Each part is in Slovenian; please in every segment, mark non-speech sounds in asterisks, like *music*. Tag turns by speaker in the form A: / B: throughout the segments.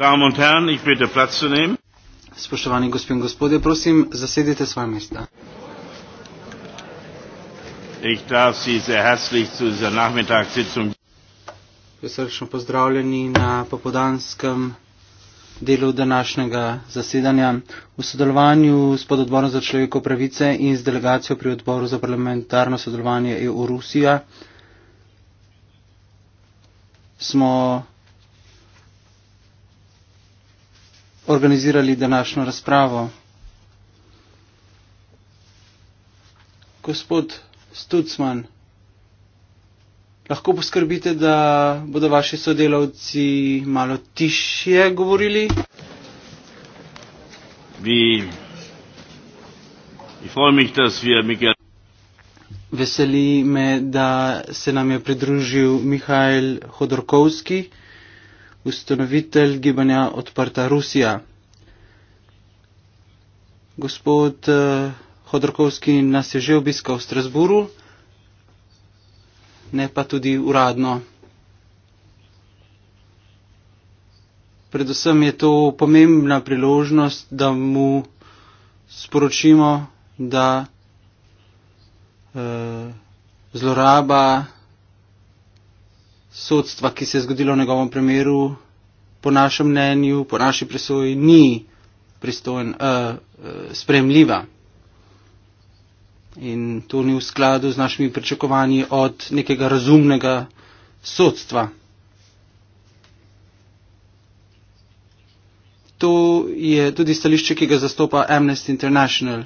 A: Damen und Herren, ich bitte Platz zu nehmen. Spoštovani gospod in gospodje, prosim, zasedite svoje mesta. Srčno pozdravljeni na popodanskem delu današnjega zasedanja. V sodelovanju s pododborom za človeko pravice in z delegacijo pri odboru za parlamentarno sodelovanje EU-Rusija smo organizirali današnjo razpravo. Gospod Stucman, lahko poskrbite, da bodo vaši sodelavci malo tišje govorili? Veseli me, da se nam je pridružil Mihajl Hodorkovski ustanovitelj gibanja Odprta Rusija. Gospod eh, Hodorkovski nas je že obiskal v Strasburu, ne pa tudi uradno. Predvsem je to pomembna priložnost, da mu sporočimo, da eh, zloraba sodstva, ki se je zgodilo v njegovem primeru, po našem mnenju, po naši presoji, ni pristojen, uh, eh, eh, spremljiva. In to ni v skladu z našimi pričakovanji od nekega razumnega sodstva. To je tudi stališče, ki ga zastopa Amnesty International.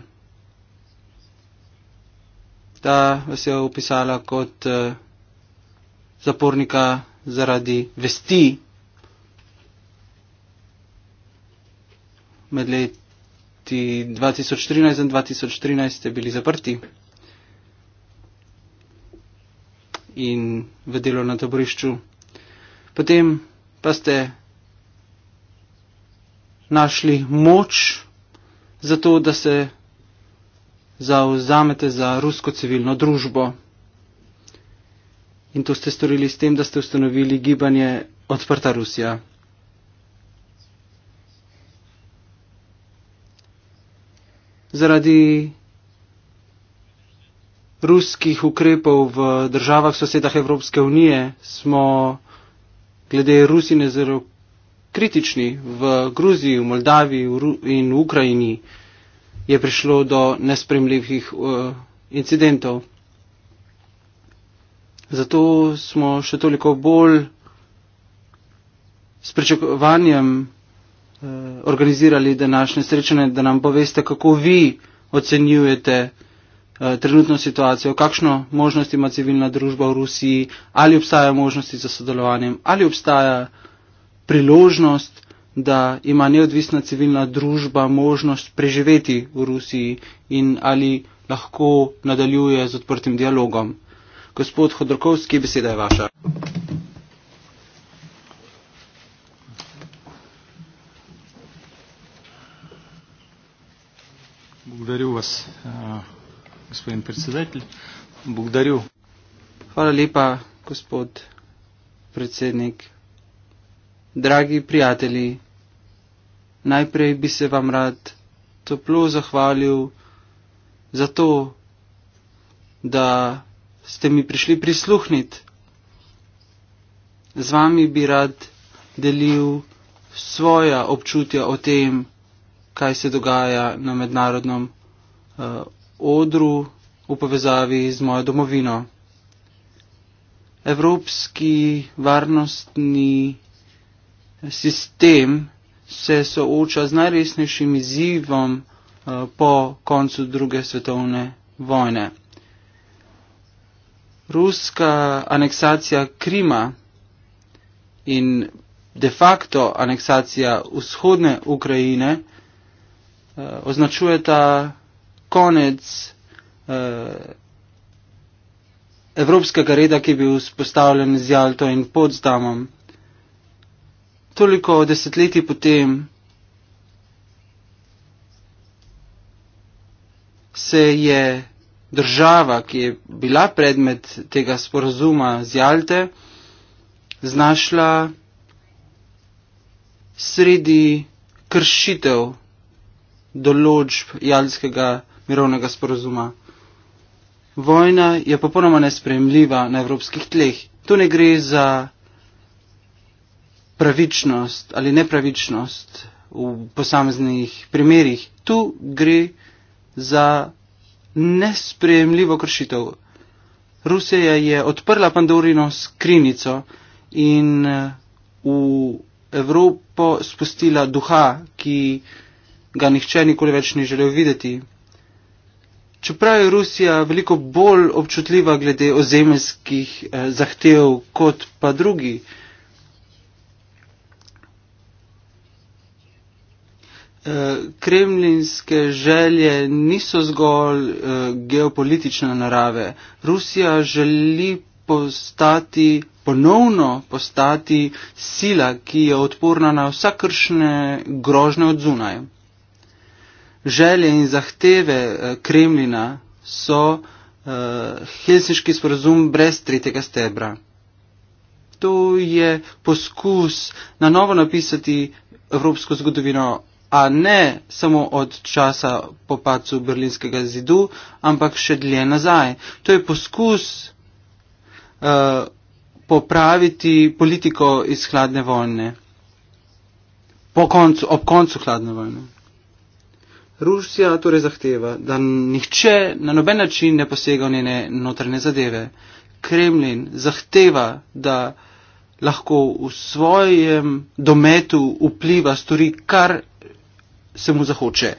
A: Ta vas je opisala kot uh, zapornika zaradi vesti med leti 2013 in 2013 ste bili zaprti. In v delo na taborišču. Potem pa ste našli moč za to, da se zauzamete za rusko civilno družbo. In to ste storili s tem, da ste ustanovili gibanje Odprta Rusija. Zaradi ruskih ukrepov v državah sosedah Evropske unije smo glede Rusine zelo kritični. V Gruziji, v Moldaviji in v Ukrajini je prišlo do nespremljivih uh, incidentov. Zato smo še toliko bolj s pričakovanjem eh, organizirali današnje srečanje, da nam poveste, kako vi ocenjujete eh, trenutno situacijo, kakšno možnost ima civilna družba v Rusiji, ali obstaja možnosti za sodelovanjem, ali obstaja priložnost, da ima neodvisna civilna družba možnost preživeti v Rusiji in ali lahko nadaljuje z odprtim dialogom. Gospod Hodorkovski, beseda je vaša. Bogdaril vas, eh, gospodin predsedatelj. Bogdaril. Hvala lepa, gospod predsednik. Dragi prijatelji, najprej bi se vam rad toplo zahvalil za to, da ste mi prišli prisluhniti. Z vami bi rad delil svoja občutja o tem, kaj se dogaja na mednarodnem uh, odru v povezavi z mojo domovino. Evropski varnostni sistem se sooča z najresnejšim izzivom uh, po koncu druge svetovne vojne ruska aneksacija Krima in de facto aneksacija vzhodne Ukrajine eh, označuje ta konec eh, evropskega reda, ki je bil vzpostavljen z Jalto in Podzdamom. Toliko desetletij potem se je država, ki je bila predmet tega sporazuma z Jalte, znašla sredi kršitev določb Jalskega mirovnega sporazuma. Vojna je popolnoma nespremljiva na evropskih tleh. Tu ne gre za pravičnost ali nepravičnost v posameznih primerjih. Tu gre za nesprejemljivo kršitev. Rusija je odprla pandorino skrinico in eh, v Evropo spustila duha, ki ga nihče nikoli več ni želel videti. Čeprav je Rusija veliko bolj občutljiva glede ozemeljskih eh, zahtev kot pa drugi, eh, kremlinske želje niso zgolj eh, geopolitične narave. Rusija želi postati, ponovno postati sila, ki je odporna na vsakršne grožne od zunaj. Želje in zahteve eh, Kremlina so uh, eh, helsiški sporazum brez tretjega stebra. To je poskus na novo napisati evropsko zgodovino a ne samo od časa po pacu berlinskega zidu, ampak še dlje nazaj. To je poskus uh, popraviti politiko iz hladne vojne, po koncu, ob koncu hladne vojne. Rusija torej zahteva, da nihče na noben način ne posega v njene notrne zadeve. Kremlin zahteva, da lahko v svojem dometu vpliva, stori kar se mu zahoče.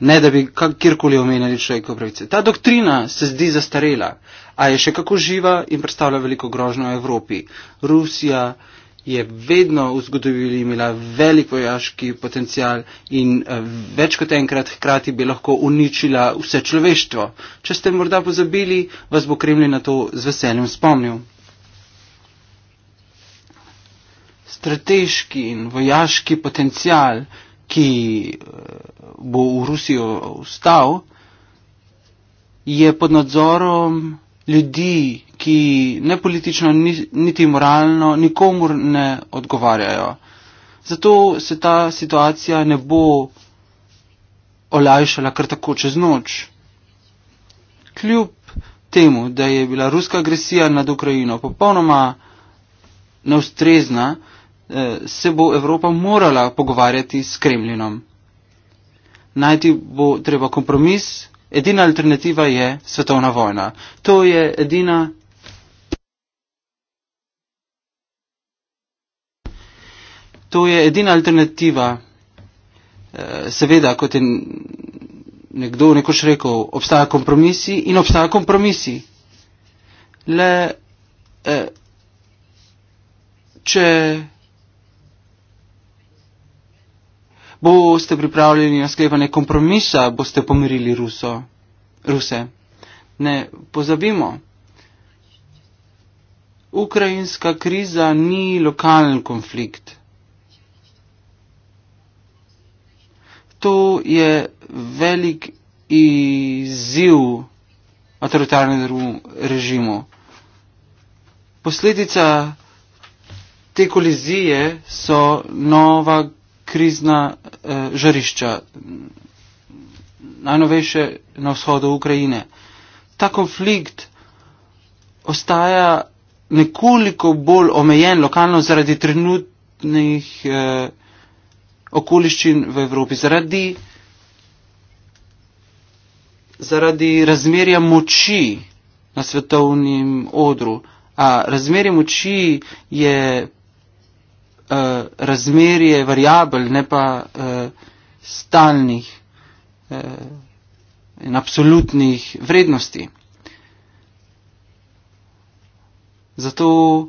A: Ne, da bi kjerkoli omenjali človekove pravice. Ta doktrina se zdi zastarela, a je še kako živa in predstavlja veliko grožnjo Evropi. Rusija je vedno v zgodovini imela velik vojaški potencial in eh, več kot enkrat hkrati bi lahko uničila vse človeštvo. Če ste morda pozabili, vas bo Kremlj na to z veseljem spomnil. strateški in vojaški potencial, ki eh, bo v Rusijo ustal, je pod nadzorom ljudi, ki ne politično, niti moralno nikomu ne odgovarjajo. Zato se ta situacija ne bo olajšala kar tako čez noč. Kljub temu, da je bila ruska agresija nad Ukrajino popolnoma neustrezna, Eh, se bo Evropa morala pogovarjati s Kremljinom. Najti bo treba kompromis, edina alternativa je svetovna vojna. To je edina. To je edina alternativa, eh, seveda, kot je nekdo nekoč rekel, obstaja kompromisi in obstaja kompromisi. Le, eh, če boste pripravljeni na sklepanje kompromisa, boste pomirili Ruso, Ruse. Ne pozabimo. Ukrajinska kriza ni lokalen konflikt. To je velik izziv avtoritarnemu režimu. Posledica te kolizije so nova krizna eh, žarišča, najnovejše na vzhodu Ukrajine. Ta konflikt ostaja nekoliko bolj omejen lokalno zaradi trenutnih eh, okoliščin v Evropi, zaradi, zaradi razmerja moči na svetovnem odru. A razmerje moči je uh, razmerje variabel, ne pa uh, stalnih uh, in absolutnih vrednosti. Zato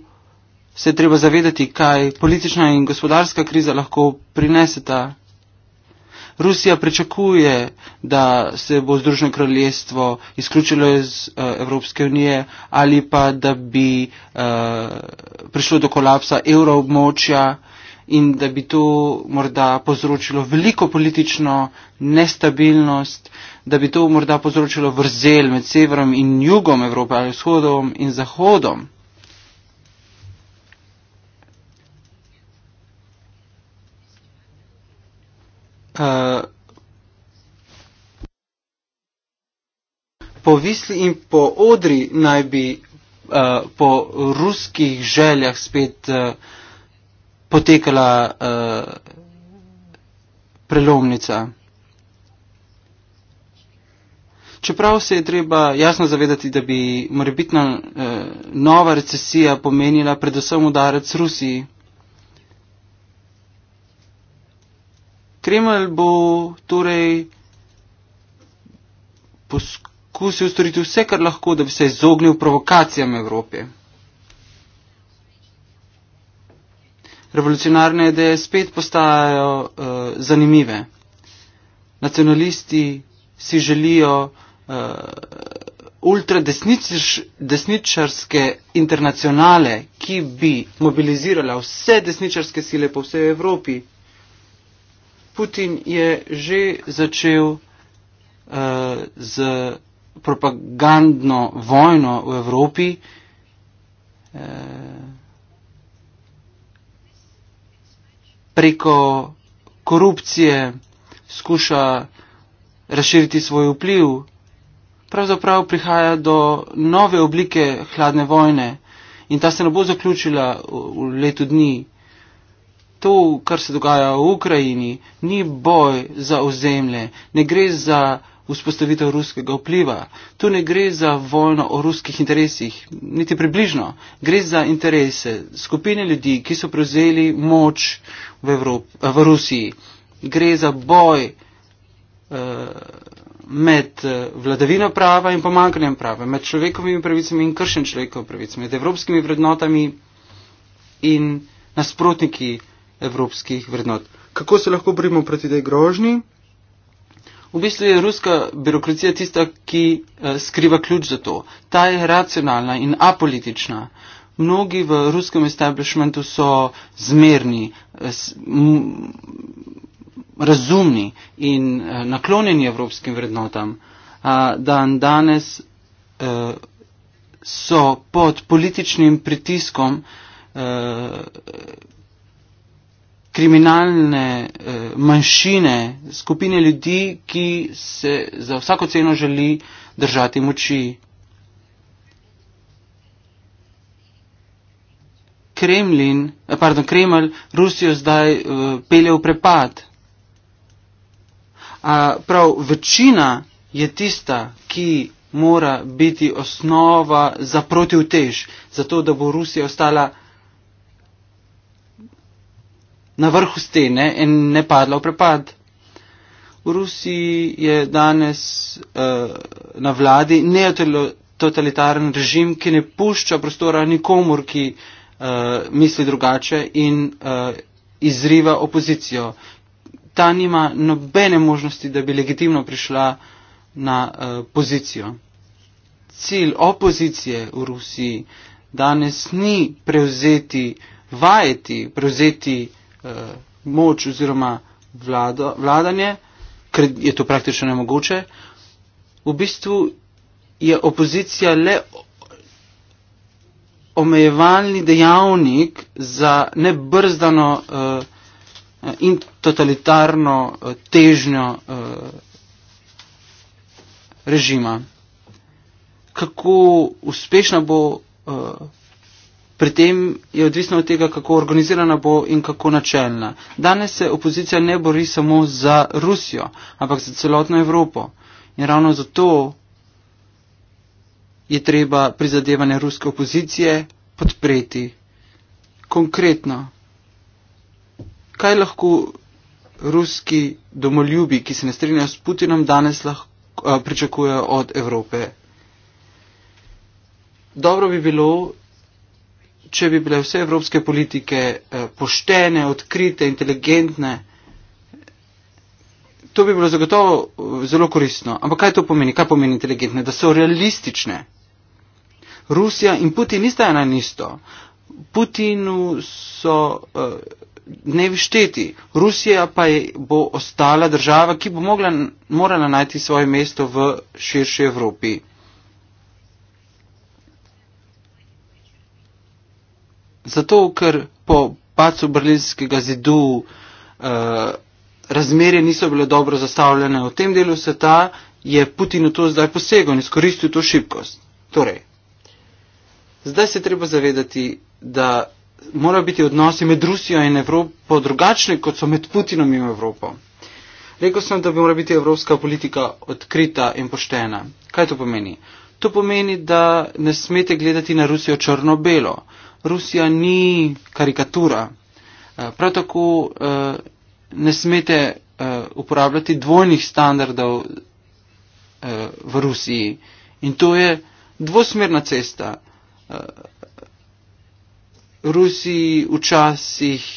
A: se je treba zavedati, kaj politična in gospodarska kriza lahko prineseta Rusija pričakuje, da se bo Združeno kraljestvo izključilo iz uh, Evropske unije ali pa da bi uh, prišlo do kolapsa evroobmočja in da bi to morda povzročilo veliko politično nestabilnost, da bi to morda povzročilo vrzel med severom in jugom Evrope ali vzhodom in zahodom. Eh, po visli in po odri naj bi uh, po ruskih željah spet uh, potekala uh, prelomnica. Čeprav se je treba jasno zavedati, da bi morebitna eh, nova recesija pomenila predvsem udarec Rusiji, Kreml bo torej poskusil storiti vse, kar lahko, da bi se izognil provokacijam Evrope. Revolucionarne ideje spet postajajo uh, zanimive. Nacionalisti si želijo uh, eh, ultradesničarske internacionale, ki bi mobilizirala vse desničarske sile po vsej Evropi. Putin je že začel uh, z propagandno vojno v Evropi. Uh, preko korupcije skuša razširiti svoj vpliv. Pravzaprav prihaja do nove oblike hladne vojne in ta se ne bo zaključila v, v letu dni to, kar se dogaja v Ukrajini, ni boj za ozemlje, ne gre za vzpostavitev ruskega vpliva. Tu ne gre za vojno o ruskih interesih, niti približno. Gre za interese skupine ljudi, ki so prevzeli moč v, Evropi, eh, v Rusiji. Gre za boj uh, med eh, vladavino prava in pomankanjem prava, med človekovimi pravicami in kršen človekov pravic, med evropskimi vrednotami in nasprotniki evropskih vrednot. Kako se lahko borimo proti tej grožnji? V bistvu je ruska birokracija tista, ki eh, skriva ključ za to. Ta je racionalna in apolitična. Mnogi v ruskem establishmentu so zmerni, eh, razumni in eh, naklonjeni evropskim vrednotam. Dan danes so pod političnim pritiskom kriminalne eh, manjšine, skupine ljudi, ki se za vsako ceno želi držati moči. Kremlin, eh, pardon, Kremlj Rusijo zdaj eh, pelje v prepad. A prav večina je tista, ki mora biti osnova za protivtež, zato da bo Rusija ostala na vrhu stene in ne padla v prepad. V Rusiji je danes uh, na vladi neototalitaren režim, ki ne pušča prostora nikomur, ki uh, misli drugače in uh, izriva opozicijo. Ta nima nobene možnosti, da bi legitimno prišla na uh, pozicijo. Cilj opozicije v Rusiji danes ni prevzeti, vajeti, prevzeti eh, moč oziroma vlado, vladanje, ker je to praktično nemogoče, v bistvu je opozicija le omejevalni dejavnik za nebrzdano eh, in totalitarno eh, težnjo eh, režima. Kako uspešna bo eh, Pri tem je odvisno od tega, kako organizirana bo in kako načelna. Danes se opozicija ne bori samo za Rusijo, ampak za celotno Evropo. In ravno zato je treba prizadevanje ruske opozicije podpreti. Konkretno, kaj lahko ruski domoljubi, ki se ne strinjajo s Putinom, danes lahko, a, eh, pričakujejo od Evrope? Dobro bi bilo, če bi bile vse evropske politike eh, poštene, odkrite, inteligentne, to bi bilo zagotovo eh, zelo koristno. Ampak kaj to pomeni? Kaj pomeni inteligentne? Da so realistične. Rusija in Putin nista ena in isto. Putinu so eh, ne višteti. Rusija pa je, bo ostala država, ki bo mogla, morala najti svoje mesto v širši Evropi. Zato, ker po pacu Berlinskega zidu eh, razmerje niso bile dobro zastavljene v tem delu sveta, je Putin v to zdaj posegel in izkoristil to šibkost. Torej, zdaj se treba zavedati, da morajo biti odnosi med Rusijo in Evropo drugačni, kot so med Putinom in Evropo. Rekl sem, da bi morala biti evropska politika odkrita in poštena. Kaj to pomeni? To pomeni, da ne smete gledati na Rusijo črno-belo. Rusija ni karikatura. Eh, prav tako eh, ne smete eh, uporabljati dvojnih standardov v Rusiji. In to je dvosmerna cesta. Rusiji včasih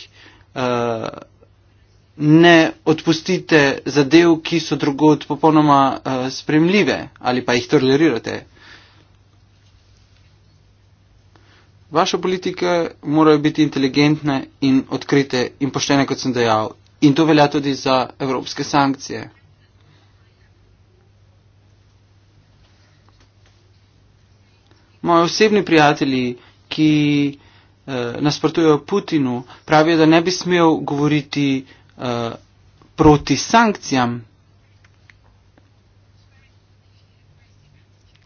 A: ne odpustite zadev, ki so drugod popolnoma spremljive ali pa jih tolerirate. Vaše politike morajo biti inteligentne in odkrite in poštene, kot sem dejal. In to velja tudi za evropske sankcije. Moji osebni prijatelji, ki eh, nasprotujejo Putinu, pravijo, da ne bi smel govoriti eh, proti sankcijam,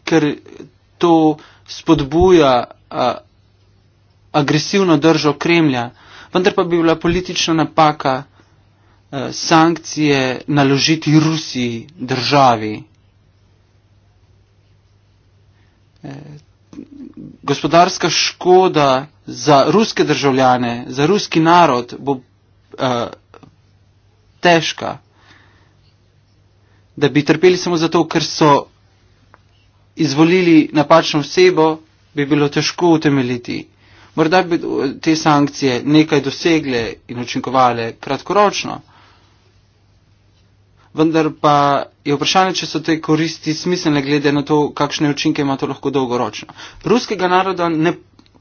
A: ker to spodbuja eh, agresivno držo Kremlja, vendar pa bi bila politična napaka eh, sankcije naložiti Rusiji državi. Eh, gospodarska škoda za ruske državljane, za ruski narod bo uh, težka, da bi trpeli samo zato, ker so izvolili napačno osebo, bi bilo težko utemeljiti morda bi te sankcije nekaj dosegle in učinkovale kratkoročno. Vendar pa je vprašanje, če so te koristi smiselne glede na to, kakšne učinke ima to lahko dolgoročno. Ruskega naroda ne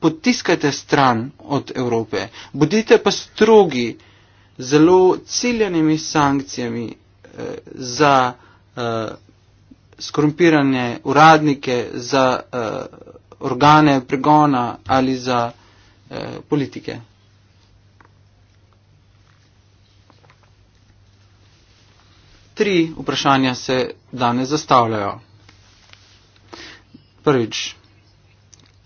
A: potiskajte stran od Evrope, bodite pa strogi zelo ciljenimi sankcijami eh, za eh, skorumpirane uradnike, za eh, organe pregona ali za. Eh, politike. Tri vprašanja se danes zastavljajo. Prvič,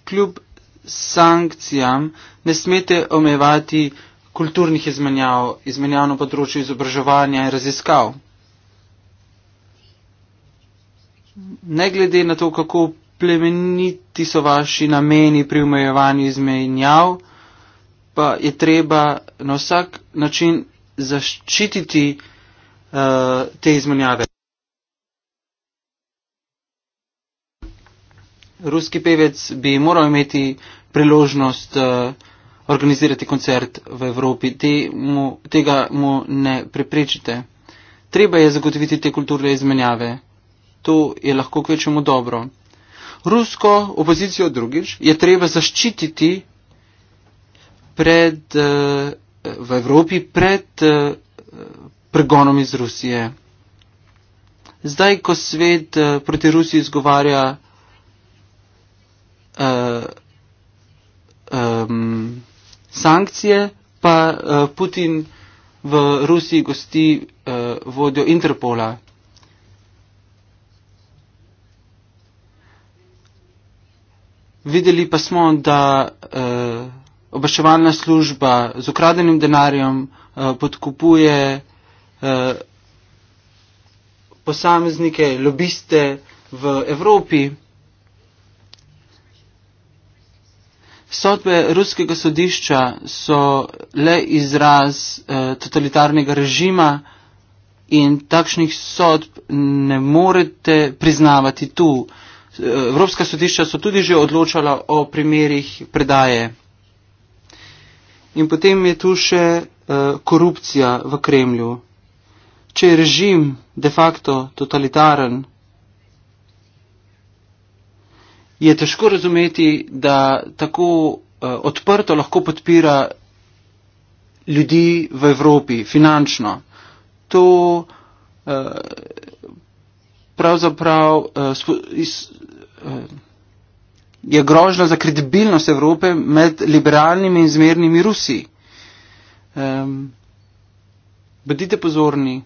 A: kljub sankcijam ne smete omejevati kulturnih izmenjav, izmenjav na področju izobraževanja in raziskav. Ne glede na to, kako plemeniti so vaši nameni pri umejevanju izmenjav, pa je treba na vsak način zaščititi uh, te izmenjave. Ruski pevec bi moral imeti priložnost uh, organizirati koncert v Evropi. Te mu, tega mu ne preprečite. Treba je zagotoviti te kulturne izmenjave. To je lahko kvečemu dobro rusko opozicijo drugič je treba zaščititi pred, eh, v Evropi pred eh, pregonom iz Rusije. Zdaj, ko svet eh, proti Rusiji izgovarja uh, um, sankcije, pa uh, Putin v Rusiji gosti uh, vodjo Interpola, Videli pa smo, da eh, obraševalna služba z ukradenim denarjem eh, podkupuje eh, posameznike, lobiste v Evropi. Sodbe ruskega sodišča so le izraz eh, totalitarnega režima in takšnih sodb ne morete priznavati tu. Eh, Evropska sodišča so tudi že odločala o primerih predaje. In potem je tu še eh, korupcija v Kremlju. Če je režim de facto totalitaren, je težko razumeti, da tako eh, odprto lahko podpira ljudi v Evropi finančno. To eh, pravzaprav uh, spo, iz, uh, je grožna za kredibilnost Evrope med liberalnimi in zmernimi Rusi. Um, bodite pozorni.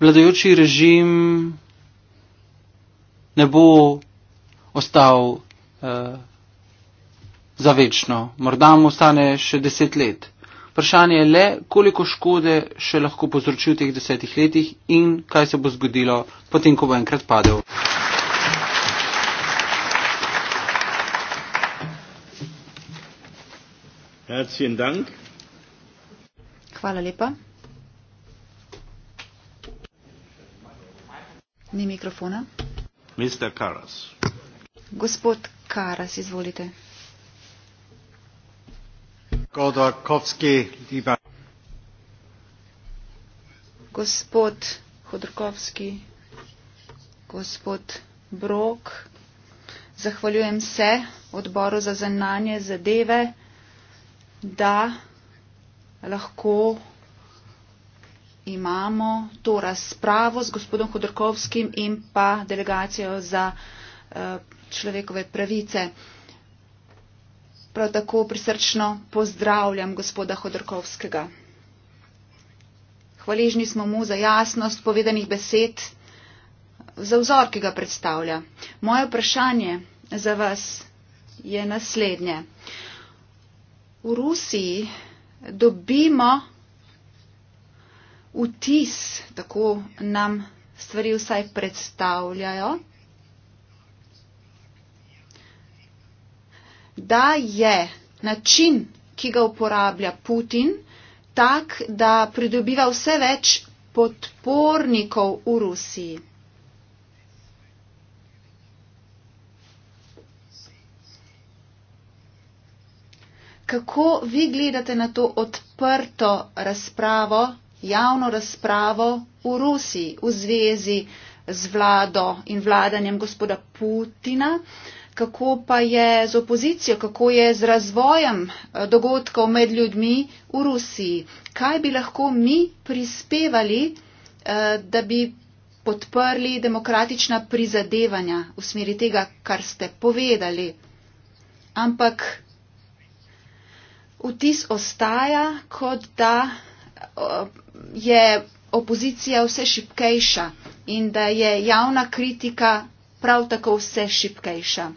A: Vladajoči režim ne bo ostal uh, za večno. Morda mu ostane še deset let. Vprašanje je le, koliko škode še lahko povzroči v teh desetih letih in kaj se bo zgodilo, potem, ko bo enkrat padel.
B: Hvala lepa. Ni mikrofona. Gospod Karas, izvolite. Gospod Hodorkovski, gospod Brok, zahvaljujem se odboru za zanjanje zadeve, da lahko imamo to razpravo z gospodom Hodorkovskim in pa delegacijo za eh, človekove pravice. Prav tako prisrčno pozdravljam gospoda Hodorkovskega. Hvaležni smo mu za jasnost povedanih besed, za vzor, ki ga predstavlja. Moje vprašanje za vas je naslednje. V Rusiji dobimo vtis, tako nam stvari vsaj predstavljajo, da je način, ki ga uporablja Putin, tak, da pridobiva vse več podpornikov v Rusiji. Kako vi gledate na to odprto razpravo, javno razpravo v Rusiji v zvezi z vlado in vladanjem gospoda Putina? Uh, kako pa je z opozicijo, kako je z razvojem eh, dogodkov med ljudmi v Rusiji. Kaj bi lahko mi prispevali, eh, da bi podprli demokratična prizadevanja v smeri tega, kar ste povedali. Ampak vtis ostaja, kot da eh, je opozicija vse šipkejša in da je javna kritika prav tako vse šipkejša.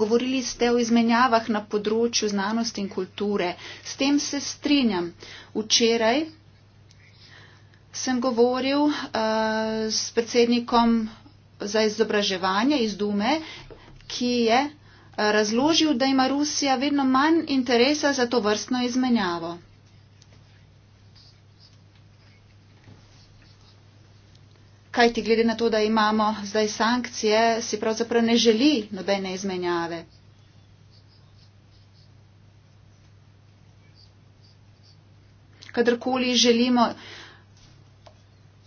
B: Govorili ste o izmenjavah na področju znanosti in kulture. S tem se strinjam. Včeraj sem govoril uh, s predsednikom za izobraževanje iz Dume, ki je uh, razložil, da ima Rusija vedno manj interesa za to vrstno izmenjavo. kaj ti glede na to, da imamo zdaj sankcije, si pravzaprav ne želi nobene izmenjave. Kadarkoli želimo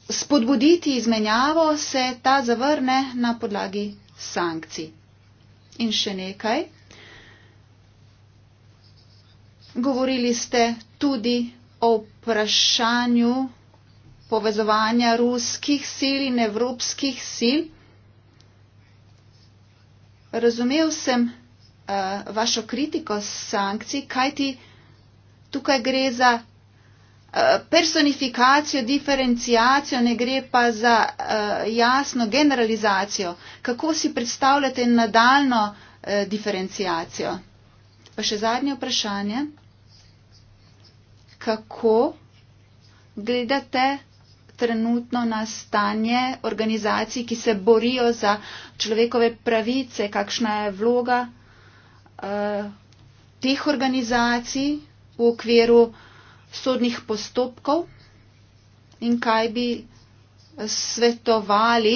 B: spodbuditi izmenjavo, se ta zavrne na podlagi sankcij. In še nekaj. Govorili ste tudi o vprašanju povezovanja ruskih sil in evropskih sil. Razumev sem uh, vašo kritiko sankcij, kajti tukaj gre za eh, personifikacijo, diferencijacijo, ne gre pa za uh, jasno generalizacijo. Kako si predstavljate nadaljno uh, diferencijacijo? Pa še zadnje vprašanje. Kako gledate trenutno na stanje organizacij, ki se borijo za človekove pravice, kakšna je vloga uh, teh organizacij v okviru sodnih postopkov in kaj bi svetovali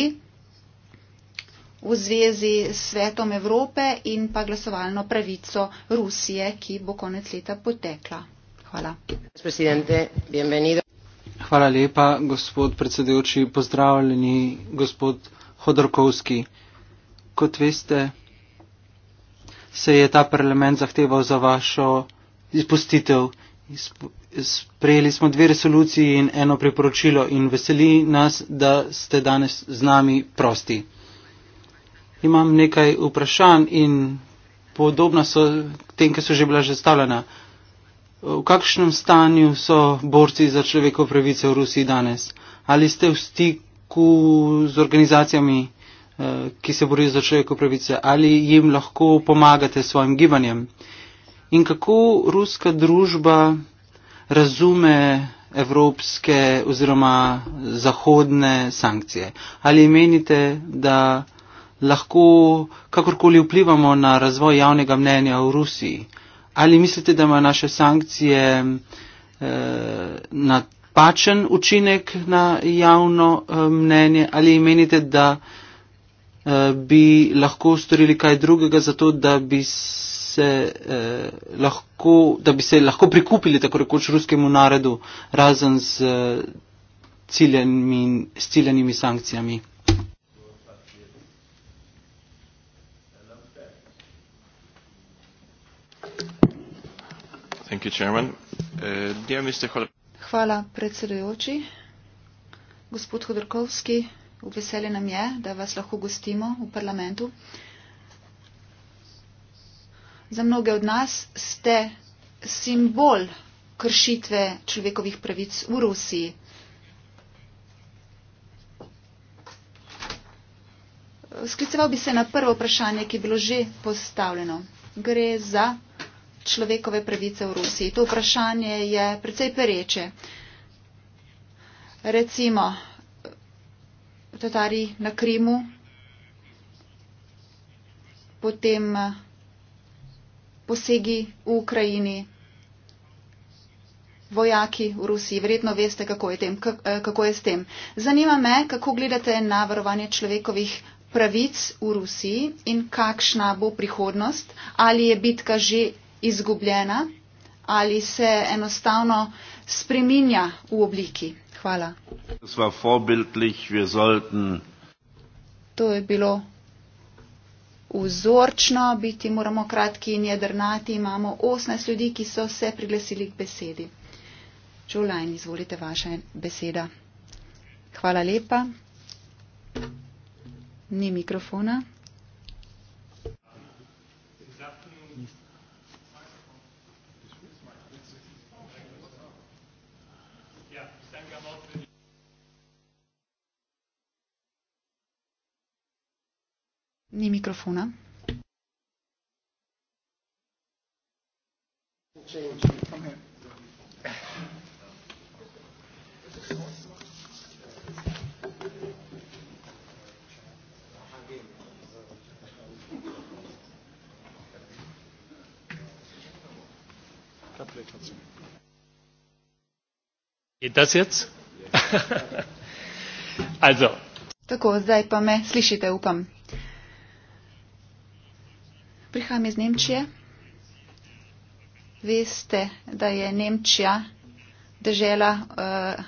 B: v zvezi s svetom Evrope in pa glasovalno pravico Rusije, ki bo konec leta potekla. Hvala.
A: Presidente, bienvenido. Hvala lepa, gospod predsedujoči. Pozdravljeni, gospod Hodorkovski. Kot veste, se je ta parlament zahteval za vašo izpustitev. Sprejeli smo dve resoluciji in eno priporočilo in veseli nas, da ste danes z nami prosti. Imam nekaj vprašanj in podobna so tem, ki so že bila že stavljena v kakšnem stanju so borci za človekove pravice v Rusiji danes? Ali ste v stiku z organizacijami, eh, ki se borijo za človekove pravice, ali jim lahko pomagate s svojim gibanjem? In kako ruska družba razume evropske oziroma zahodne sankcije? Ali menite, da lahko kakorkoli vplivamo na razvoj javnega mnenja v Rusiji? Ali mislite, da ima naše sankcije eh, napačen učinek na javno eh, mnenje? Ali menite, da eh, bi lahko storili kaj drugega za to, da bi se, eh, lahko, da bi se lahko prikupili tako rekoč ruskemu narodu razen z, eh, ciljenimi, s ciljenimi sankcijami?
C: Uh,
B: Hvala, predsedujoči. Gospod Hodorkovski, veseli nam je, da vas lahko gostimo v parlamentu. Za mnoge od nas ste simbol kršitve človekovih pravic v Rusiji. Skliceval bi se na prvo vprašanje, ki je bilo že postavljeno. Gre za človekove pravice v Rusiji. To vprašanje je precej pereče. Recimo, Tatari na Krimu, potem posegi v Ukrajini, vojaki v Rusiji. Verjetno veste, kako je, tem, eh, kako je s tem. Zanima me, kako gledate na varovanje človekovih pravic v Rusiji in kakšna bo prihodnost. Ali je bitka že izgubljena ali se enostavno spreminja v obliki. Hvala. To je bilo vzorčno, biti moramo kratki in jedrnati. Imamo 18 ljudi, ki so se priglasili k besedi. Čulajn, izvolite vaša beseda. Hvala lepa. Ni mikrofona. Ni mikrofona. Je to zdaj? Tako, zdaj pa me slišite, upam. Prihajam iz Nemčije. Veste, da je Nemčija država, eh,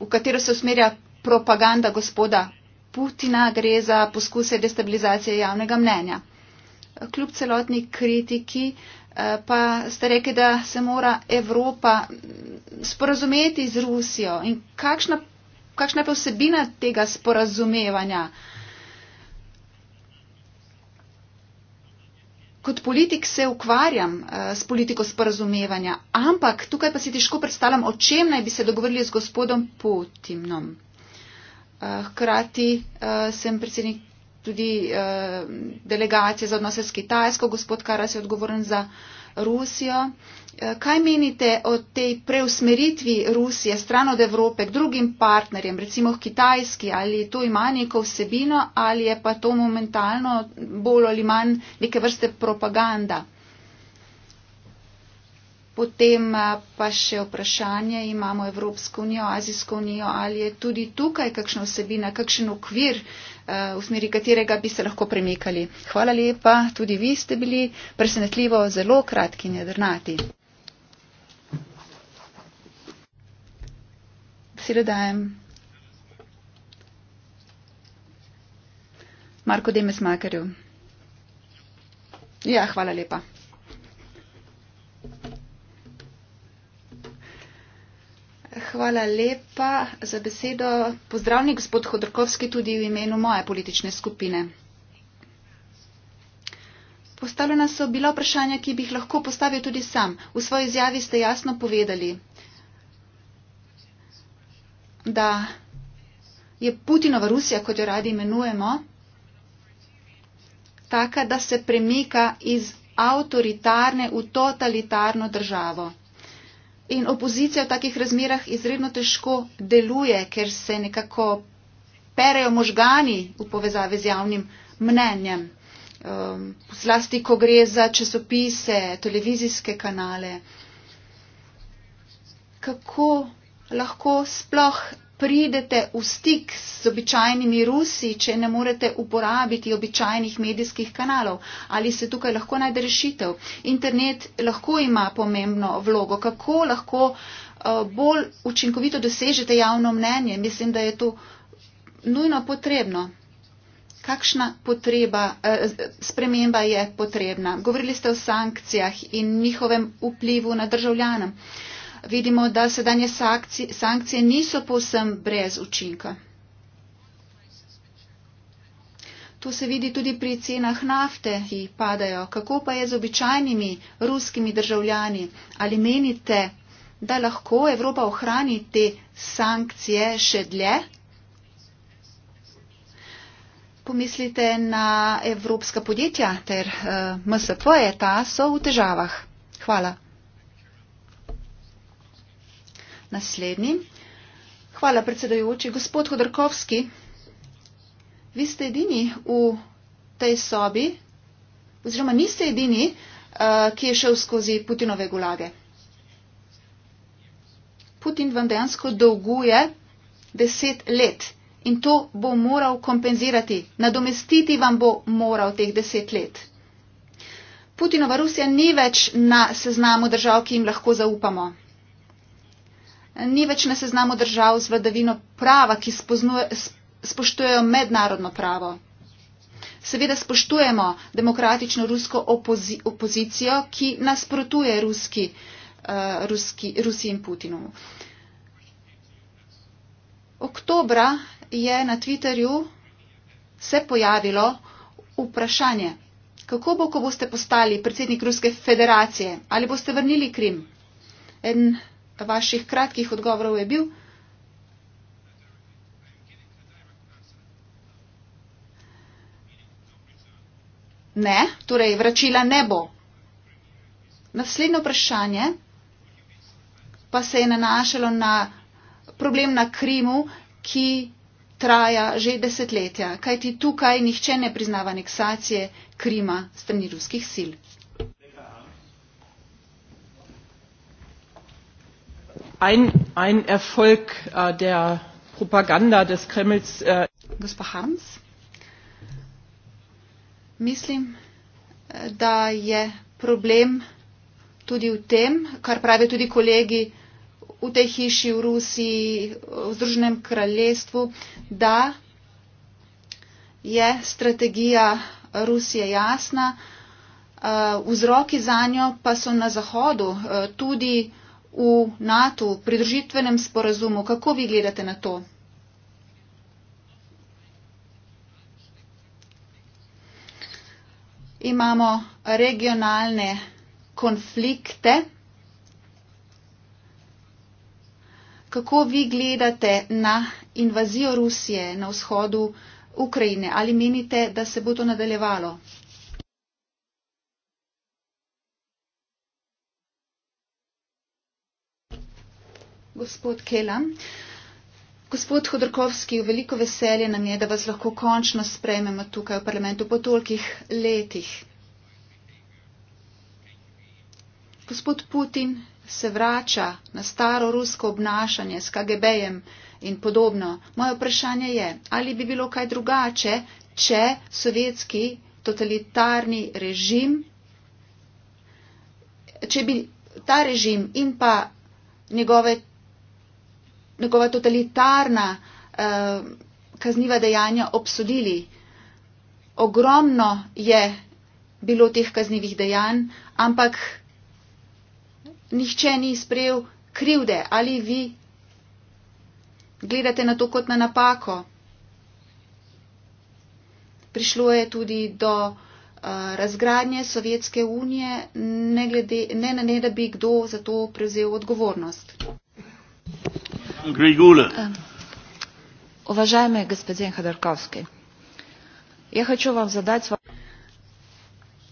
B: v katero se usmerja propaganda gospoda Putina, gre za poskuse destabilizacije javnega mnenja. Kljub celotni kritiki eh, pa ste rekli, da se mora Evropa mm, sporazumeti z Rusijo. In kakšna, kakšna je pa vsebina tega sporazumevanja? kot politik se ukvarjam eh, s politiko sporazumevanja, ampak tukaj pa si težko predstavljam, o čem naj bi se dogovorili z gospodom Putinom. Eh, hkrati eh, sem predsednik tudi delegacije za odnose s Kitajsko, gospod Karas je odgovoren za Rusijo. Eh, kaj menite o tej preusmeritvi Rusije stran od Evrope k drugim partnerjem, recimo v Kitajski, ali to ima neko vsebino ali je pa to momentalno bolj ali manj neke vrste propaganda? Potem eh, pa še vprašanje, imamo Evropsko unijo, Azijsko unijo, ali je tudi tukaj kakšna vsebina, kakšen okvir, eh, v smeri katerega bi se lahko premikali. Hvala lepa, tudi vi ste bili presenetljivo zelo kratki in jedrnati. Besedo dajem. Marko Demes Makarju. Ja, hvala lepa. hvala lepa za besedo. Pozdravni gospod Hodorkovski tudi v imenu moje politične skupine. Postavljena so bila vprašanja, ki bi jih lahko postavil tudi sam. V svoji izjavi ste jasno povedali, da je Putinova Rusija, kot jo radi imenujemo, taka, da se premika iz avtoritarne v totalitarno državo. In opozicija v takih razmerah izredno težko deluje, ker se nekako perejo možgani v povezavi z javnim mnenjem. Um, zlasti, ko gre za časopise, televizijske kanale. Kako lahko sploh pridete v stik z običajnimi Rusi, če ne morete uporabiti običajnih medijskih kanalov? Ali se tukaj lahko najde rešitev? Internet lahko ima pomembno vlogo. Kako lahko eh, bolj učinkovito dosežete javno mnenje? Mislim, da je to nujno potrebno. Kakšna potreba, eh, sprememba je potrebna? Govorili ste o sankcijah in njihovem vplivu na državljanem vidimo, da sedanje sankcije, sankcije niso povsem brez učinka. To se vidi tudi pri cenah nafte, ki padajo. Kako pa je z običajnimi ruskimi državljani? Ali menite, da lahko Evropa ohrani te sankcije še dlje? Pomislite na evropska podjetja ter eh, MSP je ta, so v težavah. Hvala. Naslednji. Hvala, predsedajoči. Gospod Hodorkovski, vi ste edini v tej sobi, oziroma niste edini, eh, ki je šel skozi Putinove gulage. Putin vam dejansko dolguje deset let in to bo moral kompenzirati. Nadomestiti vam bo moral teh deset let. Putinova Rusija ni več na seznamu držav, ki jim lahko zaupamo ni več na seznamu držav z vladavino prava, ki spoznuje, spoštujejo mednarodno pravo. Seveda spoštujemo demokratično rusko opozi, opozicijo, ki nasprotuje ruski, uh, ruski, Rusiji in Putinu. Oktobra je na Twitterju se pojavilo vprašanje, kako bo, ko boste postali predsednik Ruske federacije, ali boste vrnili Krim. En vaših kratkih odgovorov je bil, Ne, torej vračila ne bo. Naslednje vprašanje pa se je nanašalo na problem na Krimu, ki traja že desetletja, kajti tukaj nihče ne priznava aneksacije Krima strani ruskih sil.
A: ein Erfolg äh, der Propaganda des Kremls. Äh, Gospa Hans,
B: mislim, äh, da je problem tudi v tem, kar pravijo tudi kolegi v tej hiši v Rusiji, v Združenem kraljestvu, da je strategija Rusije jasna, vzroki za njo pa so na Zahodu tudi v NATO, pridružitvenem sporazumu. Kako vi gledate na to? Imamo regionalne konflikte. Kako vi gledate na invazijo Rusije na vzhodu Ukrajine? Ali menite, da se bo to nadaljevalo? gospod Kelam. Gospod Hodorkovski, v veliko veselje nam je, da vas lahko končno sprejmemo tukaj v parlamentu po tolkih letih. Gospod Putin se vrača na staro rusko obnašanje s KGB-jem in podobno. Moje vprašanje je, ali bi bilo kaj drugače, če sovjetski totalitarni režim, če bi ta režim in pa njegove njegova totalitarna eh, kazniva dejanja obsodili. Ogromno je bilo teh kaznivih dejanj, ampak nihče ni sprejel krivde ali vi gledate na to kot na napako. Prišlo je tudi do eh, razgradnje Sovjetske unije, ne, glede, ne, ne, ne da bi kdo za to prevzel odgovornost. Уважаемый господин Ходорковский, я хочу вам задать вопрос.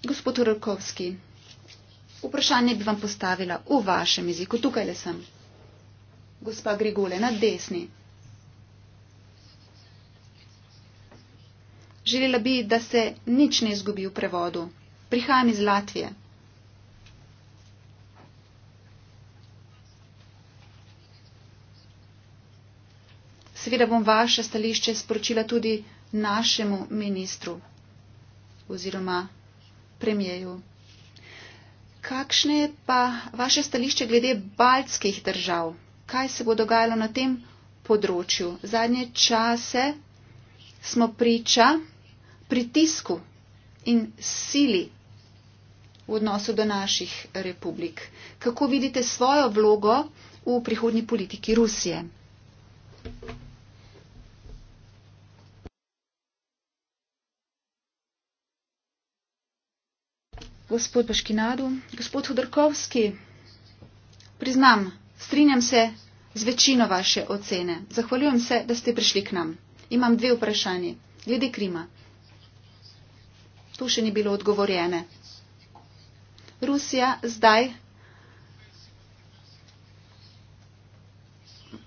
B: Господин Ходорковский, упрошание бы вам поставила у вашем языку. Тука ли сам? Госпа Григуле, на десни. Želela bi, da se nič ne izgubi v prevodu. Prihajam iz Latvije. Seveda bom vaše stališče sporočila tudi našemu ministru oziroma premijeju. Kakšne pa vaše stališče glede baltskih držav? Kaj se bo dogajalo na tem področju? Zadnje čase smo priča pritisku in sili v odnosu do naših republik. Kako vidite svojo vlogo v prihodnji politiki Rusije? Thank you. gospod Paškinadu. Gospod Hodorkovski, priznam, strinjam se z večino vaše ocene. Zahvaljujem se, da ste prišli k nam. Imam dve vprašanje. Glede Krima. Tu še ni bilo odgovorjene. Rusija zdaj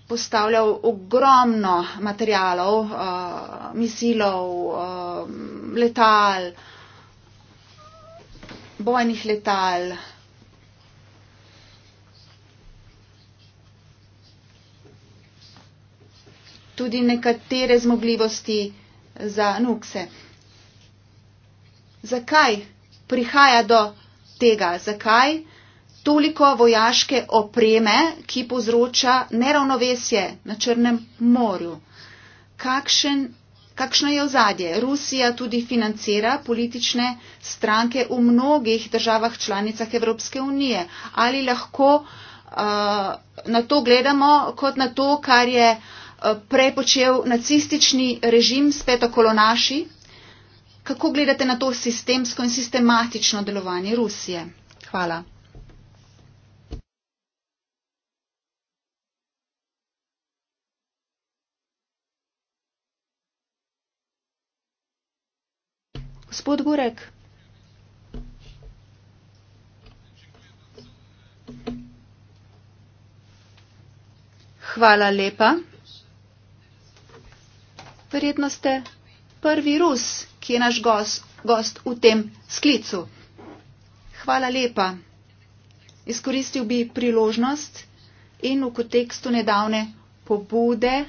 B: postavlja ogromno materialov, uh, misilov, uh, letal, uh, bojnih letal. Tudi nekatere zmogljivosti za nukse. Zakaj prihaja do tega? Zakaj toliko vojaške opreme, ki povzroča neravnovesje na Črnem morju? Kakšen Kakšno je ozadje? Rusija tudi financira politične stranke v mnogih državah članicah Evropske unije. Ali lahko uh, na to gledamo kot na to, kar je uh, prepočel nacistični režim s petokolonaši? Kako gledate na to sistemsko in sistematično delovanje Rusije? Hvala. Gospod Gurek. Hvala lepa. Verjetno ste prvi Rus, ki je naš gost, gost v tem sklicu. Hvala lepa. Izkoristil bi priložnost in v kontekstu nedavne pobude eh,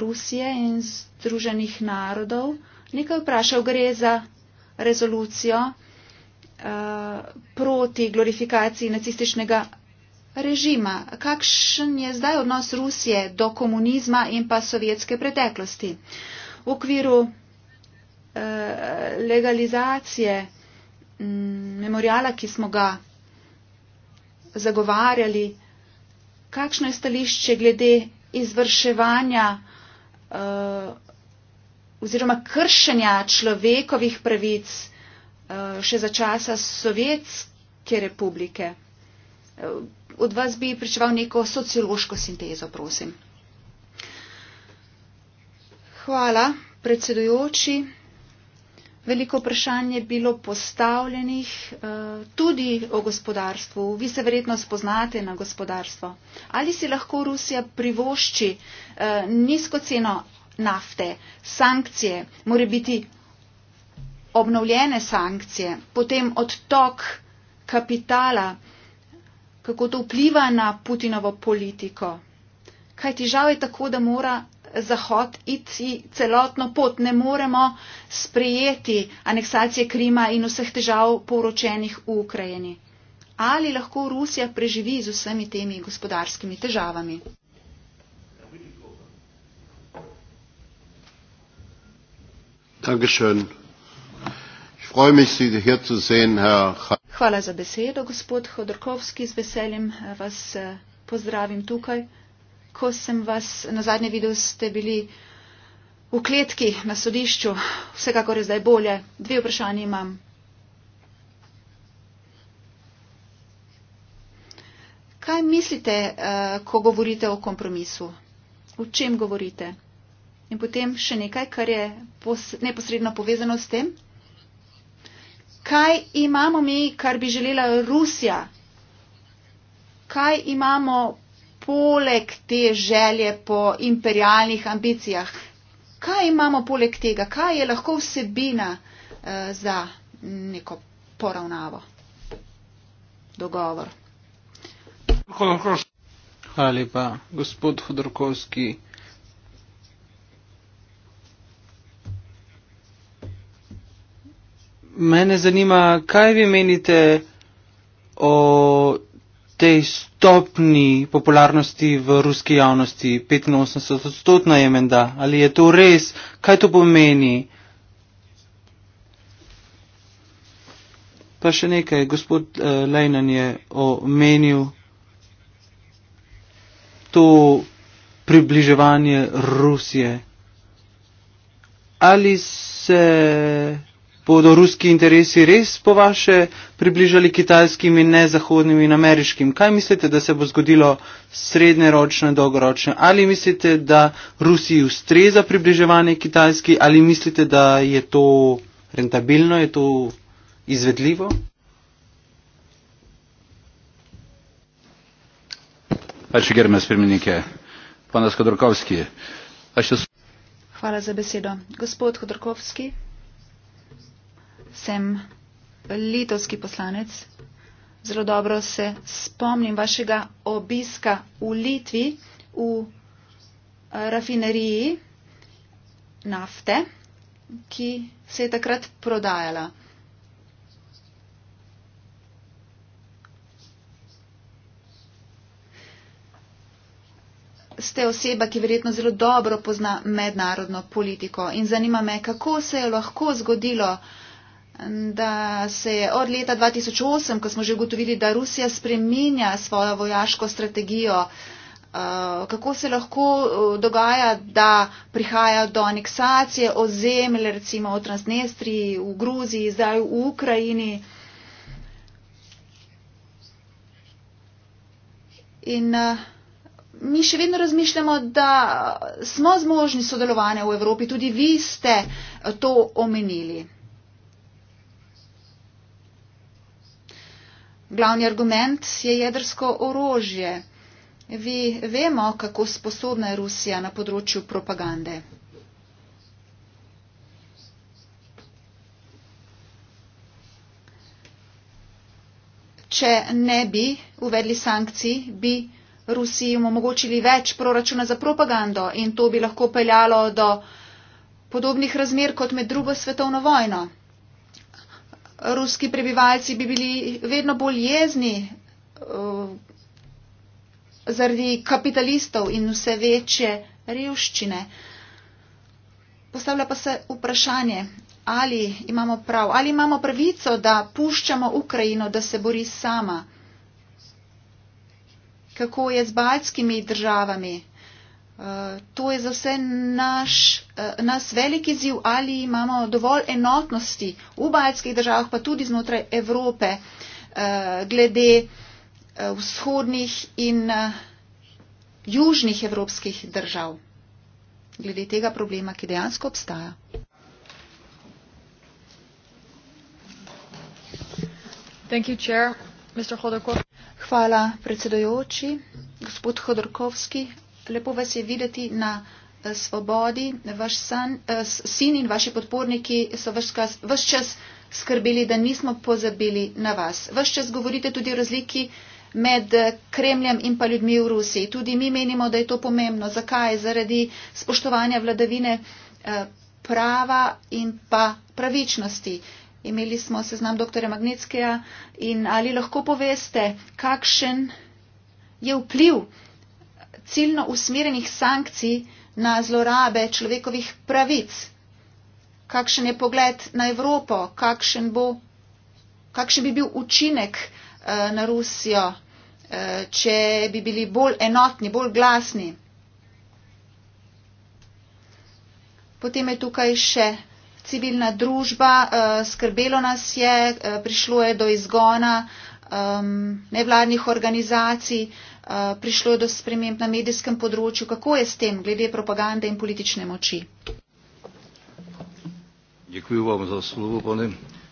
B: Rusije in Združenih narodov uh, nekaj vprašal, gre za rezolucijo uh, proti glorifikaciji nacističnega režima. Kakšen je zdaj odnos Rusije do komunizma in pa sovjetske preteklosti? V okviru uh, legalizacije um, memoriala, ki smo ga zagovarjali, kakšno je stališče glede izvrševanja uh, oziroma kršenja človekovih pravic eh, še za časa Sovjetske republike. Eh, od vas bi pričeval neko sociološko sintezo, prosim. Hvala, predsedujoči. Veliko vprašanj je bilo postavljenih eh, tudi o gospodarstvu. Vi se verjetno spoznate na gospodarstvo. Ali si lahko Rusija privošči nizko ceno nafte, sankcije, more biti obnovljene sankcije, potem odtok kapitala, kako to vpliva na Putinovo politiko. Kaj težava je tako, da mora Zahod iti celotno pot. Ne moremo sprejeti aneksacije Krima in vseh težav poročenih v Ukrajini. Ali lahko Rusija preživi z vsemi temi gospodarskimi težavami?
D: Dankeschön. Ich freue mich, Sie hier zu sehen, Herr
B: Hvala za besedo, gospod Hodorkovski. Z veseljem eh, vas eh, pozdravim tukaj. Ko sem vas na zadnje videl, ste bili v kletki na sodišču. Vsekakor je zdaj bolje. Dve vprašanje imam. Kaj mislite, eh, ko govorite o kompromisu? V čem govorite? In potem še nekaj, kar je pos, neposredno povezano s tem. Kaj imamo mi, kar bi želela Rusija? Kaj imamo poleg te želje po imperialnih ambicijah? Kaj imamo poleg tega? Kaj je lahko vsebina uh, za neko poravnavo? Dogovor.
A: Hvala lepa, gospod Hodorkovski. mene zanima, kaj vi menite o tej stopni popularnosti v ruski javnosti, 85 odstotna je menda, ali je to res, kaj to pomeni? Pa še nekaj, gospod uh, eh, Lejnan je omenil to približevanje Rusije. Ali se bodo ruski interesi res po vaše približali kitajskim in ne zahodnim in ameriškim? Kaj mislite, da se bo zgodilo srednjeročno in dolgoročno? Ali mislite, da Rusiji ustreza približevanje kitajski, ali mislite, da je to rentabilno, je to izvedljivo?
B: Hvala za besedo. Gospod Hodorkovski sem letoski poslanec. Zelo dobro se spomnim vašega obiska v Litvi v eh, rafineriji nafte, ki se je takrat prodajala. Ste oseba, ki verjetno zelo dobro pozna mednarodno politiko in zanima me, kako se je lahko zgodilo, da se je od leta 2008, ko smo že ugotovili, da Rusija spreminja svojo vojaško strategijo, eh, kako se lahko eh, dogaja, da prihaja do aneksacije ozemelj, recimo v Transnestriji, v Gruziji, zdaj v Ukrajini. In eh, mi še vedno razmišljamo, da smo zmožni sodelovanja v Evropi, tudi vi ste to omenili. Glavni argument je jedrsko orožje. Vi vemo, kako sposobna je Rusija na področju propagande. Če ne bi uvedli sankcij, bi Rusiji omogočili več proračuna za propagando in to bi lahko peljalo do podobnih razmer kot med drugo svetovno vojno ruski prebivalci bi bili vedno bolj jezni eh, zaradi kapitalistov in vse večje revščine. Postavlja pa se vprašanje, ali imamo prav, ali imamo pravico, da puščamo Ukrajino, da se bori sama. Kako je z baljskimi državami? to je za vse naš, eh, nas veliki ziv, ali imamo dovolj enotnosti v baljskih državah, pa tudi znotraj Evrope, eh, glede eh, vzhodnih in južnih evropskih držav, glede tega problema, ki dejansko obstaja. You, Chair, Hvala, predsedojoči, gospod Hodorkovski lepo vas je videti na eh, svobodi. Vaš san, eh, sin in vaši podporniki so vaš čas skrbeli, da nismo pozabili na vas. Vaš čas govorite tudi o razliki med eh, Kremljem in pa ljudmi v Rusiji. Tudi mi menimo, da je to pomembno. Zakaj? Zaradi spoštovanja vladavine eh, prava in pa pravičnosti. Imeli smo seznam dr. Magnetskega in ali lahko poveste, kakšen je vpliv ciljno usmerjenih sankcij na zlorabe človekovih pravic. Kakšen je pogled na Evropo, kakšen, bo, kakšen bi bil učinek eh, na Rusijo, eh, če bi bili bolj enotni, bolj glasni. Potem je tukaj še civilna družba, eh, skrbelo nas je, prišlo je do izgona ehm, nevladnih organizacij, Eh, prišlo je do sprememb na medijskem področju. Kako je s tem, glede propagande in politične moči?
D: Děkuji vám za slovo, pane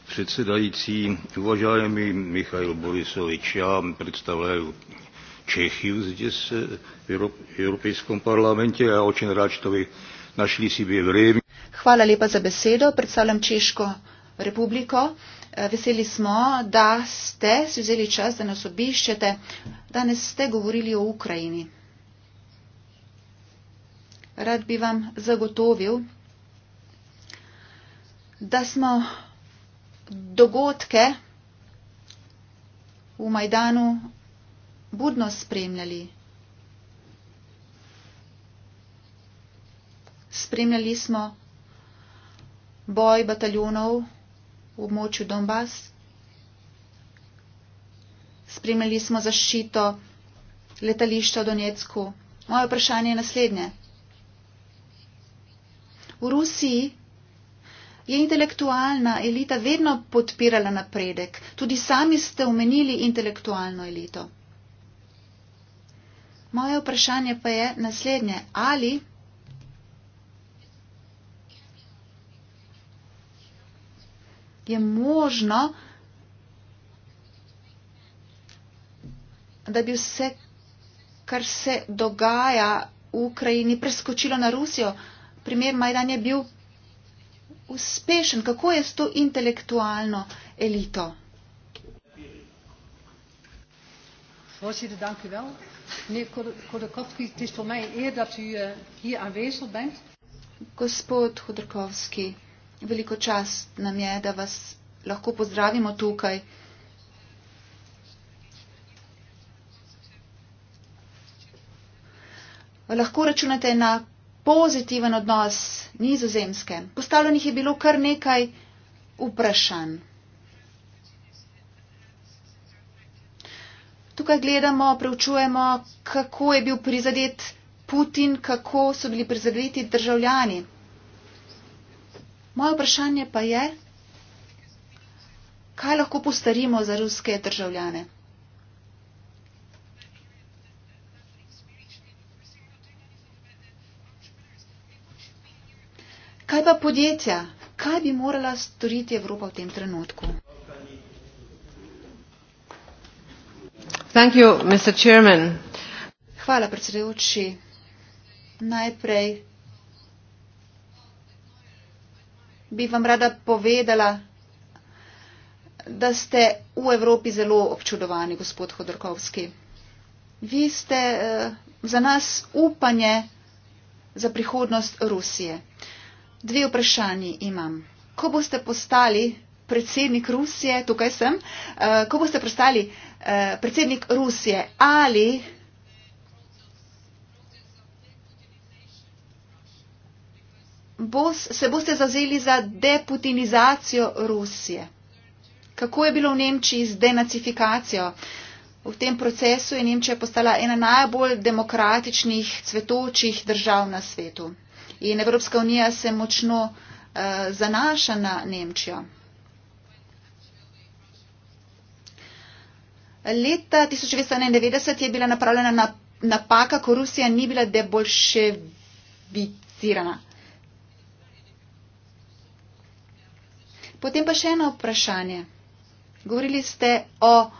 D: předsedající. Uvažajeme Michal Borisovič, já představuju Čechy zde se v Evropskom parlamentě a očin rád, že to by našli si vrijeme.
B: Hvala lepa za besedo. Predstavljam Češko republiko. Veseli smo, da ste si vzeli čas, da nas obiščete. Danes ste govorili o Ukrajini. Rad bi vam zagotovil, da smo dogodke v Majdanu budno spremljali. Spremljali smo boj bataljonov v območju Donbass. Spremljali smo zaščito letališča v Donetsku. Moje vprašanje je naslednje. V Rusiji je intelektualna elita vedno podpirala napredek. Tudi sami ste omenili intelektualno elito. Moje vprašanje pa je naslednje. Ali je možno, da bi vse, kar se dogaja v Ukrajini, preskočilo na Rusijo. Primer Majdan je bil uspešen. Kako je s to intelektualno elito?
E: Voorzitter, dank u wel. Meneer Khodorkovsky, het is voor mij
B: een eer dat u eh, hier aanwezig bent. Gospod Khodorkovsky, veliko čas nam je, da vas lahko pozdravimo tukaj. Lahko računate na pozitiven odnos nizozemske. Postavljenih je bilo kar nekaj vprašanj. Tukaj gledamo, preučujemo, kako je bil prizadet Putin, kako so bili prizadeti državljani. Moje vprašanje pa je, kaj lahko postarimo za ruske državljane? Kaj pa podjetja? Kaj bi morala storiti Evropa v tem trenutku? Thank you, Mr. Chairman. Hvala, predsedujoči. Najprej bi vam rada povedala, da ste v Evropi zelo občudovani, gospod Hodorkovski. Vi ste eh, za nas upanje za prihodnost Rusije. Dve vprašanji imam. Ko boste postali predsednik Rusije, tukaj sem, eh, ko boste postali eh, predsednik Rusije, ali bos, se boste zazeli za deputinizacijo Rusije. Kako je bilo v Nemčiji z denacifikacijo? V tem procesu je Nemčija postala ena najbolj demokratičnih, cvetočih držav na svetu. In Evropska unija se močno uh, zanaša na Nemčijo. Leta 1991 je bila napravljena napaka, ko Rusija ni bila deboljševicirana. Potem pa še eno vprašanje. Govorili ste o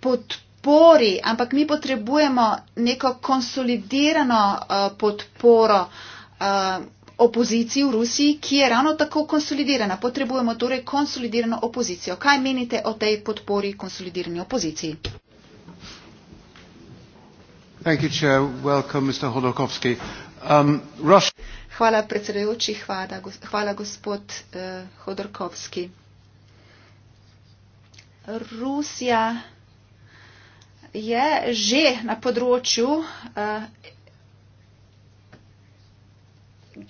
B: podpori, ampak mi potrebujemo neko konsolidirano uh, podporo uh, opoziciji v Rusiji, ki je ravno tako konsolidirana. Potrebujemo torej konsolidirano opozicijo. Kaj menite o tej podpori konsolidirani opoziciji?
D: Thank you, Chair. Welcome, Mr. Hodorkovski. Um, Russia...
B: Hvala predsedujoči, hvala, hvala gospod eh, Hodorkovski. Rusija je že na področju, eh,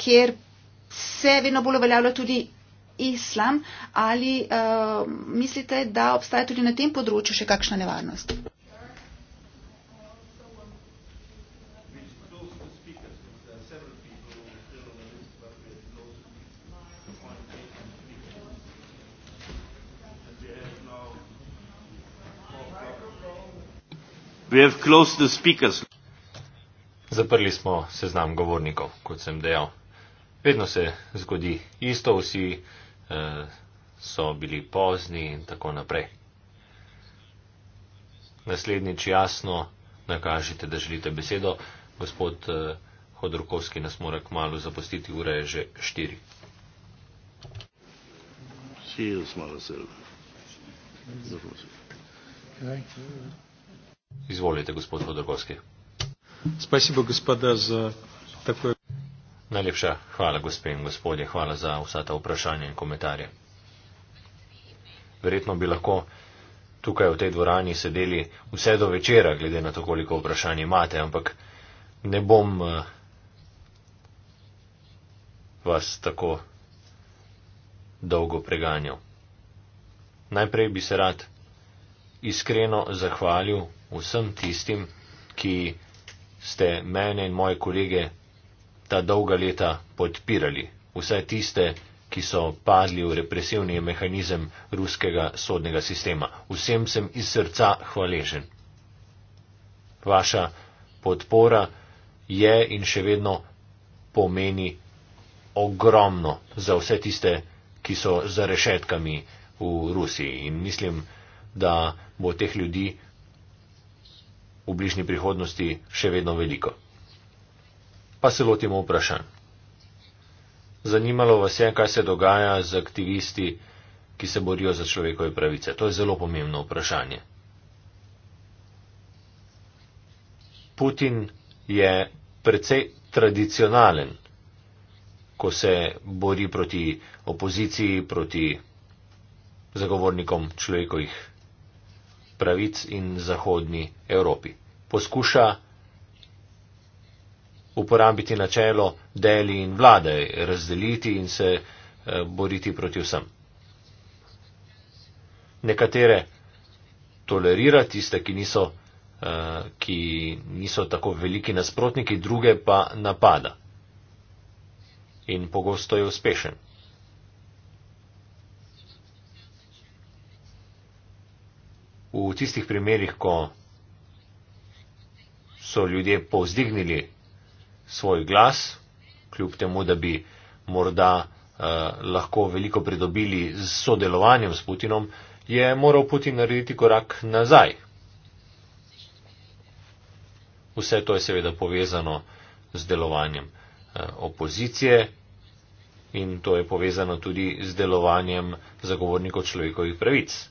B: kjer se vedno bolj uveljavlja tudi islam. Ali eh, mislite, da obstaja tudi na tem področju še kakšna nevarnost?
E: We have closed the speakers. Zaprli smo seznam govornikov, kot sem dejal. Vedno se zgodi isto, vsi eh, so bili pozni in tako naprej. Naslednjič jasno nakažite, da želite besedo. Gospod eh, Hodorkovski nas mora k malu zapustiti, ura je že štiri. Sijo smo razselili. Zahvaljujem se. Izvolite, gospod Hodorkovski.
D: Spasibo, gospoda, za takoj.
E: Najlepša hvala, gospe in gospodje, hvala za vsa ta vprašanja in komentarje. Verjetno bi lahko tukaj v tej dvorani sedeli vse do večera, glede na to, koliko vprašanj imate, ampak ne bom eh, vas tako dolgo preganjal. Najprej bi se rad iskreno zahvalil vsem tistim, ki ste mene in moje kolege ta dolga leta podpirali, vse tiste, ki so padli v represivni mehanizem ruskega sodnega sistema. Vsem sem iz srca hvaležen. Vaša podpora je in še vedno pomeni ogromno za vse tiste, ki so za rešetkami v Rusiji. In mislim, da bo teh ljudi v bližnji prihodnosti še vedno veliko. Pa se lotimo vprašanj. Zanimalo vas je, kaj se dogaja z aktivisti, ki se borijo za človekove pravice. To je zelo pomembno vprašanje. Putin je precej tradicionalen, ko se bori proti opoziciji, proti zagovornikom človekovih pravic in Zahodni Evropi. Poskuša uporabiti načelo deli in vlade, razdeliti in se eh, boriti proti vsem. Nekatere tolerira tiste, ki niso, eh, ki niso tako veliki nasprotniki, druge pa napada. In pogosto je uspešen. v tistih primerjih, ko so ljudje povzdignili svoj glas, kljub temu, da bi morda eh, lahko veliko pridobili s sodelovanjem s Putinom, je moral Putin narediti korak nazaj. Vse to je seveda povezano z delovanjem eh, opozicije in to je povezano tudi z delovanjem zagovornikov človekovih pravic.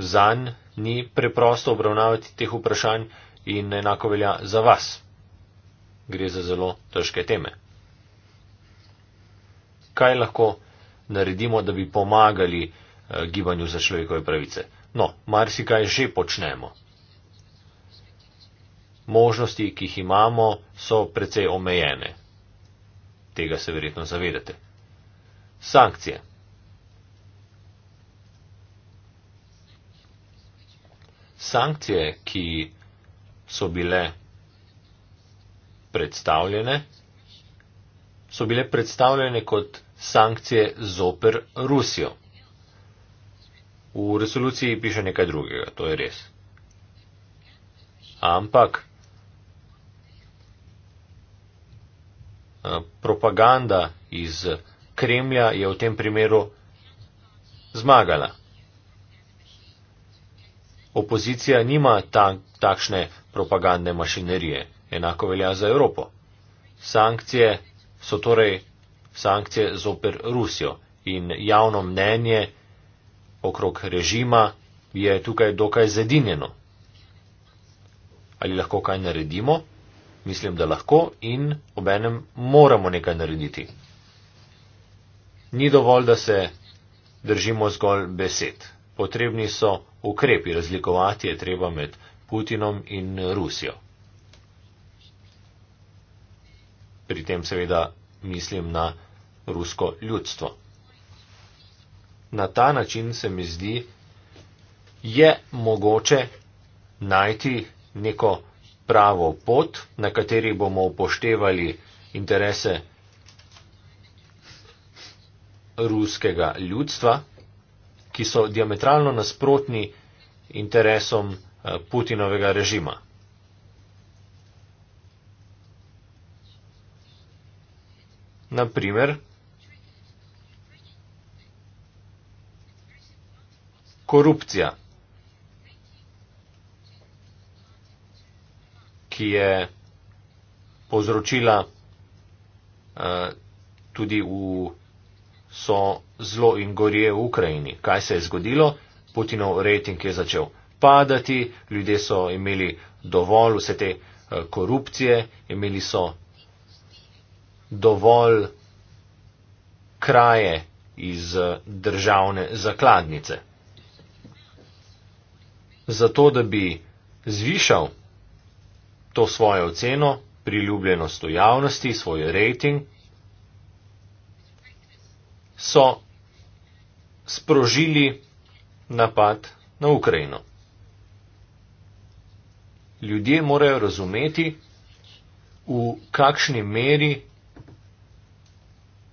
E: zanj ni preprosto obravnavati teh vprašanj in enako velja za vas. Gre za zelo težke teme. Kaj lahko naredimo, da bi pomagali eh, gibanju za človekove pravice? No, marsikaj že počnemo. Možnosti, ki jih imamo, so precej omejene. Tega se verjetno zavedate. Sankcije. sankcije, ki so bile predstavljene, so bile predstavljene kot sankcije zoper Rusijo. V resoluciji piše nekaj drugega, to je res. Ampak eh, propaganda iz Kremlja je v tem primeru zmagala. Opozicija nima ta, takšne propagandne mašinerije. Enako velja za Evropo. Sankcije so torej sankcije zoper Rusijo in javno mnenje okrog režima je tukaj dokaj zedinjeno. Ali lahko kaj naredimo? Mislim, da lahko in obenem moramo nekaj narediti. Ni dovolj, da se držimo zgolj besed. Potrebni so ukrepi. Razlikovati je treba med Putinom in Rusijo. Pri tem seveda mislim na rusko ljudstvo. Na ta način se mi zdi, je mogoče najti neko pravo pot, na kateri bomo upoštevali interese ruskega ljudstva ki so diametralno nasprotni interesom eh, Putinovega režima. Naprimer, korupcija, ki je povzročila uh, tudi v so zlo in gorje v Ukrajini. Kaj se je zgodilo? Putinov rejting je začel padati, ljudje so imeli dovolj vse te eh, korupcije, imeli so dovolj kraje iz eh, državne zakladnice. Zato, da bi zvišal to svojo oceno, priljubljenost v javnosti, svoj rejting, so sprožili napad na Ukrajino. Ljudje morajo razumeti, v kakšni meri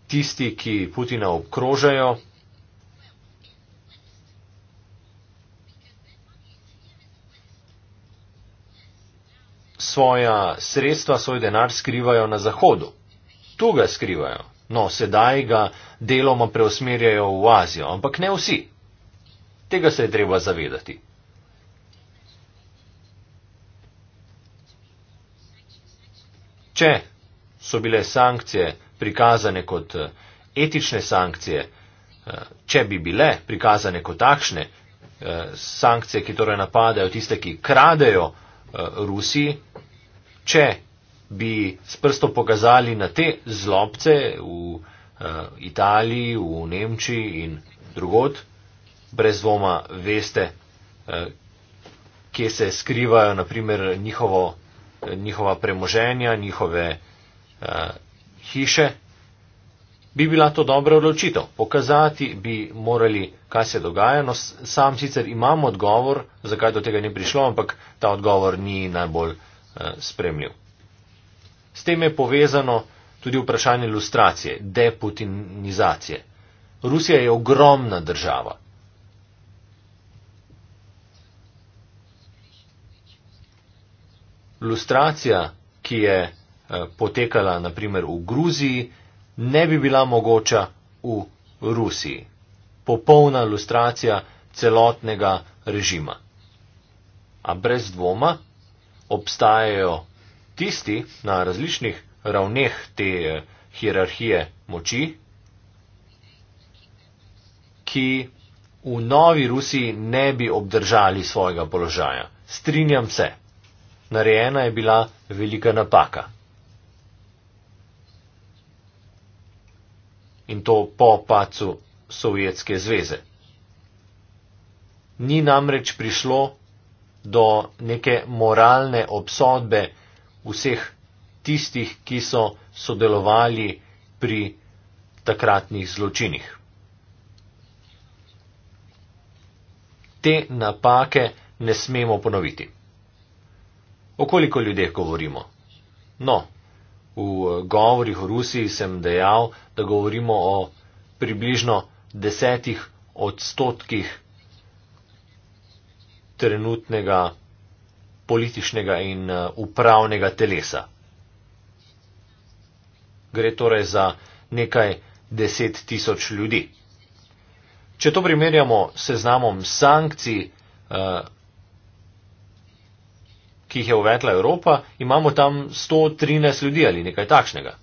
E: tisti, ki Putina obkrožajo, svoja sredstva, svoj denar skrivajo na Zahodu. Tu ga skrivajo, No, sedaj ga deloma preusmerjajo v Azijo, ampak ne vsi. Tega se je treba zavedati. Če so bile sankcije prikazane kot eh, etične sankcije, eh, če bi bile prikazane kot takšne eh, sankcije, ki torej napadajo tiste, ki kradejo Rusiji, če bi s prstom pokazali na te zlobce v uh, Italiji, v Nemčiji in drugod, brez dvoma veste, uh, kje se skrivajo naprimer njihovo, njihova premoženja, njihove uh, hiše, bi bila to dobra odločitev. Pokazati bi morali, kaj se dogaja. No, sam sicer imam odgovor, zakaj do tega ni prišlo, ampak ta odgovor ni najbolj uh, spremljiv. S tem je povezano tudi vprašanje ilustracije, deputinizacije. Rusija je ogromna država. Ilustracija, ki je eh, potekala naprimer v Gruziji, ne bi bila mogoča v Rusiji. Popolna ilustracija celotnega režima. A brez dvoma obstajajo tisti na različnih ravneh te eh, hierarhije moči, ki v novi Rusiji ne bi obdržali svojega položaja. Strinjam se, narejena je bila velika napaka. In to po pacu Sovjetske zveze. Ni namreč prišlo do neke moralne obsodbe vseh tistih, ki so sodelovali pri takratnih zločinih. Te napake ne smemo ponoviti. O koliko ljudeh govorimo? No, v eh, govorih o Rusiji sem dejal, da govorimo o približno desetih odstotkih trenutnega političnega in eh, upravnega telesa. Gre torej za nekaj deset tisoč ljudi. Če to primerjamo s seznamom sankcij, eh, ki jih je uvedla Evropa, imamo tam 113 ljudi ali nekaj takšnega.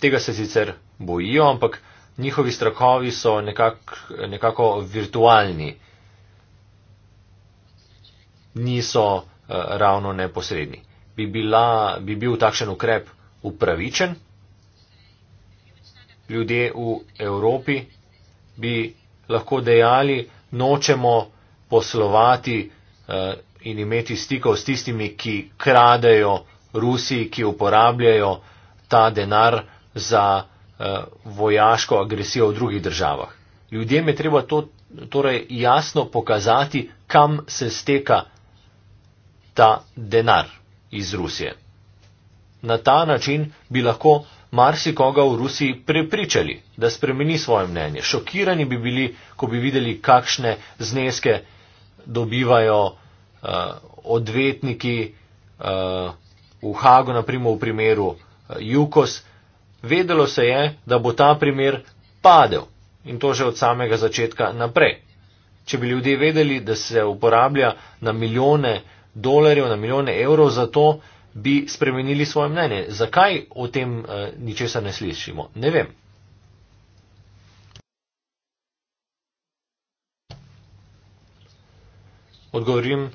E: Tega se sicer bojijo, ampak njihovi strahovi so nekak, nekako virtualni niso eh, ravno neposredni. Bi, bila, bi bil takšen ukrep upravičen? Ljudje v Evropi bi lahko dejali, nočemo poslovati eh, in imeti stikov s tistimi, ki kradejo Rusiji, ki uporabljajo ta denar za eh, vojaško agresijo v drugih državah. Ljudjem je treba to torej jasno pokazati, kam se steka ta denar iz Rusije. Na ta način bi lahko marsikoga v Rusiji prepričali, da spremeni svoje mnenje. Šokirani bi bili, ko bi videli, kakšne zneske dobivajo uh, odvetniki uh, v Hagu, naprimer v primeru eh, Jukos. Vedelo se je, da bo ta primer padel in to že od samega začetka naprej. Če bi ljudje vedeli, da se uporablja na milijone dolarjev, na milijone evrov za to, bi spremenili svoje mnenje. Zakaj o tem eh, ničesar ne slišimo? Ne vem. Odgovorim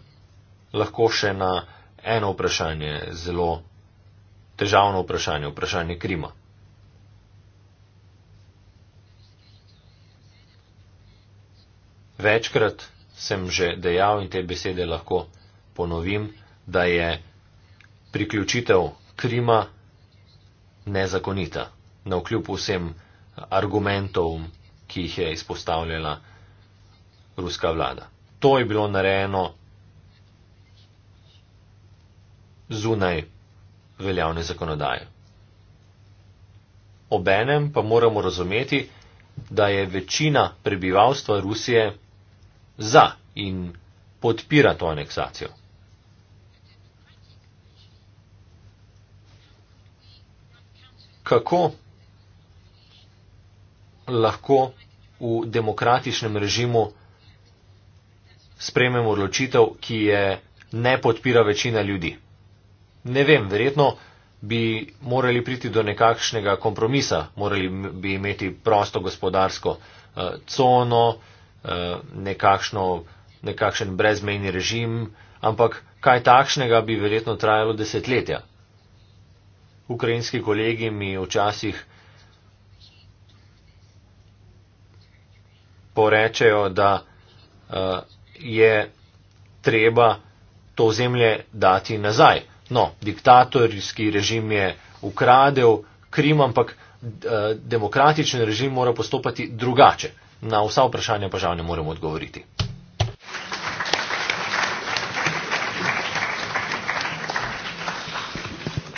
E: lahko še na eno vprašanje, zelo težavno vprašanje, vprašanje Krima. Večkrat sem že dejal in te besede lahko ponovim, da je priključitev Krima nezakonita. Na vkljub vsem argumentov, ki jih je izpostavljala ruska vlada. To je bilo narejeno zunaj veljavne zakonodaje. Obenem pa moramo razumeti, da je večina prebivalstva Rusije za in podpira to aneksacijo. kako lahko v demokratičnem režimu sprememo odločitev, ki je ne podpira večina ljudi. Ne vem, verjetno bi morali priti do nekakšnega kompromisa, morali bi imeti prosto gospodarsko eh, cono, eh, nekakšno, nekakšen brezmejni režim, ampak kaj takšnega bi verjetno trajalo desetletja ukrajinski kolegi mi včasih porečejo, da eh, je treba to zemlje dati nazaj. No, diktatorski režim je ukradel Krim, ampak eh, demokratičen režim mora postopati drugače. Na vsa vprašanja pa žal ne moremo odgovoriti.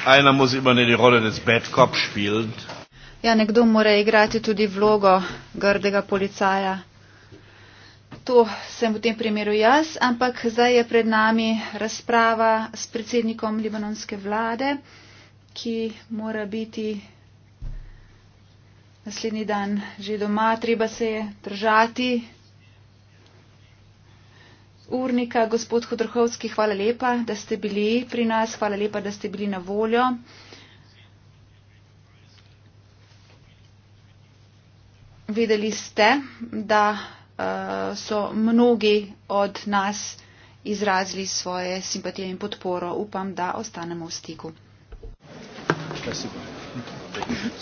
E: einer muss immer nur die Rolle des
D: Bad Cop spielen.
B: Ja, nekdo mora igrati tudi vlogo grdega policaja. To sem v tem primeru jaz, ampak zdaj je pred nami razprava s predsednikom libanonske vlade, ki mora biti naslednji dan že doma. Treba se je držati urnika. Gospod Hudrhovski, hvala lepa, da ste bili pri nas, hvala lepa, da ste bili na voljo. Vedeli ste, da uh, so mnogi od nas izrazili svoje simpatije in podporo. Upam, da ostanemo v stiku.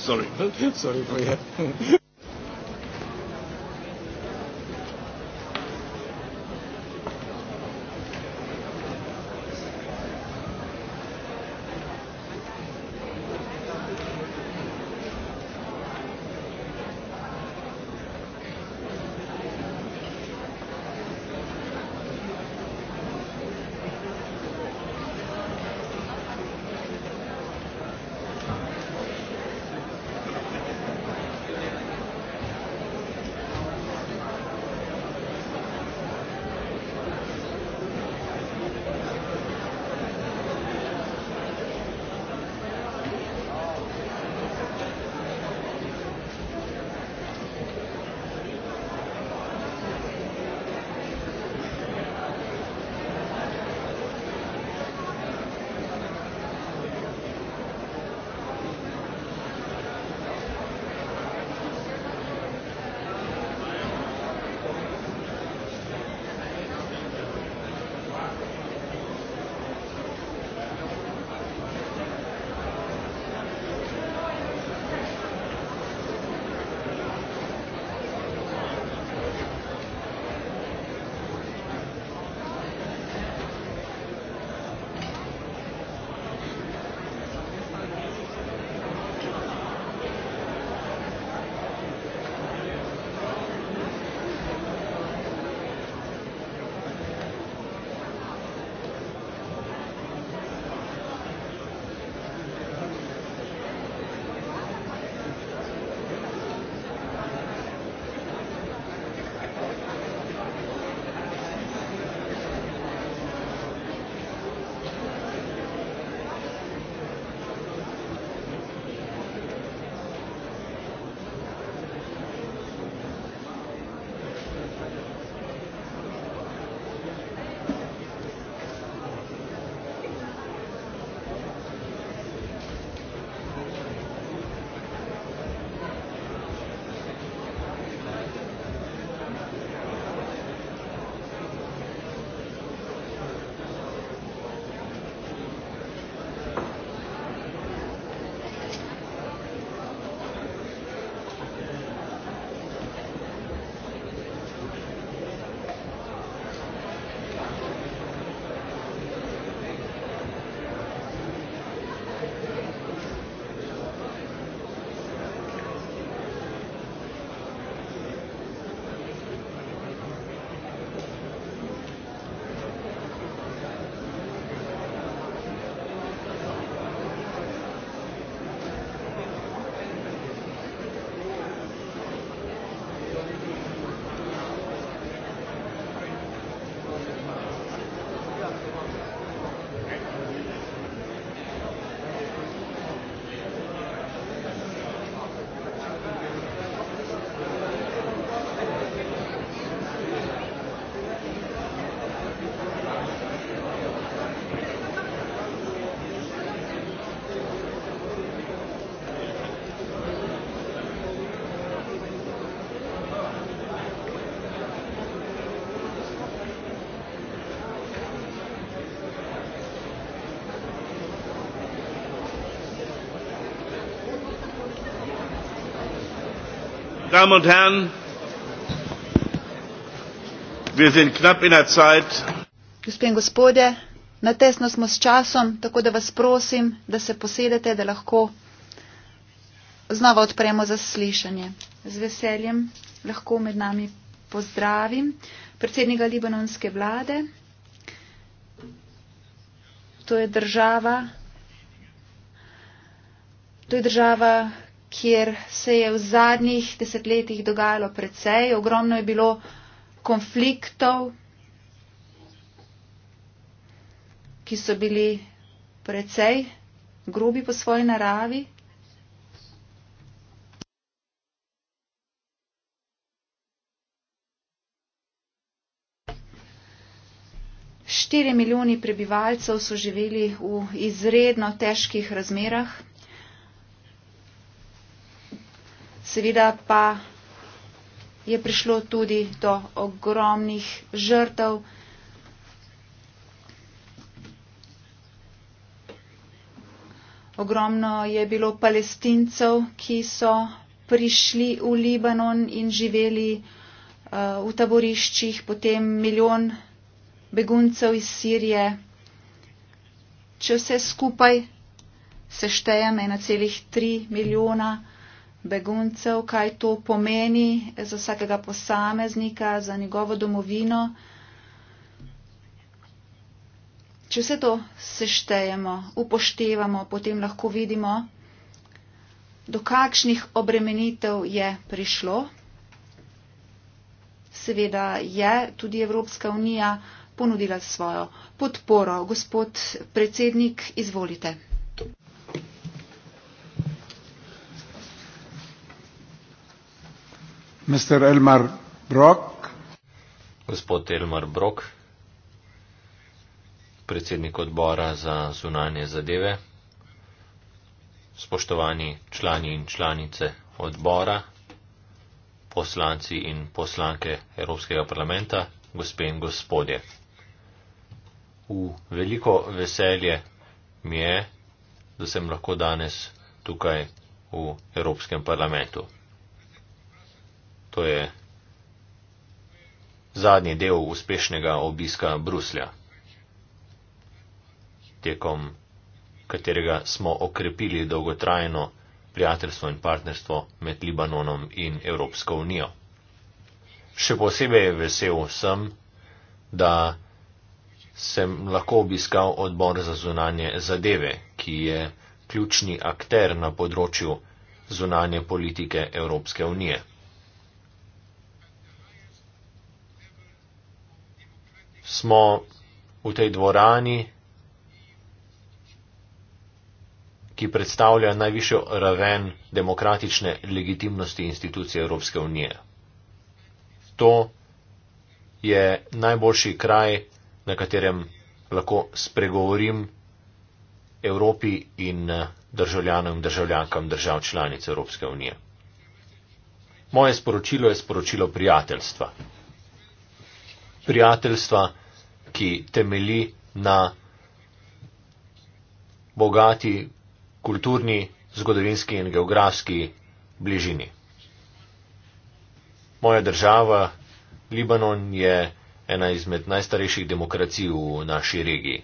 C: Sorry. *laughs* Sorry for you.
D: Damen und Herren, wir sind knapp in der Zeit.
B: Na tesno smo s časom, tako da vas prosim, da se posedete, da lahko znova odpremo zaslišanje. Z veseljem lahko med nami pozdravim predsednika libanonske vlade. To je država, to je država kjer se je v zadnjih desetletjih dogajalo precej, ogromno je bilo konfliktov, ki so bili precej grobi po svoji naravi. Štiri milijoni prebivalcev so živeli v izredno težkih razmerah. Seveda pa je prišlo tudi do ogromnih žrtev. Ogromno je bilo palestincev, ki so prišli v Libanon in živeli uh, v taboriščih, potem milijon beguncev iz Sirije. Če vse skupaj seštejem 1,3 milijona beguncev, kaj to pomeni za vsakega posameznika, za njegovo domovino. Če vse to seštejemo, upoštevamo, potem lahko vidimo, do kakšnih obremenitev je prišlo. Seveda je tudi Evropska unija ponudila svojo podporo. Gospod predsednik, izvolite.
D: Mr. Elmar
E: Brock. Gospod Elmar Brock, predsednik odbora za zunanje zadeve, spoštovani člani in članice odbora, poslanci in poslanke Evropskega parlamenta, gospe in gospodje. V veliko veselje mi je, da sem lahko danes tukaj v Evropskem parlamentu. To je zadnji del uspešnega obiska Bruslja, tekom katerega smo okrepili dolgotrajno prijateljstvo in partnerstvo med Libanonom in Evropsko unijo. Še posebej vesel sem, da sem lahko obiskal odbor za zunanje zadeve, ki je ključni akter na področju zunanje politike Evropske unije. smo v tej dvorani, ki predstavlja najvišjo raven demokratične legitimnosti institucije Evropske unije. To je najboljši kraj, na katerem lahko spregovorim Evropi in eh, državljanom, državljankam držav članic Evropske unije. Moje sporočilo je sporočilo prijateljstva prijateljstva, ki temeli na bogati kulturni, zgodovinski in geografski bližini. Moja država, Libanon, je ena izmed najstarejših demokracij v naši regiji.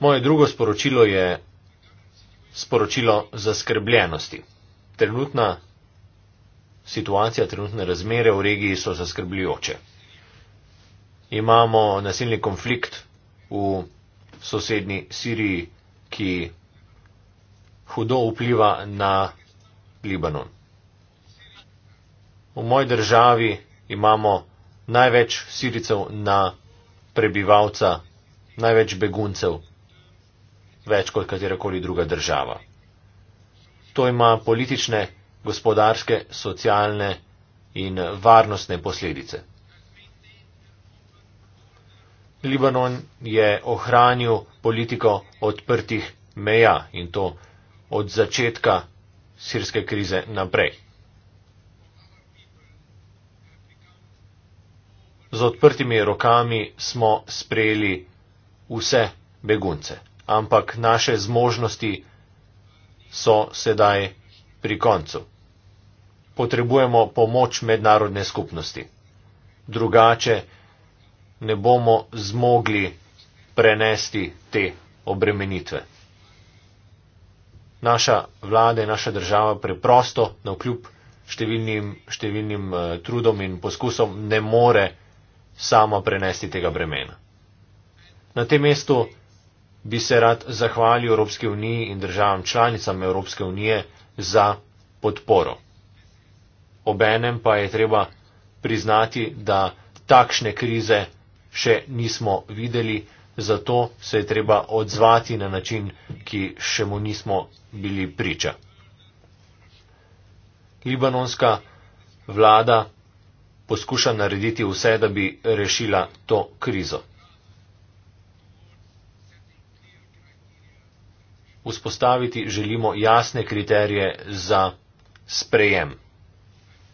E: Moje drugo sporočilo je sporočilo zaskrbljenosti. Trenutna situacija, trenutne razmere v regiji so zaskrbljujoče. Imamo nasilni konflikt v sosednji Siriji, ki hudo vpliva na Libanon. V moji državi imamo največ siricev na prebivalca, največ beguncev, več kot katerakoli druga država. To ima politične gospodarske, socialne in varnostne posledice. Libanon je ohranil politiko odprtih meja in to od začetka sirske krize naprej. Z odprtimi rokami smo sprejeli vse begunce, ampak naše zmožnosti so sedaj pri koncu. Potrebujemo pomoč mednarodne skupnosti. Drugače ne bomo zmogli prenesti te obremenitve. Naša vlada, naša država preprosto, na vkljub številnim, številnim eh, trudom in poskusom, ne more sama prenesti tega bremena. Na tem mestu bi se rad zahvalil Evropske unije in državam članicam Evropske unije, za podporo. Obenem pa je treba priznati, da takšne krize še nismo videli, zato se je treba odzvati na način, ki še mu nismo bili priča. Libanonska vlada poskuša narediti vse, da bi rešila to krizo. vzpostaviti želimo jasne kriterije za sprejem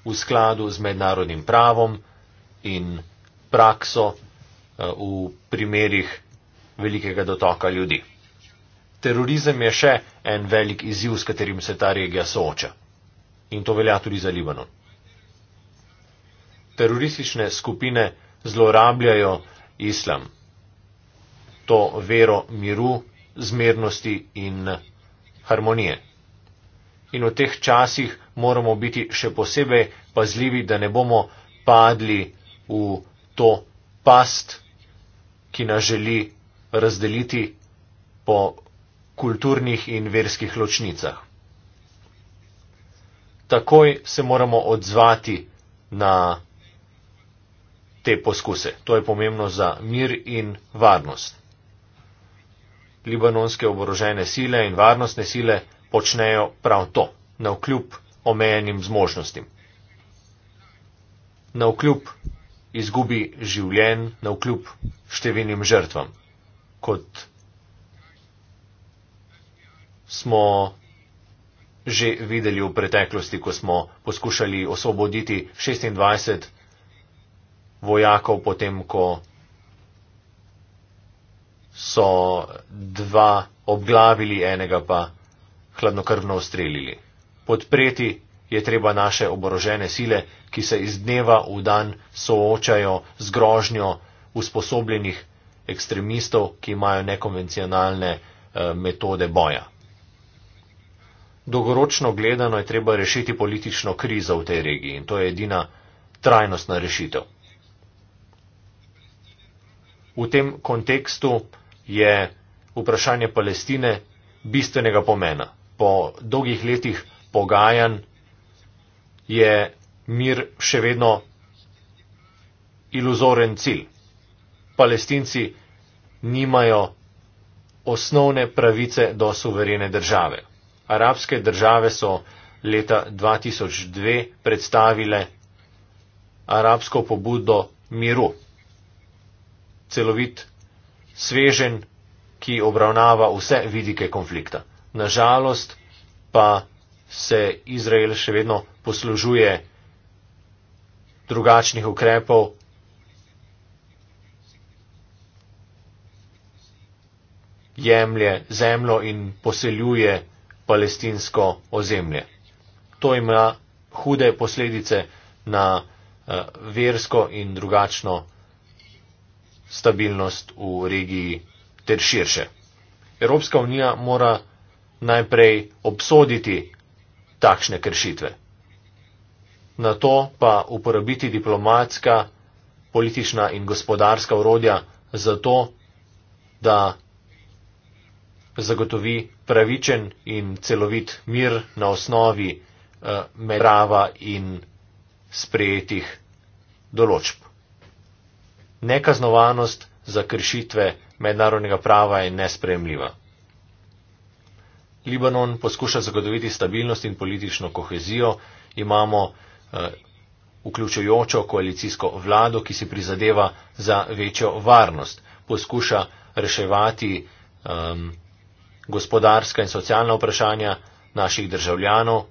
E: v skladu z mednarodnim pravom in prakso eh, v primerih velikega dotoka ljudi. Terorizem je še en velik izziv, s katerim se ta regija sooča. In to velja tudi za Libanon. Teroristične skupine zlorabljajo islam, to vero miru zmernosti in harmonije. In v teh časih moramo biti še posebej pazljivi, da ne bomo padli v to past, ki nas želi razdeliti po kulturnih in verskih ločnicah. Takoj se moramo odzvati na te poskuse. To je pomembno za mir in varnost libanonske oborožene sile in varnostne sile počnejo prav to, na vkljub omejenim zmožnostim. Na vkljub izgubi življenj, na vkljub številnim žrtvam, kot smo že videli v preteklosti, ko smo poskušali osvoboditi 26 vojakov, potem ko so dva obglavili, enega pa hladnokrvno ustrelili. Podpreti je treba naše oborožene sile, ki se iz dneva v dan soočajo z grožnjo usposobljenih ekstremistov, ki imajo nekonvencionalne eh, metode boja. Dolgoročno gledano je treba rešiti politično krizo v tej regiji in to je edina trajnostna rešitev. V tem kontekstu je vprašanje Palestine bistvenega pomena. Po dolgih letih pogajanj je mir še vedno iluzoren cilj. Palestinci nimajo osnovne pravice do suverene države. Arabske države so leta 2002 predstavile arabsko pobudo miru. Celovit svežen, ki obravnava vse vidike konflikta. Nažalost pa se Izrael še vedno poslužuje drugačnih ukrepov. jemlje zemljo in poseljuje palestinsko ozemlje. To ima hude posledice na eh, versko in drugačno stabilnost v regiji ter širše. Evropska unija mora najprej obsoditi takšne kršitve, na to pa uporabiti diplomatska, politična in gospodarska urodja za to, da zagotovi pravičen in celovit mir na osnovi eh, merava in sprejetih določb nekaznovanost za kršitve mednarodnega prava je nespremljiva. Libanon poskuša zagotoviti stabilnost in politično kohezijo. Imamo eh, vključujočo koalicijsko vlado, ki si prizadeva za večjo varnost. Poskuša reševati eh, gospodarska in socialna vprašanja naših državljanov.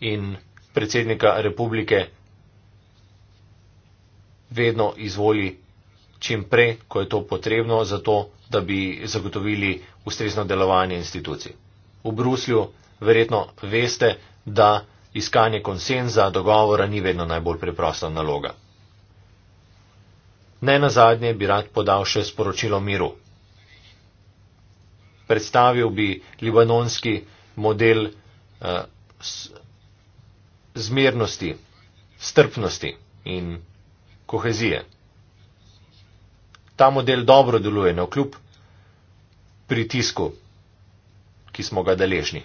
E: In predsednika republike vedno izvoli čim prej, ko je to potrebno, zato da bi zagotovili ustrezno delovanje institucij. V Bruslju verjetno veste, da iskanje konsenza, dogovora ni vedno najbolj preprosta naloga. Ne na zadnje bi rad podal še sporočilo miru. Predstavil bi libanonski model uh, zmernosti, strpnosti in kohezije. Ta model dobro deluje na no, vkljub pritisku, ki smo ga deležni.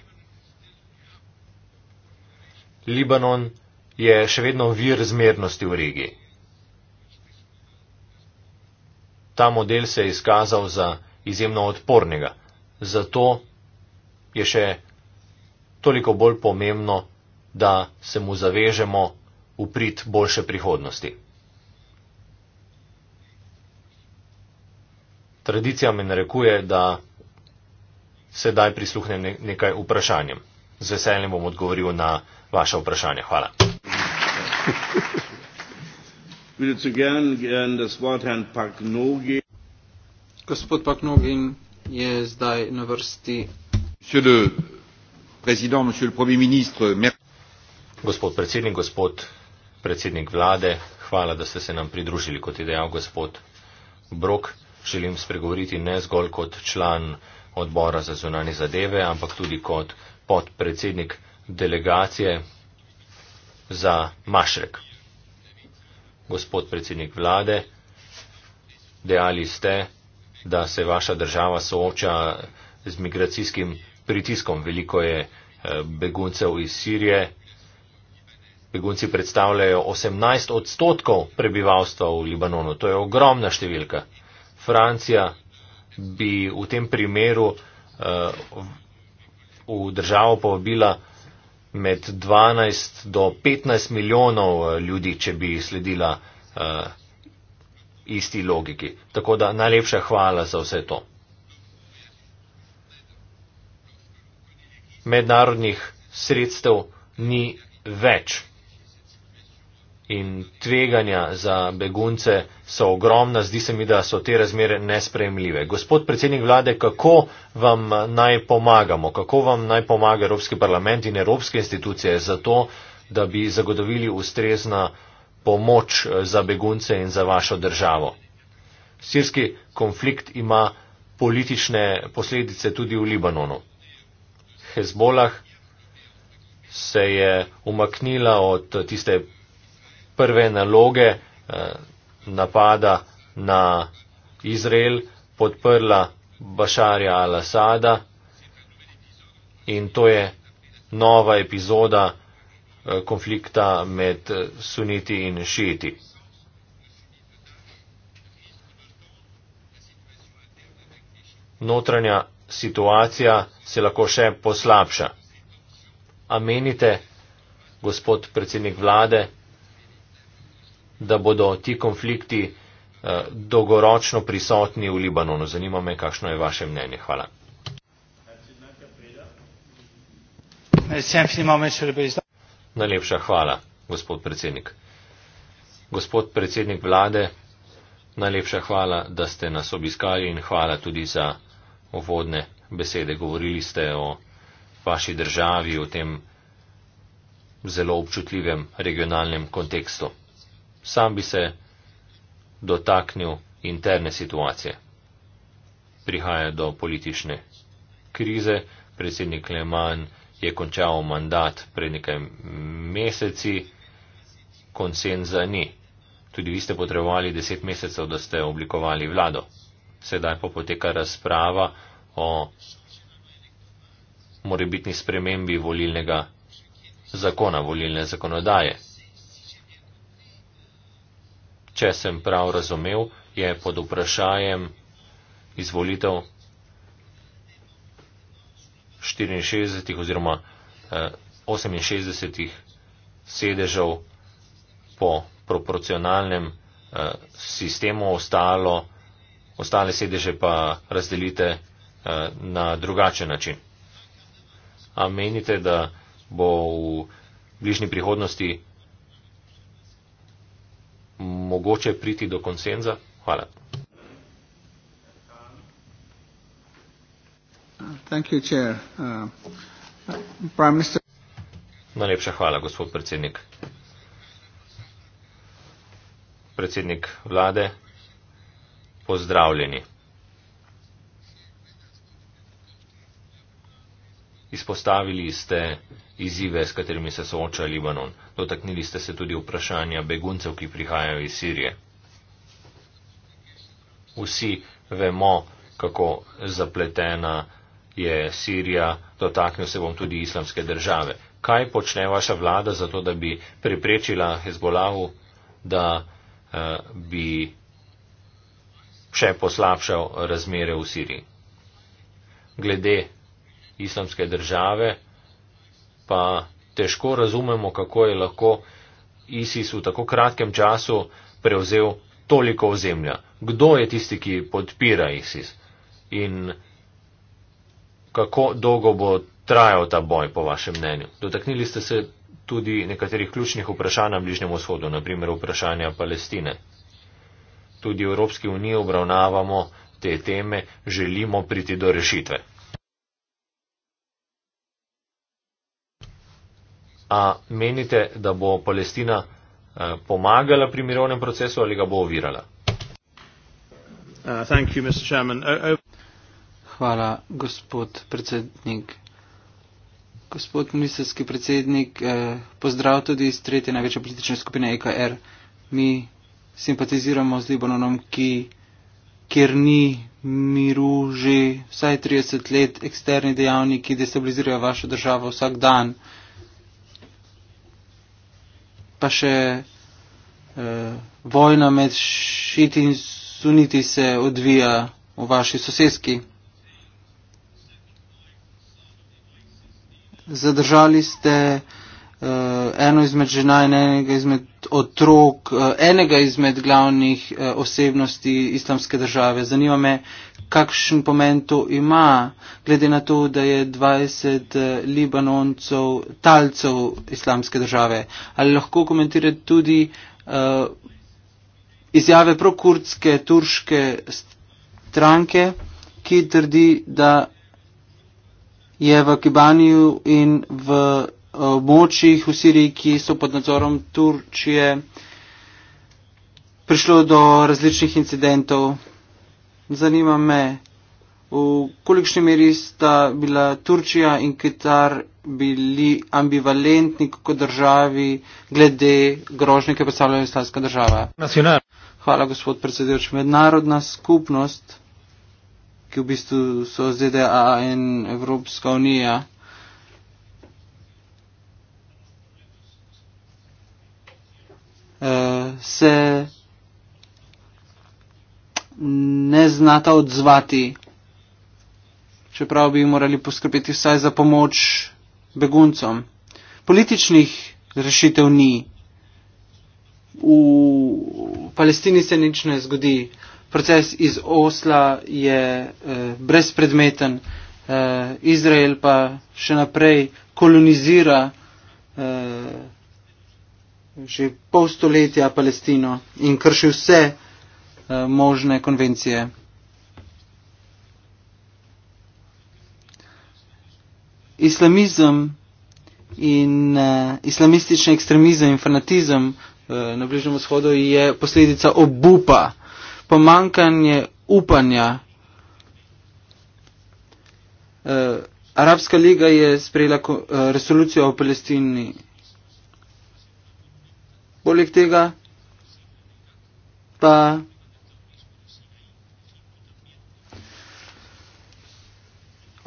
E: Libanon je še vedno vir zmernosti v regiji. Ta model se je izkazal za izjemno odpornega, zato je še toliko bolj pomembno, da se mu zavežemo uprit boljše prihodnosti. tradicija me narekuje, da sedaj prisluhnem nekaj vprašanjem. Z veseljem bom odgovoril na vaše vprašanje. Hvala.
D: *laughs* Gospod Paknogin je zdaj
E: na vrsti. Gospod predsednik, gospod predsednik vlade, hvala, da ste se nam pridružili, kot je dejal gospod Brok želim spregovoriti ne zgolj kot član odbora za zunanje zadeve, ampak tudi kot podpredsednik delegacije za Mašrek. Gospod predsednik vlade, dejali ste, da se vaša država sooča z migracijskim pritiskom. Veliko je eh, beguncev iz Sirije. Begunci predstavljajo 18 odstotkov prebivalstva v Libanonu. To je ogromna številka. Francija bi v tem primeru eh, v državo povabila med 12 do 15 milijonov eh, ljudi, če bi sledila eh, isti logiki. Tako da najlepša hvala za vse to. Mednarodnih sredstev ni več in tveganja za begunce so ogromna. Zdi se mi, da so te razmere nespremljive. Gospod predsednik vlade, kako vam naj pomagamo, kako vam naj pomaga Evropski parlament in Evropske institucije za to, da bi zagotovili ustrezna pomoč eh, za begunce in za vašo državo. Sirski konflikt ima politične posledice tudi v Libanonu. Hezbolah se je umaknila od tiste prve naloge eh, napada na Izrael podprla Bašarja Al-Asada in to je nova epizoda eh, konflikta med eh, suniti in šiti. Notranja situacija se lahko še poslabša. A menite, gospod predsednik vlade, da bodo ti konflikti eh, dolgoročno prisotni v Libanonu. Zanima me, kakšno je vaše mnenje. Hvala. Najlepša hvala, gospod predsednik. Gospod predsednik vlade, najlepša hvala, da ste nas obiskali in hvala tudi za uvodne besede. Govorili ste o vaši državi, o tem zelo občutljivem regionalnem kontekstu sam bi se dotaknil interne situacije. Prihaja do politične krize, predsednik Leman je končal mandat pred nekaj meseci, konsenza ni. Tudi vi ste potrebovali deset mesecev, da ste oblikovali vlado. Sedaj pa poteka razprava o morebitni spremembi volilnega zakona, volilne zakonodaje če sem prav razumev, je pod vprašanjem izvolitev 64 oziroma 68 eh, sedežev po proporcionalnem eh, sistemu, ostalo, ostale sedeže pa razdelite eh, na drugačen način. A menite, da bo v bližnji prihodnosti mogoče priti do konsenza. Hvala. Uh, Najlepša hvala, gospod predsednik. Predsednik vlade, pozdravljeni. Izpostavili ste izzive, s katerimi se sooča Libanon. Dotaknili ste se tudi vprašanja beguncev, ki prihajajo iz Sirije. Vsi vemo, kako zapletena je Sirija, dotaknil se bom tudi islamske države. Kaj počne vaša vlada za to, da bi preprečila Hezbolahu, da uh, bi še poslabšal razmere v Siriji? Glede islamske države, pa težko razumemo, kako je lahko ISIS v tako kratkem času prevzel toliko ozemlja. Kdo je tisti, ki podpira ISIS in kako dolgo bo trajal ta boj, po vašem mnenju? Dotaknili ste se tudi nekaterih ključnih vprašanj na Bližnjem vzhodu, naprimer vprašanja Palestine. Tudi v Evropski uniji obravnavamo te teme, želimo priti do rešitve. A menite, da bo Palestina eh, pomagala pri mirovnem procesu ali ga bo ovirala?
A: Uh, you, Hvala, gospod predsednik. Gospod ministerski predsednik, eh, pozdrav tudi iz tretje največje politične skupine EKR. Mi simpatiziramo z Libanonom, ki, kjer ni miru že vsaj 30 let, eksterni dejavniki destabilizirajo vašo državo vsak dan pa še eh, vojna med šiti in suniti se odvija v vaši soseski. Zadržali ste eh, Eh, eno izmed žena in enega izmed otrok, eh, enega izmed glavnih eh, osebnosti islamske države. Zanima me, kakšen pomen to ima, glede na to, da je 20 libanoncev talcev islamske države. Ali lahko komentirate tudi izjave prokurdske, turške stranke, ki trdi, da je v Kibaniju in v območjih v Siriji, ki so pod nadzorom Turčije, prišlo do različnih incidentov. Zanima me, v kolikšni meri sta bila Turčija in Kitar bili ambivalentni kot državi glede grožnje, ki je predstavljala islamska država. Nacional. Hvala, gospod predsedujoč. Mednarodna skupnost, ki v bistvu so ZDA in Evropska unija, se ne znata odzvati, čeprav bi morali poskrbeti vsaj za pomoč beguncom. Političnih rešitev ni. V Palestini se nič ne zgodi. Proces iz Osla je eh, brezpredmeten, eh, Izrael pa še naprej kolonizira eh, že pol stoletja Palestino in krši vse eh, možne konvencije. Islamizem in uh, islamistični ekstremizem in fanatizem uh, na Bližnem vzhodu je posledica obupa, pomankanje upanja. Uh, Arabska liga je sprejela uh, resolucijo o Palestini Poleg tega pa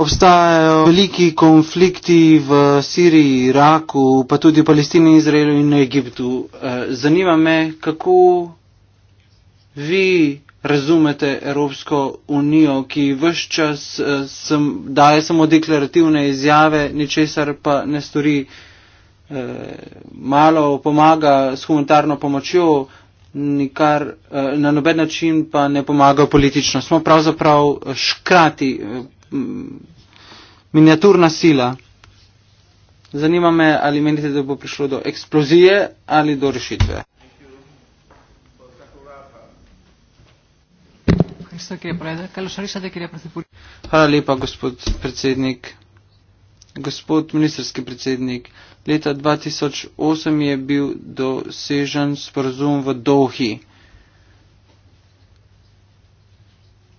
A: obstajajo veliki konflikti v Siriji, Iraku, pa tudi v Palestini, Izraelu in Egiptu. Eh, zanima me, kako vi razumete Evropsko unijo, ki vse čas eh, sem, daje samo deklarativne izjave, ničesar pa ne stori. Eh, malo pomaga s humanitarno pomočjo, nikar, eh, na noben način pa ne pomaga politično. Smo pravzaprav eh, škrati, miniaturna sila. Zanima me, ali menite, da bo prišlo do eksplozije ali do rešitve. Hvala lepa, gospod predsednik gospod ministerski predsednik, leta 2008 je bil dosežen sporozum v Dohi.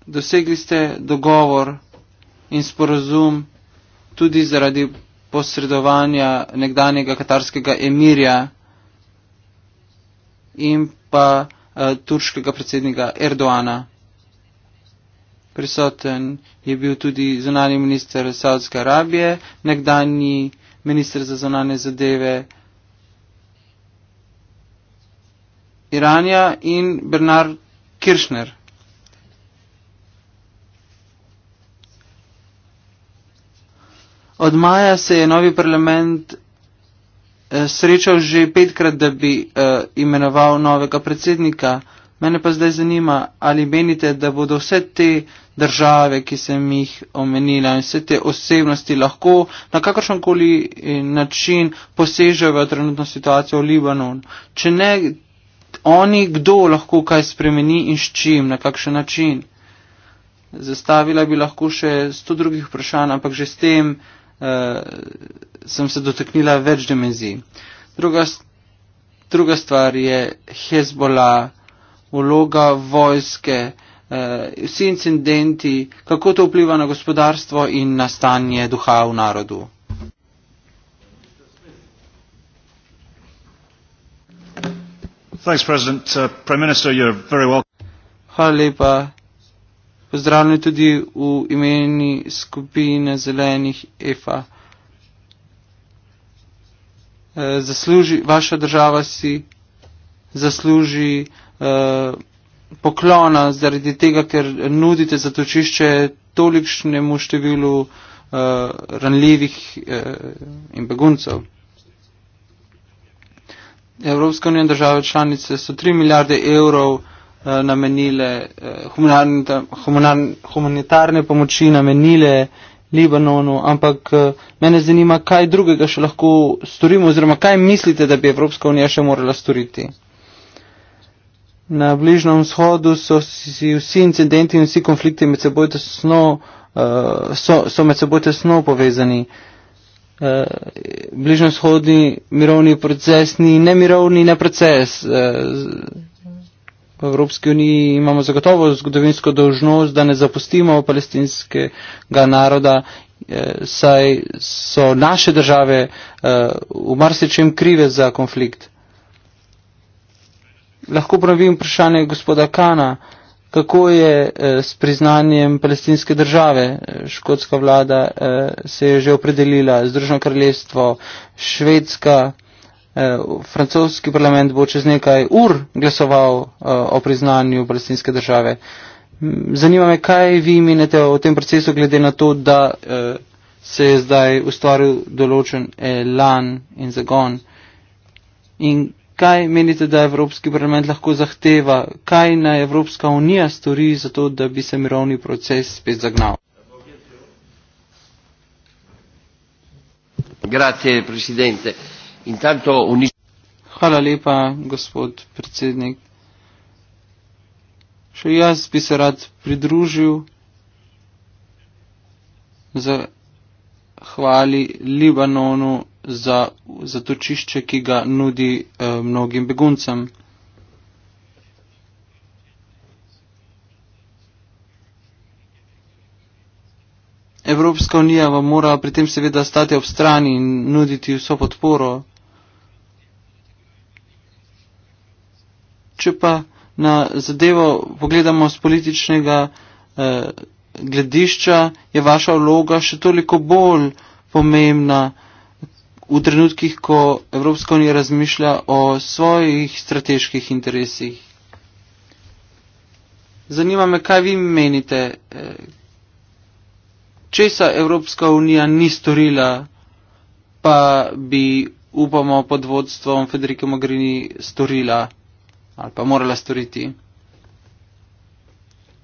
A: Dosegli ste dogovor in sporozum tudi zaradi posredovanja nekdanjega katarskega emirja in pa uh, turškega predsednika Erdoana prisoten je bil tudi zunani minister Saudske Arabije, nekdani minister za zunane zadeve Iranja in Bernard Kiršner. Od maja se je novi parlament eh, srečal že petkrat, da bi eh, imenoval novega predsednika. Mene pa zdaj zanima, ali menite, da bodo vse te države, ki sem jih omenila in vse te osebnosti lahko na kakršenkoli eh, način posežejo v trenutno situacijo v Libanonu. Če ne oni, kdo lahko kaj spremeni in s čim, na kakšen način. Zastavila bi lahko še sto drugih vprašanj, ampak že s tem eh, sem se dotaknila več dimenzij. Druga, druga stvar je Hezbola, vloga vojske. Eh, vsi incidenti, kako to vpliva na gospodarstvo in na stanje duha v narodu. Thanks, uh, Prime Minister, you're very Hvala lepa. Pozdravljeni tudi v imeni skupine zelenih EFA. E, eh, zasluži, vaša država si zasluži. E, poklona, zaradi tega, ker nudite zatočišče tolikšnemu številu uh, ranljivih uh, in beguncev. Evropska unija in države članice so 3 milijarde evrov uh, namenile, uh, humanitarne, humanitarne pomoči namenile Libanonu, ampak uh, mene zanima, kaj drugega še lahko storimo oziroma kaj mislite, da bi Evropska unija še morala storiti. Na Bližnjem vzhodu so si vsi incidenti in vsi konflikti med seboj tesno, uh, so, so med seboj tesno povezani. Uh, eh, Bližnji vzhodni mirovni proces ni ne mirovni, ne proces. Uh, v Evropski uniji imamo zagotovo zgodovinsko dožnost, da ne zapustimo palestinskega naroda, uh, saj so naše države uh, v marsičem krive za konflikt lahko pravim vprašanje gospoda Kana, kako je eh, s priznanjem palestinske države. Škotska vlada eh, se je že opredelila, Združeno kraljestvo, Švedska, eh, francoski parlament bo čez nekaj ur glasoval o priznanju palestinske države. Zanima me, kaj vi menite o tem procesu, glede na to, da se je zdaj ustvaril določen lan in zagon. In kaj menite, da Evropski parlament lahko zahteva, kaj naj Evropska unija stori za to, da bi se mirovni proces spet zagnal. Grazie, Intanto, uni... Hvala lepa, gospod predsednik. Še jaz bi se rad pridružil za hvali Libanonu za zatočišče, ki ga nudi eh, mnogim beguncem. Evropska unija vam mora pri tem seveda stati ob strani in nuditi vso podporo. Če pa na zadevo pogledamo z političnega eh, gledišča, je vaša vloga še toliko bolj pomembna v trenutkih, ko Evropska unija razmišlja o svojih strateških interesih. Zanima me, kaj vi menite, eh, česa Evropska unija ni storila, pa bi upamo pod vodstvom Federike Mogrini storila ali pa morala storiti.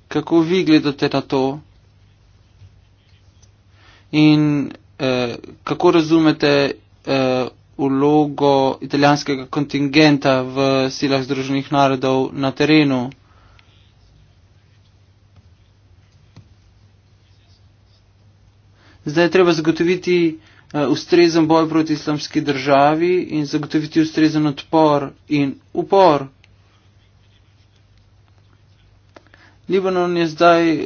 A: Kako vi gledate na to? In eh, kako razumete Eh, vlogo italijanskega kontingenta v silah Združenih narodov na terenu. Zdaj je treba zagotoviti eh, ustrezen boj proti islamski državi in zagotoviti ustrezen odpor in upor. Libanon je zdaj eh,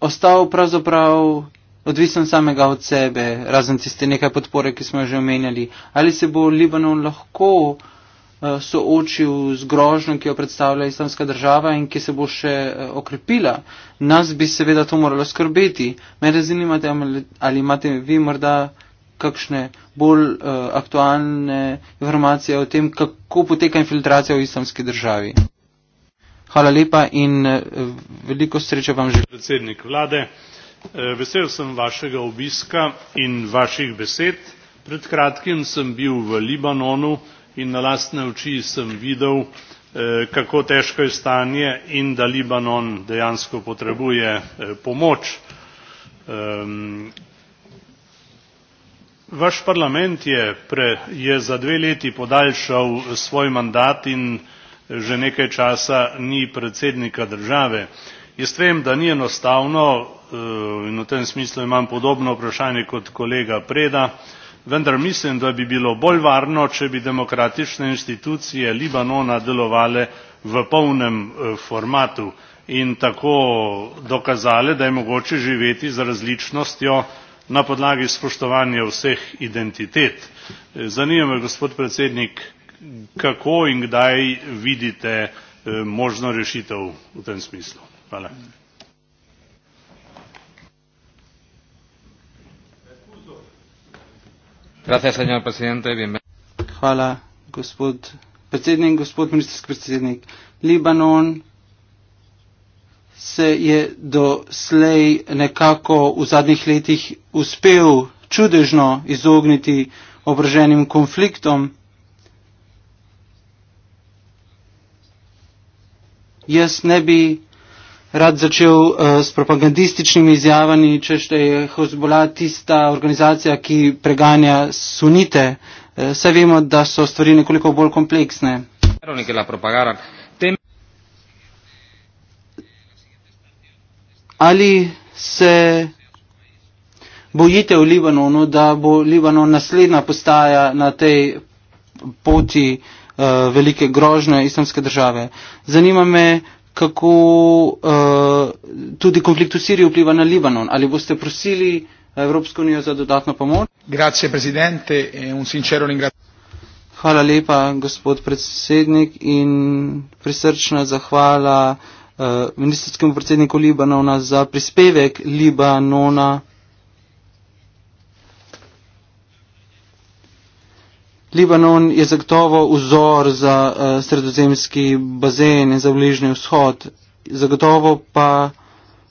A: ostal pravzaprav odvisen samega od sebe, razen tiste nekaj podpore, ki smo že omenjali, ali se bo Libanon lahko eh, soočil z grožnjo, ki jo predstavlja islamska država in ki se bo še eh, okrepila. Nas bi seveda to moralo skrbeti. Mene zanima, ali imate vi morda kakšne bolj eh, aktualne informacije o tem, kako poteka infiltracija v islamski državi. Hvala lepa in veliko sreče vam želim. Predsednik vlade. Eh,
D: vesel sem vašega obiska in vaših besed. pred kratkim sem bil v libanonu in na lastne oči sem videl eh, kako težko je stanje in da libanon dejansko potrebuje eh, pomoč. Ehm, vaš parlament je je za dve leti podaljšal svoj mandat in že nekaj časa ni predsednika države jaz vem da ni enostavno eh, in v tem smislu imam podobno vprašanje kot kolega preda vendar mislim da bi bilo bolj varno če bi demokratične institucije libanona delovale v polnem eh, formatu in tako dokazale da je mogoče živeti z različnostjo na podlagi spoštovanja vseh identitet. Eh, zanima me gospod predsednik kako in kdaj vidite možno rešitev v tem smislu? Hvala.
A: Hvala, gospod predsednik, gospod ministrski predsednik. Libanon se je doslej nekako v zadnjih letih uspel čudežno izogniti obroženim konfliktom. Jaz ne bi rad začel uh, s propagandističnimi izjavami, če šte je Hezbollah tista organizacija, ki preganja sunite. Uh, Saj vemo, da so stvari nekoliko bolj kompleksne. Ali se bojite v Libanonu, da bo Libanon naslednja postaja na tej poti uh, velike grožne islamske države? Zanima me, kako uh, tudi konflikt v Siriji vpliva na Libanon. Ali boste prosili Evropsko unijo za dodatno pomoč? Grazie, e Hvala lepa, gospod predsednik, in prisrčna zahvala uh, ministrskemu predsedniku Libanona za prispevek Libanona. Libanon je zagotovo vzor za uh, sredozemski bazen in za bližnji vzhod, zagotovo pa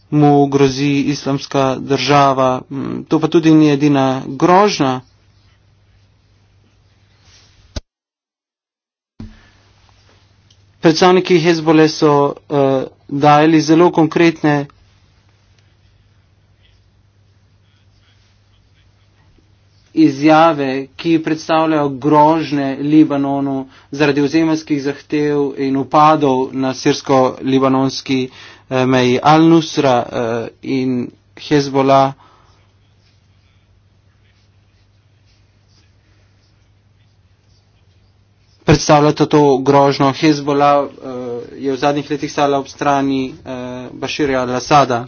A: mu grozi islamska država. Mm, to pa tudi ni edina grožna. Predstavniki Hezbole so uh, dajali zelo konkretne izjave, ki predstavljajo grožne Libanonu zaradi ozemljskih zahtev in upadov na sirsko-libanonski eh, meji Al-Nusra eh, in Hezbollah. Predstavljate to grožno. Hezbollah eh, je v zadnjih letih stala ob strani Bashirja al-Assada.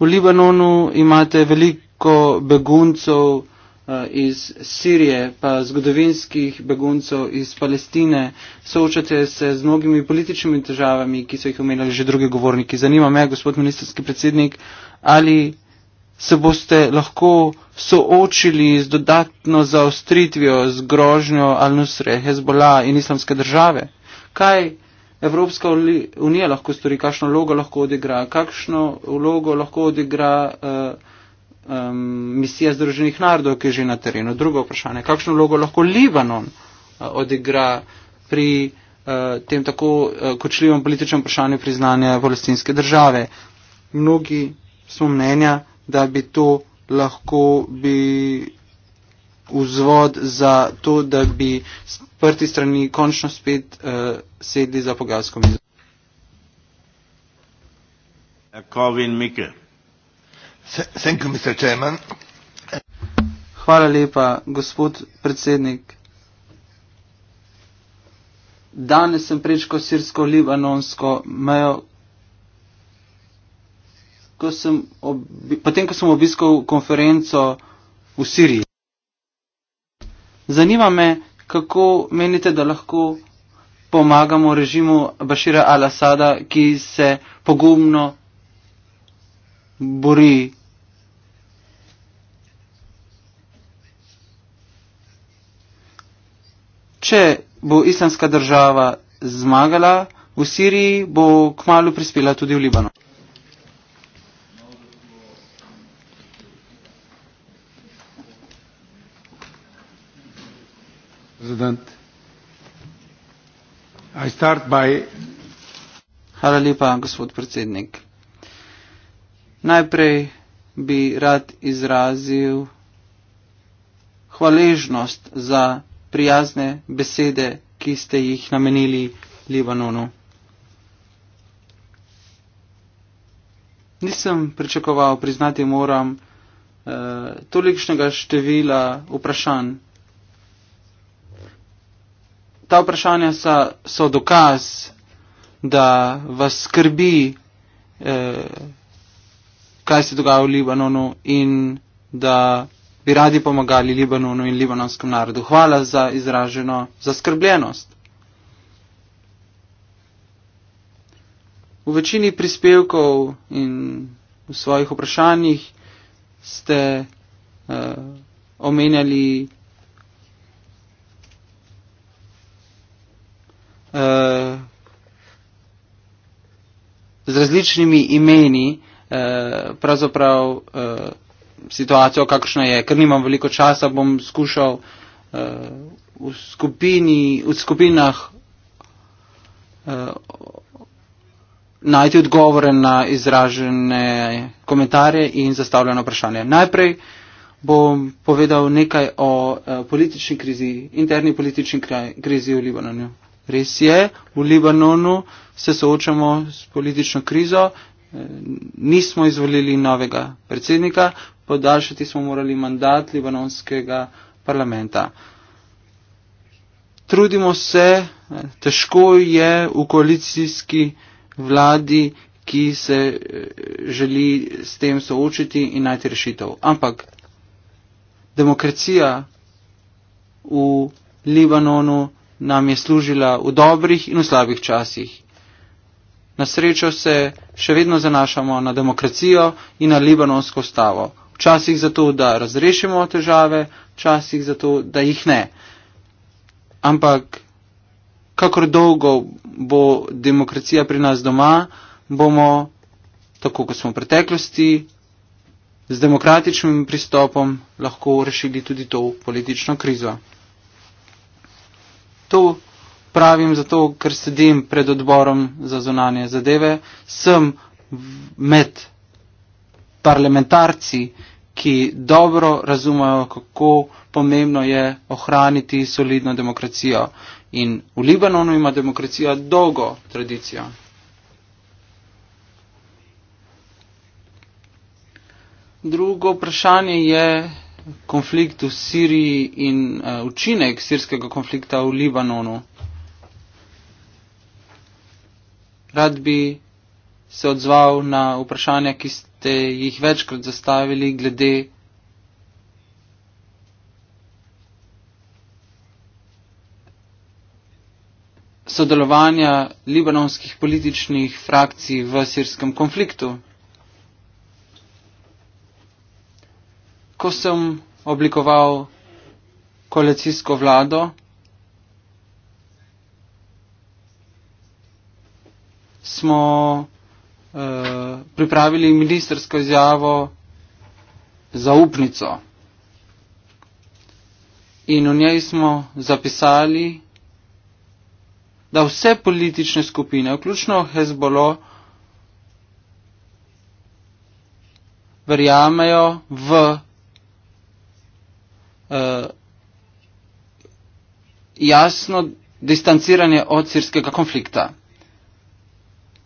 A: V Libanonu imate veliko ko beguncov eh, iz Sirije, pa zgodovinskih beguncov iz Palestine, soočate se z mnogimi političnimi težavami, ki so jih omenjali že drugi govorniki. Zanima me, gospod ministerski predsednik, ali se boste lahko soočili z dodatno zaostritvijo, z grožnjo Al-Nusre, Hezbollah in islamske države? Kaj Evropska unija lahko stori, kakšno vlogo lahko odigra, kakšno vlogo lahko odigra uh, um, misija Združenih narodov, ki je že na terenu. Drugo vprašanje, kakšno vlogo lahko Libanon uh, odigra pri uh, tem tako uh, kočljivem političnem vprašanju priznanja palestinske države. Mnogi smo mnenja, da bi to lahko bi vzvod za to, da bi prti strani končno spet uh, sedli za pogajalsko mizo. Kovin Mikkel. Hvala lepa, gospod predsednik. Danes sem prečko sirsko-libanonsko mejo. Ko sem obi, potem, ko sem obiskal konferenco v Siriji. Zanima me, kako menite, da lahko pomagamo režimu Bašira Al-Asada, ki se pogumno bori Če bo islamska država zmagala v Siriji, bo kmalo prispela tudi v Libano. Hvala lepa, gospod predsednik. Najprej bi rad izrazil hvaležnost za prijazne besede, ki ste jih namenili Libanonu. Nisem pričakoval, priznati moram, eh, tolikšnega števila vprašanj. Ta vprašanja so, so dokaz, da vas skrbi, eh, kaj se dogaja v Libanonu in da bi radi pomagali Libanonu in libanonskem narodu. Hvala za izraženo zaskrbljenost. V večini prispevkov in v svojih vprašanjih ste uh, omenjali uh, z različnimi imeni, uh, pravzaprav uh, situacijo, kakršna je, ker nimam veliko časa, bom skušal uh, v, skupini, v skupinah uh, najti odgovore na izražene komentarje in zastavljeno vprašanje. Najprej bom povedal nekaj o uh, politični krizi, interni politični krizi v Libanonu. Res je, v Libanonu se soočamo s politično krizo. Nismo izvolili novega predsednika, podaljšati smo morali mandat libanonskega parlamenta. Trudimo se, težko je v koalicijski vladi, ki se eh, želi s tem soočiti in najti rešitev. Ampak demokracija v Libanonu nam je služila v dobrih in v slabih časih. Na srečo se še vedno zanašamo na demokracijo in na libanonsko stavo včasih zato, da razrešimo težave, včasih zato, da jih ne. Ampak, kakor dolgo bo demokracija pri nas doma, bomo, tako kot smo v preteklosti, z demokratičnim pristopom lahko rešili tudi to politično krizo. To pravim zato, ker sedim pred odborom za zonanje zadeve, sem med parlamentarci, ki dobro razumejo, kako pomembno je ohraniti solidno demokracijo. In v Libanonu ima demokracija dolgo tradicijo. Drugo vprašanje je konflikt v Siriji in uh, učinek sirskega konflikta v Libanonu. Rad bi se odzval na vprašanja, ki ste ste jih večkrat zastavili glede sodelovanja libanonskih političnih frakcij v sirskem konfliktu. Ko sem oblikoval koalicijsko vlado, smo uh, pripravili ministersko izjavo za upnico. In v njej smo zapisali, da vse politične skupine, vključno Hezbolo, verjamejo v uh, jasno distanciranje od sirskega konflikta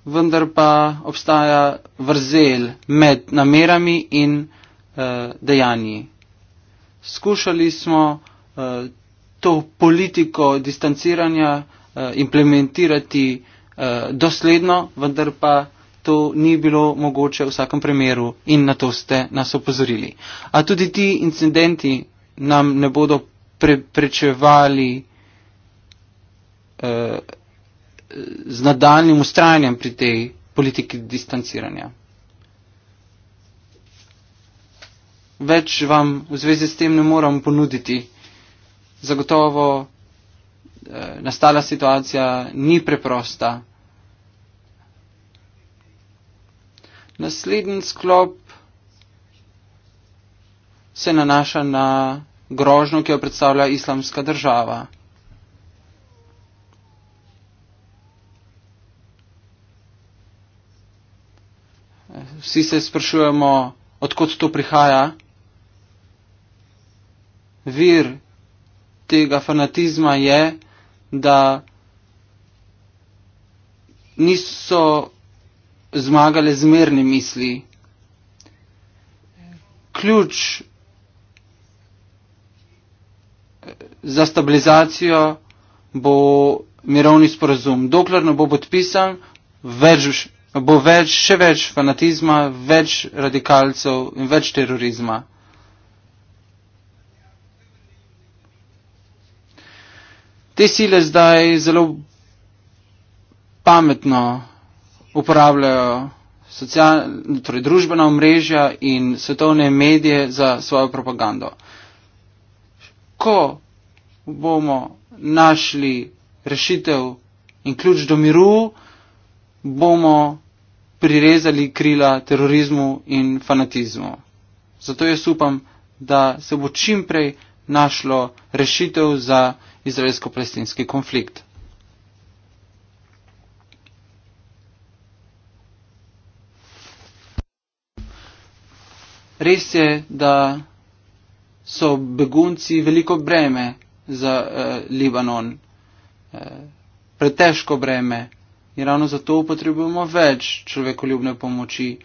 A: vendar pa obstaja vrzel med namerami in uh, dejanji. Skušali smo uh, to politiko distanciranja uh, implementirati uh, dosledno, vendar pa to ni bilo mogoče v vsakem primeru in na to ste nas opozorili. A tudi ti incidenti nam ne bodo preprečevali uh, z nadaljnim ustrajanjem pri tej politiki distanciranja. Več vam v zvezi s tem ne moram ponuditi. Zagotovo eh, nastala situacija ni preprosta. Naslednji sklop se nanaša na grožnjo, ki jo predstavlja islamska država. vsi se sprašujemo, odkot to prihaja. Vir tega fanatizma je, da niso zmagale zmerne misli. Ključ eh, za stabilizacijo bo mirovni sporazum. Dokler ne bo podpisan, več bo več, še več fanatizma, več radikalcev in več terorizma. Te sile zdaj zelo pametno uporabljajo socialne, torej družbena omrežja in svetovne medije za svojo propagando. Ko bomo našli rešitev in ključ do miru, bomo prirezali krila terorizmu in fanatizmu. Zato jaz upam, da se bo čim prej našlo rešitev za izraelsko-palestinski konflikt. Res je, da so begunci veliko breme za eh, Libanon, eh, pretežko breme In ravno zato potrebujemo več človekoljubne pomoči,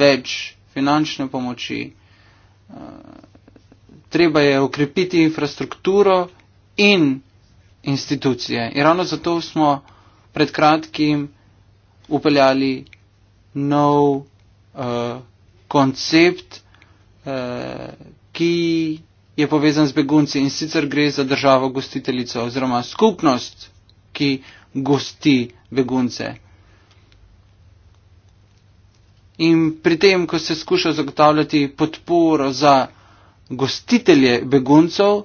A: več finančne pomoči. Eh, treba je ukrepiti infrastrukturo in institucije. In ravno zato smo pred kratkim upeljali nov uh, koncept, uh, ki je povezan z begunci in sicer gre za državo gostiteljico oziroma skupnost, ki gosti begunce. In pri tem, ko se skuša zagotavljati podporo za gostitelje beguncev,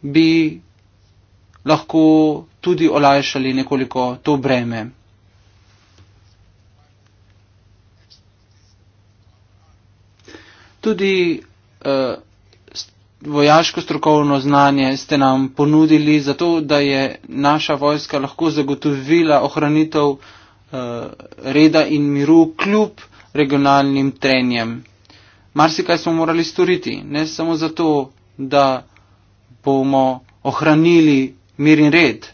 A: bi lahko tudi olajšali nekoliko to breme. Tudi uh, vojaško strokovno znanje ste nam ponudili, zato da je naša vojska lahko zagotovila ohranitev uh, reda in miru kljub regionalnim trenjem. Marsikaj smo morali storiti, ne samo zato, da bomo ohranili mir in red,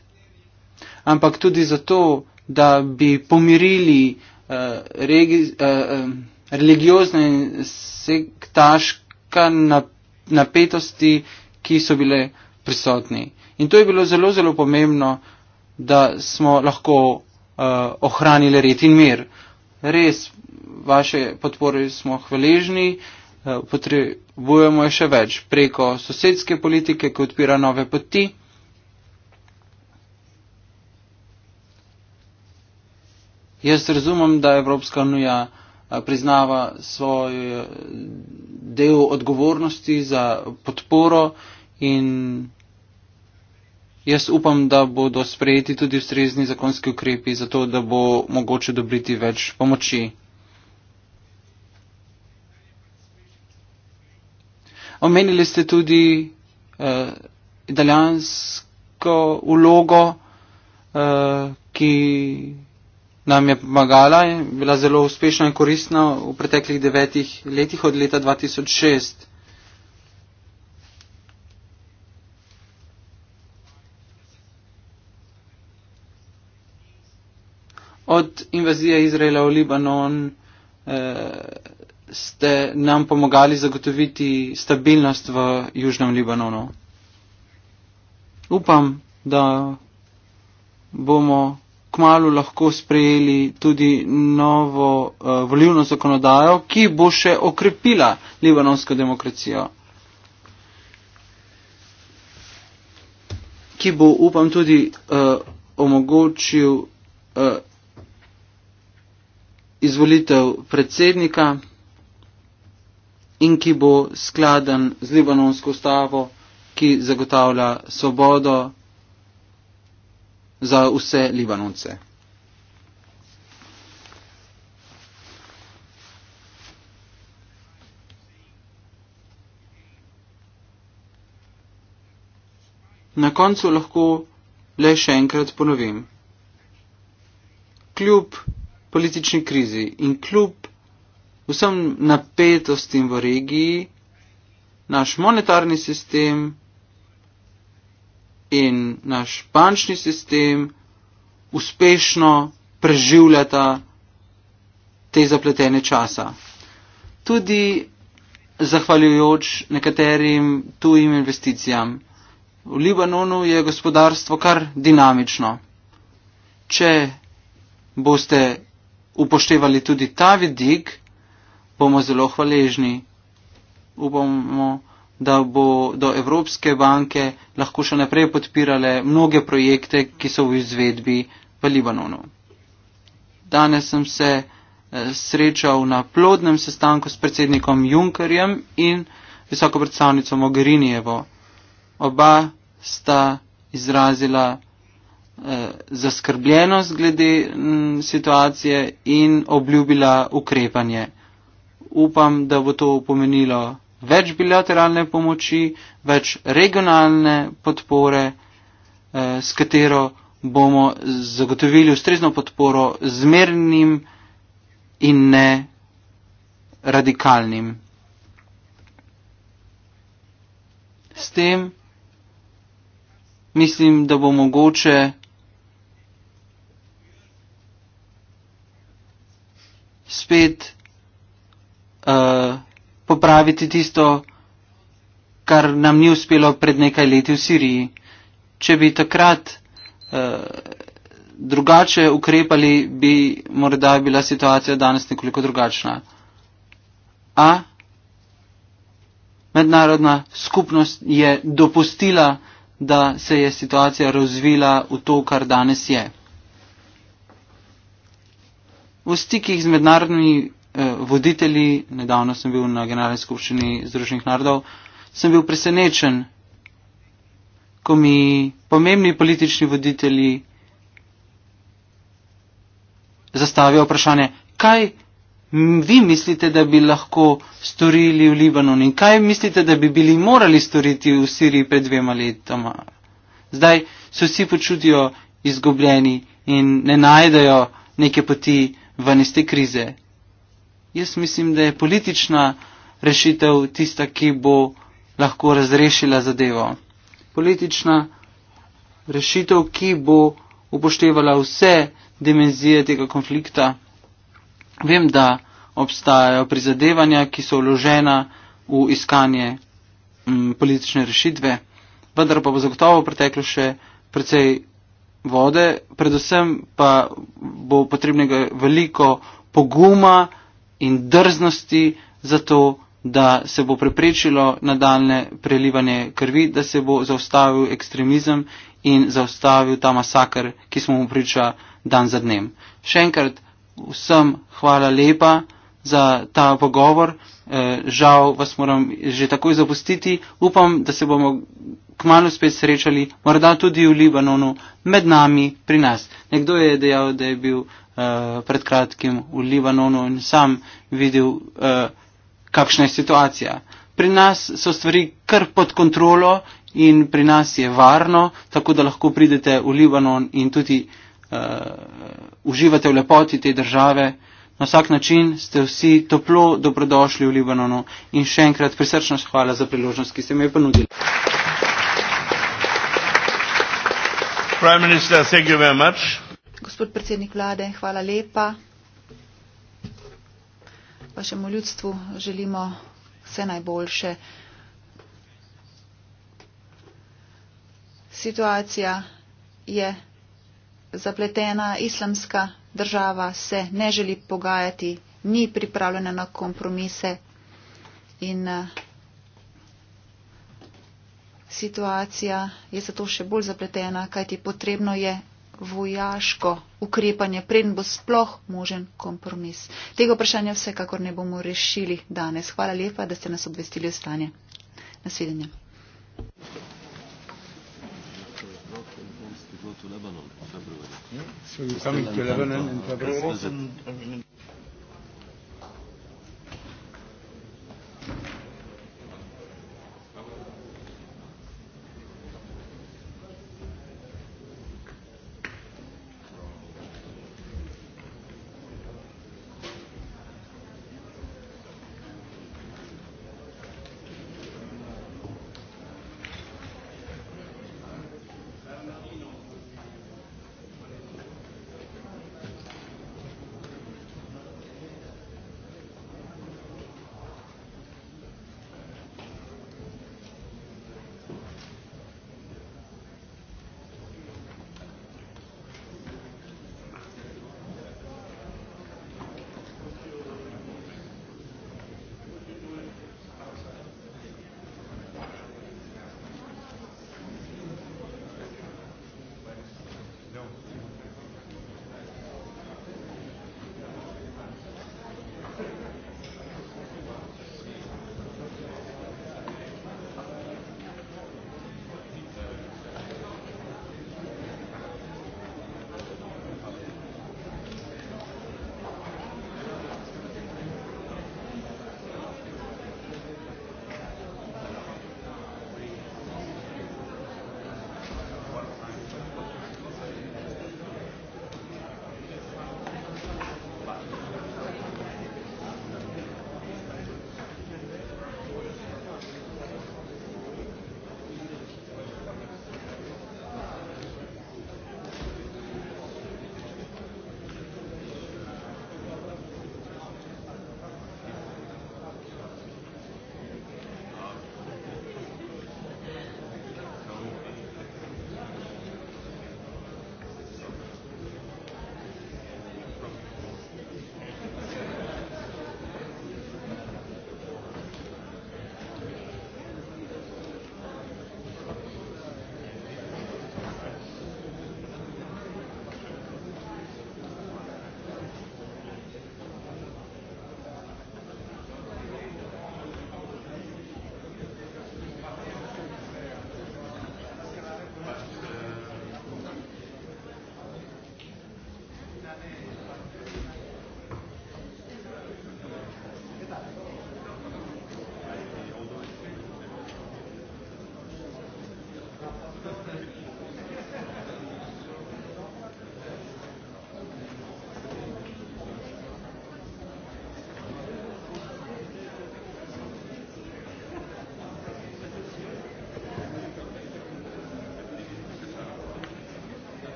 A: ampak tudi zato, da bi pomirili uh, regi, uh, religiozne in sektaška napredke napetosti, ki so bile prisotni. In to je bilo zelo, zelo pomembno, da smo lahko uh, ohranili red in mir. Res, vaše podpore smo hvaležni, uh, potrebujemo je še več preko sosedske politike, ki odpira nove poti. Jaz razumem, da Evropska unija. Uh, priznava svoj eh, del odgovornosti za podporo in jaz upam, da bodo sprejeti tudi ustrezni zakonski ukrepi za to, da bo mogoče dobiti več pomoči. Omenili ste tudi eh, italijansko vlogo, eh, ki nam je pomagala in bila zelo uspešna in koristna v preteklih devetih letih od leta 2006. Od invazije Izraela v Libanon eh, ste nam pomagali zagotoviti stabilnost v Južnem Libanonu. Upam, da bomo kmalo lahko sprejeli tudi novo uh, eh, volivno zakonodajo, ki bo še okrepila libanonsko demokracijo. Ki bo, upam, tudi uh, omogočil uh, izvolitev predsednika in ki bo skladen z libanonsko ustavo, ki zagotavlja svobodo za vse Libanonce. Na koncu lahko le še enkrat ponovim. Kljub politični krizi in kljub vsem napetostim v regiji, naš monetarni sistem in naš bančni sistem uspešno preživljata te zapletene časa. Tudi zahvaljujoč nekaterim tujim investicijam. V Libanonu je gospodarstvo kar dinamično. Če boste upoštevali tudi ta vidik, bomo zelo hvaležni. Upamo da bo do Evropske banke lahko še naprej podpirale mnoge projekte, ki so v izvedbi v Libanonu. Danes sem se eh, srečal na plodnem sestanku s predsednikom Junkerjem in visoko predstavnico Mogherinijevo. Oba sta izrazila eh, zaskrbljenost glede m, situacije in obljubila ukrepanje. Upam, da bo to pomenilo več bilateralne pomoči, več regionalne podpore, eh, s katero bomo zagotovili ustrezno podporo zmernim in ne radikalnim. S tem mislim, da bo mogoče spet uh, popraviti tisto, kar nam ni uspelo pred nekaj leti v Siriji. Če bi takrat eh, drugače ukrepali, bi morda bila situacija danes nekoliko drugačna. A mednarodna skupnost je dopustila, da se je situacija razvila v to, kar danes je. V stikih z mednarodnimi Eh, voditelji, nedavno sem bil na Generalni skupščini Združenih narodov, sem bil presenečen, ko mi pomembni politični voditelji zastavijo vprašanje, kaj vi mislite, da bi lahko storili v Libanonu in kaj mislite, da bi bili morali storiti v Siriji pred dvema letoma. Zdaj se vsi počutijo izgubljeni in ne najdejo neke poti ven iz te krize. Jaz mislim, da je politična rešitev tista, ki bo lahko razrešila zadevo. Politična rešitev, ki bo upoštevala vse dimenzije tega konflikta. Vem, da obstajajo prizadevanja, ki so vložena v iskanje m, mm, politične rešitve, vendar pa bo zagotovo preteklo še precej vode, predvsem pa bo potrebnega veliko poguma, in drznosti za to, da se bo preprečilo nadaljne prelivanje krvi, da se bo zaustavil ekstremizem in zaustavil ta masakr, ki smo mu priča dan za dnem. Še enkrat vsem hvala lepa za ta pogovor. E, žal vas moram že takoj zapustiti. Upam, da se bomo kmalo spet srečali, morda tudi v Libanonu, med nami, pri nas. Nekdo je dejal, da je bil. Eh, pred kratkim v Libanonu in sam videl, eh, kakšna je situacija. Pri nas so stvari kar pod kontrolo in pri nas je varno, tako da lahko pridete v Libanon in tudi eh, uživate v lepoti te države. Na vsak način ste vsi toplo dobrodošli v Libanonu in še enkrat prisrčno hvala za priložnost, ki ste mi jo ponudili. Prime Minister, thank you very much.
B: Gospod predsednik vlade, hvala lepa. Vašemu ljudstvu želimo vse najboljše. Situacija je zapletena, islamska država se ne želi pogajati, ni pripravljena na kompromise in eh, situacija je zato še bolj zapletena, kajti potrebno je vojaško ukrepanje, preden bo sploh možen kompromis. Tega vprašanja vsekakor ne bomo rešili danes. Hvala lepa, da ste nas obvestili o stanje. Nasvidenje.
C: Sam ste Lebanon in februarja.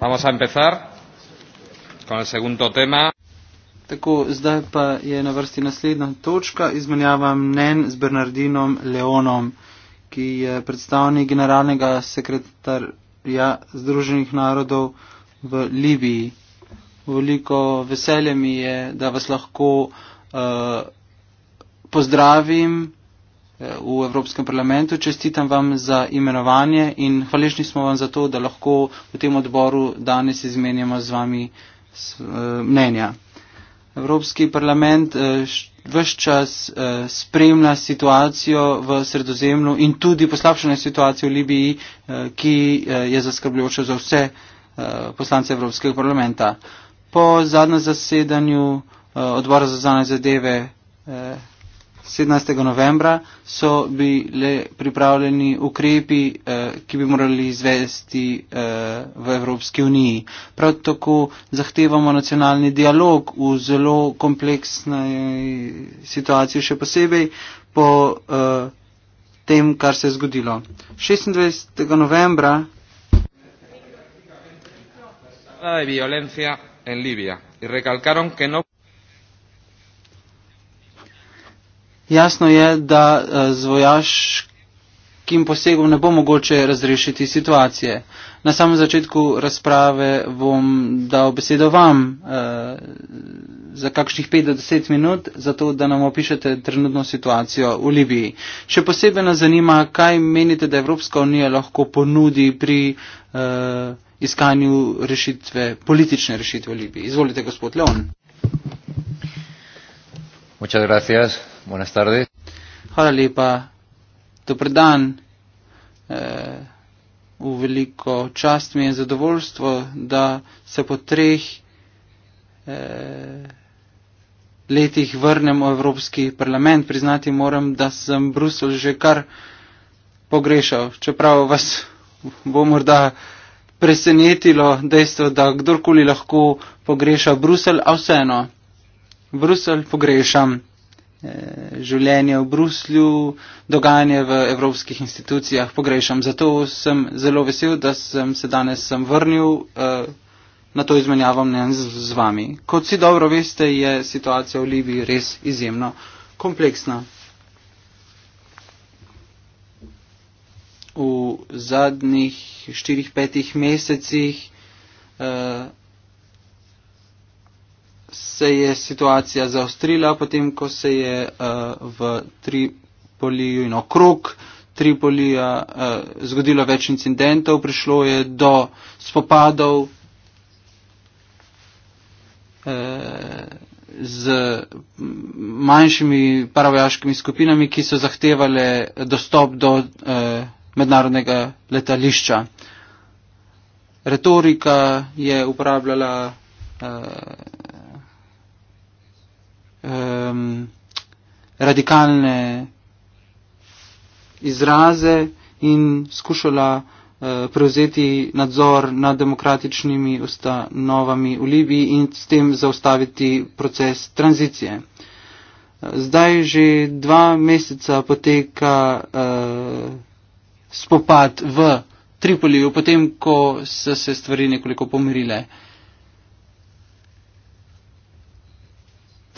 C: Vamos a empezar con el segundo tema.
A: Tako, zdaj pa je na vrsti naslednja točka izmenjava mnen z Bernardinom Leonom, ki je predstavnik generalnega sekretarja Združenih narodov v Libiji. Veliko veselje mi je, da vas lahko uh, pozdravim v Evropskem parlamentu. Čestitam vam za imenovanje in hvaležni smo vam za to, da lahko v tem odboru danes izmenjamo z vami eh, mnenja. Evropski parlament eh, vse čas eh, spremlja situacijo v sredozemlju in tudi poslabšanje situacije v Libiji, ki je zaskrbljujoča za vse poslance Evropskega parlamenta. Po zadnjem zasedanju odbora za zane zadeve 17. novembra so bile pripravljeni ukrepi, eh, ki bi morali izvesti eh, v Evropski uniji. Prav tako zahtevamo nacionalni dialog v zelo kompleksnej situaciji, še posebej po eh, tem, kar se je zgodilo. 26. novembra.
C: La de violencia en Libia y recalcaron que no.
A: Jasno je, da eh, z vojaškim posegom ne bo mogoče razrešiti situacije. Na samem začetku razprave bom dal besedo vam eh, za kakšnih 5 do 10 minut, zato da nam opišete trenutno situacijo v Libiji. Še posebej nas zanima, kaj menite, da Evropska unija lahko ponudi pri eh, iskanju rešitve, politične rešitve v Libiji. Izvolite, gospod Leon. Muchas gracias. Buenas tardes. Hvala lepa. Dobar dan. Eh, v veliko čast mi je zadovoljstvo, da se po treh eh, letih vrnem v Evropski parlament. Priznati moram, da sem Bruselj že kar pogrešal. Čeprav vas bo morda presenetilo dejstvo, da kdorkoli lahko pogreša Bruselj, a vseeno. Bruselj pogrešam, eh, življenje v Bruslju, dogajanje v evropskih institucijah pogrešam. Zato sem zelo vesel, da sem se danes sem vrnil eh, na to izmenjavo mnen z, z vami. Kot si dobro veste, je situacija v Libiji res izjemno kompleksna. V zadnjih 4-5 mesecih eh, se je situacija zaostrila, potem ko se je uh, v Tripoliju in okrog Tripolija uh, zgodilo več incidentov, prišlo je do spopadov uh, z manjšimi paravojaškimi skupinami, ki so zahtevale dostop do uh, mednarodnega letališča. Retorika je uporabljala uh, um, radikalne izraze in skušala uh, prevzeti nadzor nad demokratičnimi ustanovami v Libiji in s tem zaustaviti proces tranzicije. Zdaj že dva meseca poteka uh, spopad v Tripoliju, potem ko so se stvari nekoliko pomirile. Uh,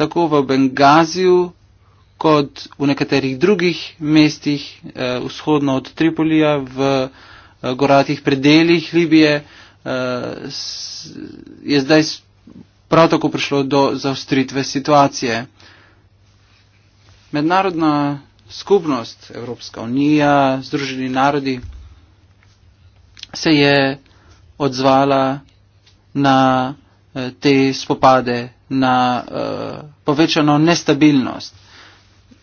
A: tako v Bengaziju kot v nekaterih drugih mestih eh, vzhodno od Tripolija v eh, goratih predeljih Libije eh, je zdaj prav tako prišlo do zaostritve situacije. Mednarodna skupnost Evropska unija, Združeni narodi se je odzvala na eh, te spopade na uh, povečano nestabilnost.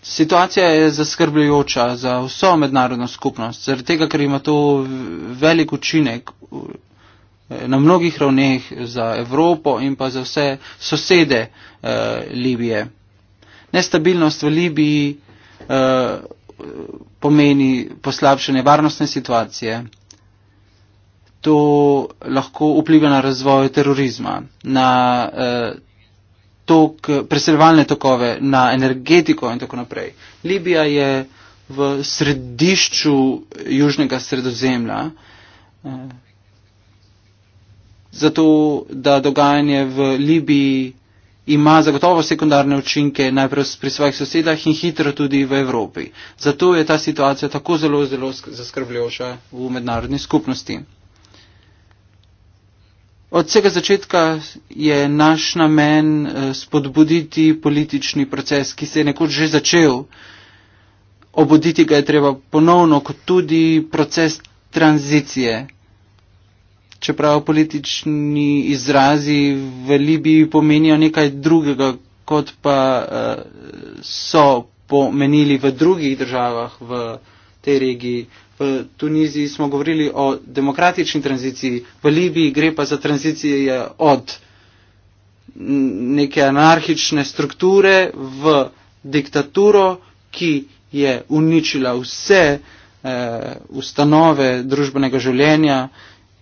A: Situacija je zaskrbljujoča za vso mednarodno skupnost, zaradi tega, ker ima to velik učinek eh, na mnogih ravneh za Evropo in pa za vse sosede uh, Libije. Nestabilnost v Libiji uh, pomeni poslabšanje varnostne situacije. To lahko vpliva na razvoj terorizma, na uh, tok, preseljevalne tokove, na energetiko in tako naprej. Libija je v središču južnega sredozemlja, eh, zato da dogajanje v Libiji ima zagotovo sekundarne učinke najprej pri svojih sosedah in hitro tudi v Evropi. Zato je ta situacija tako zelo, zelo zaskrbljujoča v mednarodni skupnosti. Od vsega začetka je naš namen eh, spodbuditi politični proces, ki se je nekoč že začel. Obuditi ga je treba ponovno, kot tudi proces tranzicije. Čeprav politični izrazi v Libiji pomenijo nekaj drugega, kot pa eh, so pomenili v drugih državah v tej regiji, v Tuniziji smo govorili o demokratični tranziciji, v Libiji gre pa za tranzicije od neke anarhične strukture v diktaturo, ki je uničila vse eh, ustanove družbenega življenja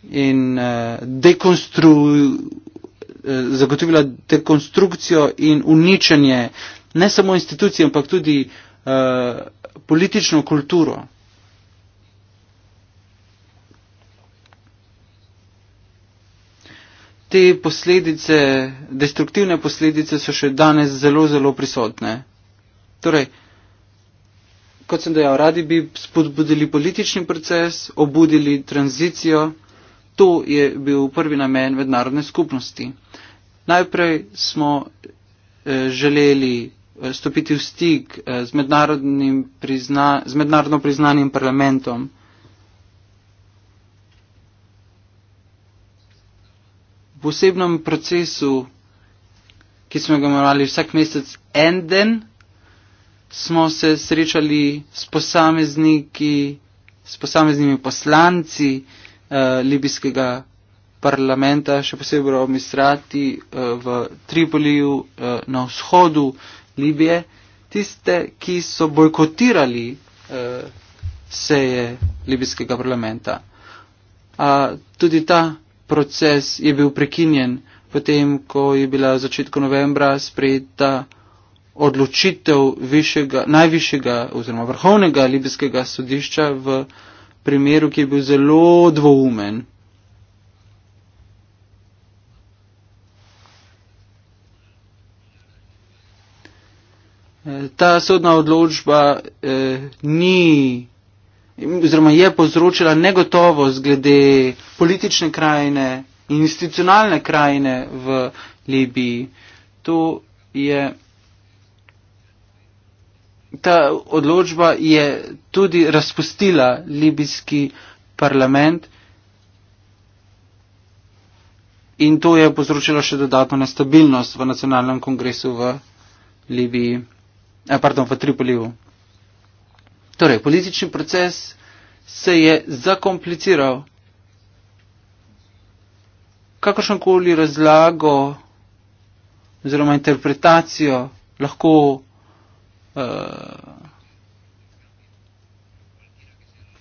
A: in eh, dekonstru, eh, zagotovila dekonstrukcijo in uničenje ne samo institucij, ampak tudi eh, politično kulturo. te posledice, destruktivne posledice so še danes zelo, zelo prisotne. Torej, kot sem dejal, radi bi spodbudili politični proces, obudili tranzicijo. To je bil prvi namen mednarodne skupnosti. Najprej smo eh, želeli eh, stopiti v stik eh, z, prizna, z mednarodno priznanim parlamentom, posebnem procesu, ki smo ga imeli vsak mesec en den, smo se srečali s posamezniki, s posameznimi poslanci uh, libijskega parlamenta, še posebej v Misrati, uh, v Tripoliju, uh, na vzhodu Libije, tiste, ki so bojkotirali uh, seje libijskega parlamenta. Uh, tudi ta proces je bil prekinjen, potem ko je bila v začetku novembra sprejeta odločitev višjega, najvišjega oziroma vrhovnega libijskega sodišča v primeru, ki je bil zelo dvoumen. Eh, ta sodna odločba eh, ni oziroma je povzročila negotovost glede politične krajine in institucionalne krajine v Libiji. To je. Ta odločba je tudi razpustila libijski parlament in to je povzročilo še dodatno nestabilnost v nacionalnem kongresu v Libiji, eh, pardon, v Tripoliju. Torej, politični proces se je zakompliciral. Kakršnokoli razlago oziroma interpretacijo lahko uh,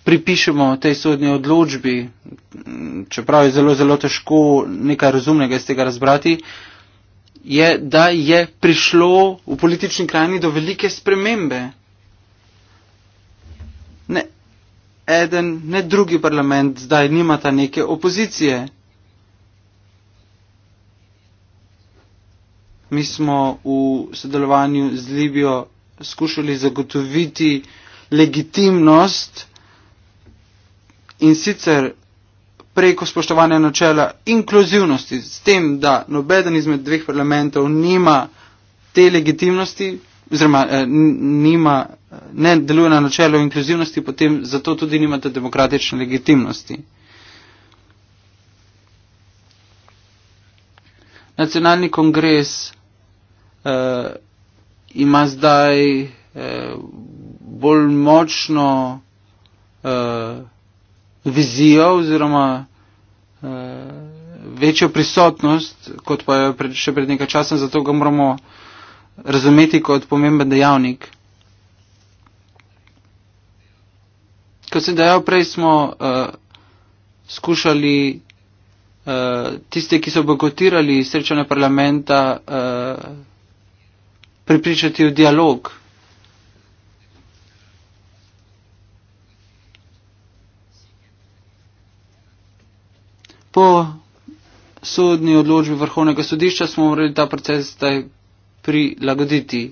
A: pripišemo tej sodni odločbi, čeprav je zelo, zelo težko nekaj razumnega iz tega razbrati, je, da je prišlo v politični krajini do velike spremembe. eden ne drugi parlament zdaj nimata neke opozicije. Mi smo v sodelovanju z Libijo skušali zagotoviti legitimnost in sicer preko spoštovanja načela inkluzivnosti, s tem, da nobeden izmed dveh parlamentov nima te legitimnosti, oziroma eh, nima, ne deluje na načelu inkluzivnosti, potem zato tudi nimate demokratične legitimnosti. Nacionalni kongres uh, ima zdaj uh, bolj močno uh, vizijo oziroma uh, večjo prisotnost, kot pa je pred, še pred nekaj časa, zato ga moramo uh, razumeti kot pomemben dejavnik. Kot sem dejal prej, smo uh, skušali uh, tiste, ki so bojkotirali srečanje parlamenta, uh, eh, pripričati v dialog. Po sodni odločbi vrhovnega sodišča smo morali ta proces zdaj prilagoditi.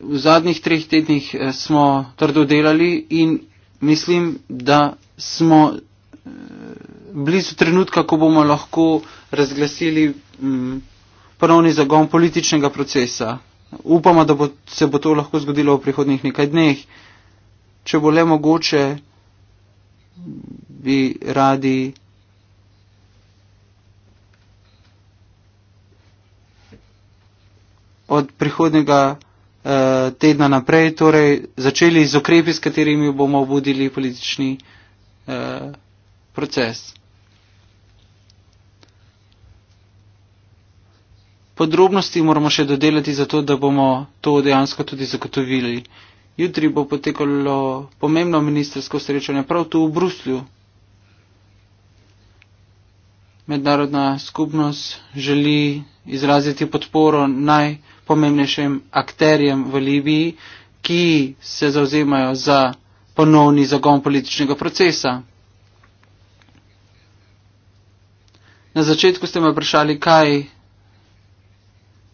A: V zadnjih treh tednih eh, smo trdo delali in mislim, da smo eh, blizu trenutka, ko bomo lahko razglasili mm, ponovni zagon političnega procesa. Upamo, da bo, se bo to lahko zgodilo v prihodnih nekaj dneh. Če bo le mogoče, bi radi od prihodnega eh, tedna naprej torej, začeli z ukrepi, s katerimi bomo obudili politični eh, proces. Podrobnosti moramo še dodelati, zato da bomo to dejansko tudi zagotovili. Jutri bo potekalo pomembno ministersko srečanje prav tu v Bruslju. Mednarodna skupnost želi izraziti podporo najbolj pomembnejšim akterjem v Libiji, ki se zauzemajo za ponovni zagon političnega procesa. Na začetku ste me vprašali, kaj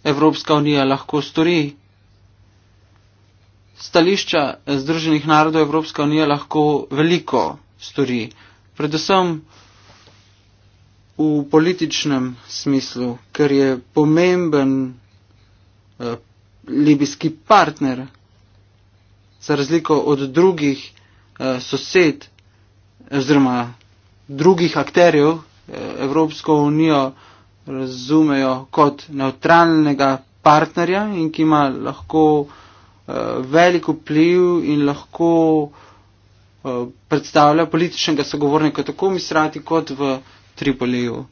A: Evropska unija lahko stori. Stališča Združenih narodov Evropska unija lahko veliko stori, predvsem v političnem smislu, ker je pomemben Eh, libijski partner, za razliko od drugih eh, sosed oziroma drugih akterjev eh, Evropsko unijo razumejo kot neutralnega partnerja in ki ima lahko veliko pliv in lahko predstavlja političnega sogovornika tako v Misrati kot v Tripoliju.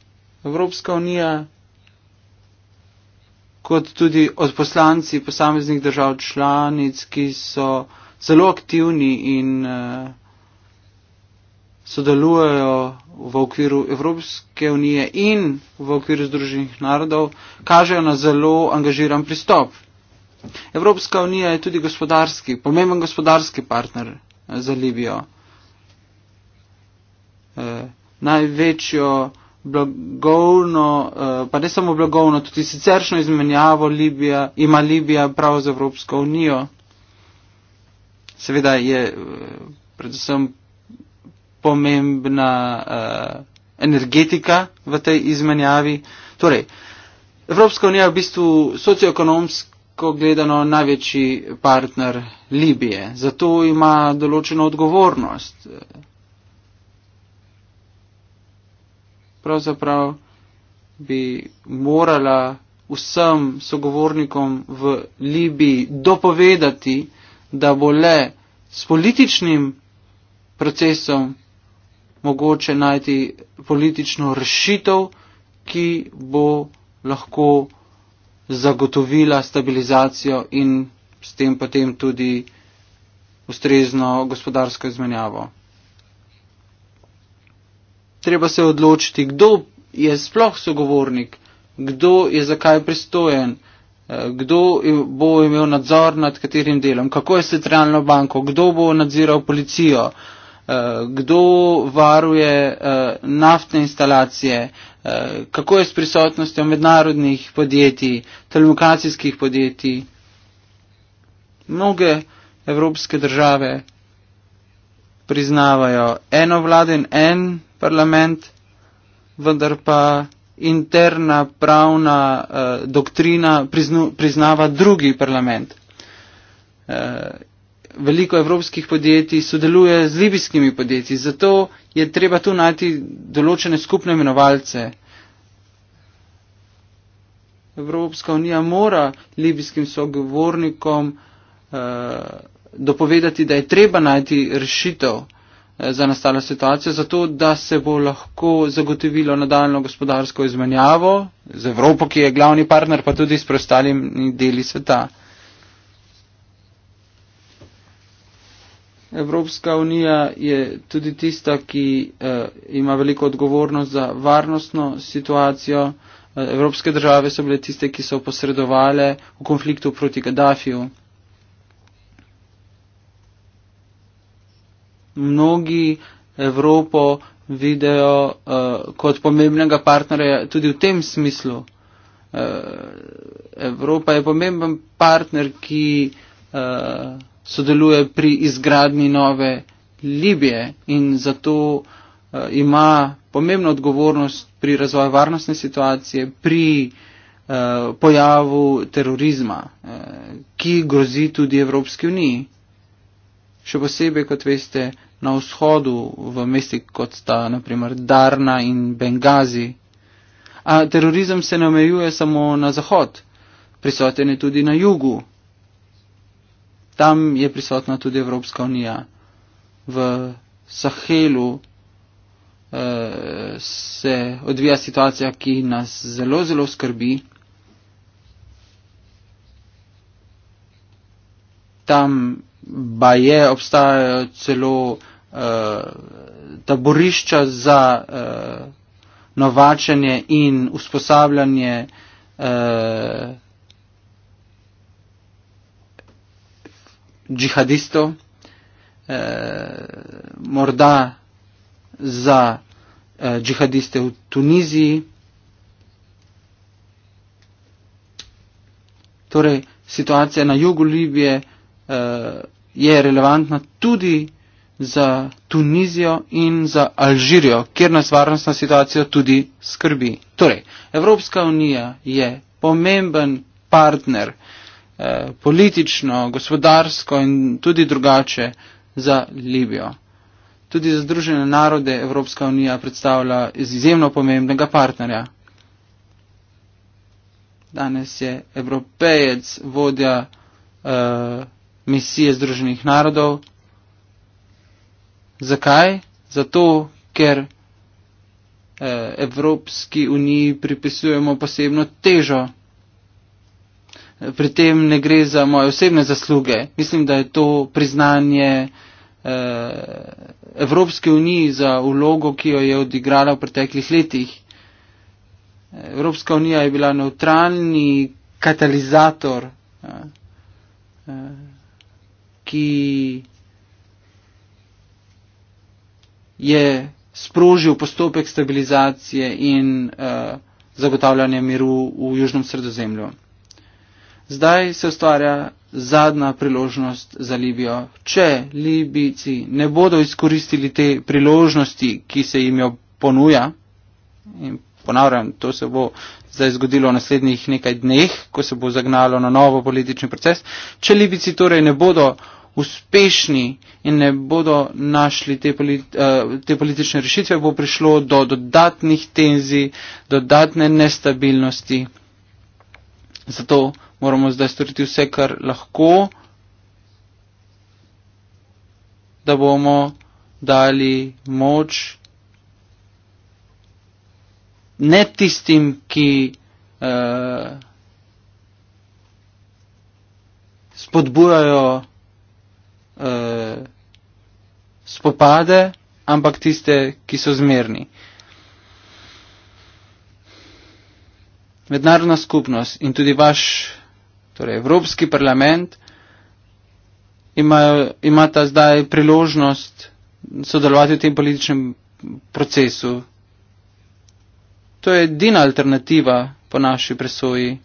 A: Evropska unija kot tudi od poslanci posameznih držav članic, ki so zelo aktivni in eh, sodelujejo v okviru Evropske unije in v okviru Združenih narodov, kažejo na zelo angažiran pristop. Evropska unija je tudi gospodarski, pomemben gospodarski partner eh, za Libijo. E, največjo blagovno, eh, pa ne samo blagovno, tudi siceršno izmenjavo Libija, ima Libija prav z Evropsko unijo. Seveda je eh, predvsem pomembna uh, energetika v tej izmenjavi. Torej, Evropska unija je v bistvu socioekonomsko gledano največji partner Libije, zato ima določeno odgovornost. Uh, pravzaprav bi morala vsem sogovornikom v Libiji dopovedati, da bo le s političnim procesom mogoče najti politično rešitev, ki bo lahko zagotovila stabilizacijo in s tem potem tudi ustrezno gospodarsko izmenjavo treba se odločiti, kdo je sploh sogovornik, kdo je zakaj pristojen, eh, kdo bo imel nadzor nad katerim delom, kako je centralno banko, kdo bo nadziral policijo, eh, kdo varuje eh, naftne instalacije, kako je s prisotnostjo mednarodnih podjetij, telekomunikacijskih podjetij. Mnoge evropske države priznavajo eno vlado in en parlament, vendar pa interna pravna eh, doktrina priznu, priznava drugi parlament. Eh, veliko evropskih podjetij sodeluje z libijskimi podjetji, zato je treba tu najti določene skupne imenovalce. Evropska unija mora libijskim sogovornikom eh, dopovedati, da je treba najti rešitev. Eh, za nastalo situacijo, zato da se bo lahko zagotovilo nadaljno gospodarsko izmenjavo z Evropo, ki je glavni partner, pa tudi s preostalimi deli sveta. Evropska unija je tudi tista, ki eh, ima veliko odgovornost za varnostno situacijo. Eh, evropske države so bile tiste, ki so posredovale v konfliktu proti Gaddafiju. mnogi Evropo vidijo uh, eh, kot pomembnega partnerja tudi v tem smislu. Uh, Evropa je pomemben partner, ki uh, sodeluje pri izgradni nove Libije in zato uh, ima pomembno odgovornost pri razvoju varnostne situacije, pri uh, pojavu terorizma, uh, ki grozi tudi Evropski uniji še posebej, kot veste, na vzhodu v mesti, kot sta naprimer Darna in Bengazi. A terorizem se ne omejuje samo na zahod, prisoten je tudi na jugu. Tam je prisotna tudi Evropska unija. V Sahelu eh, se odvija situacija, ki nas zelo, zelo skrbi. Tam ba je, obstajajo celo uh, taborišča za uh, novačenje in usposabljanje uh, džihadistov, uh, morda za uh, džihadiste v Tuniziji. Torej, situacija na jugu Libije uh, je relevantna tudi za Tunizijo in za Alžirijo, kjer nas varnostna situacija tudi skrbi. Torej, Evropska unija je pomemben partner eh, politično, gospodarsko in tudi drugače za Libijo. Tudi za Združene narode Evropska unija predstavlja izjemno pomembnega partnerja. Danes je evropejec vodja eh, misije Združenih narodov. Zakaj? Zato, ker eh, Evropski uniji pripisujemo posebno težo. Pri tem ne gre za moje osebne zasluge. Mislim, da je to priznanje eh, Evropske unije za ulogo, ki jo je odigrala v preteklih letih. Evropska unija je bila neutralni katalizator eh, ki je sprožil postopek stabilizacije in uh, zagotavljanja miru v Južnem sredozemlju. Zdaj se ustvarja zadnja priložnost za Libijo. Če Libijci ne bodo izkoristili te priložnosti, ki se jim jo ponuja, in ponavljam, to se bo zdaj zgodilo v naslednjih nekaj dneh, ko se bo zagnalo na novo politični proces. Če Libici torej ne bodo uspešni in ne bodo našli te, politi eh, te politične rešitve, bo prišlo do dodatnih tenzij, dodatne nestabilnosti. Zato moramo zdaj storiti vse, kar lahko, da bomo dali moč ne tistim, ki eh, spodbujajo eh, spopade, ampak tiste, ki so zmerni. Mednarodna skupnost in tudi vaš, torej Evropski parlament, imata ima zdaj priložnost sodelovati v tem političnem procesu, To je edina alternativa po naši presoji.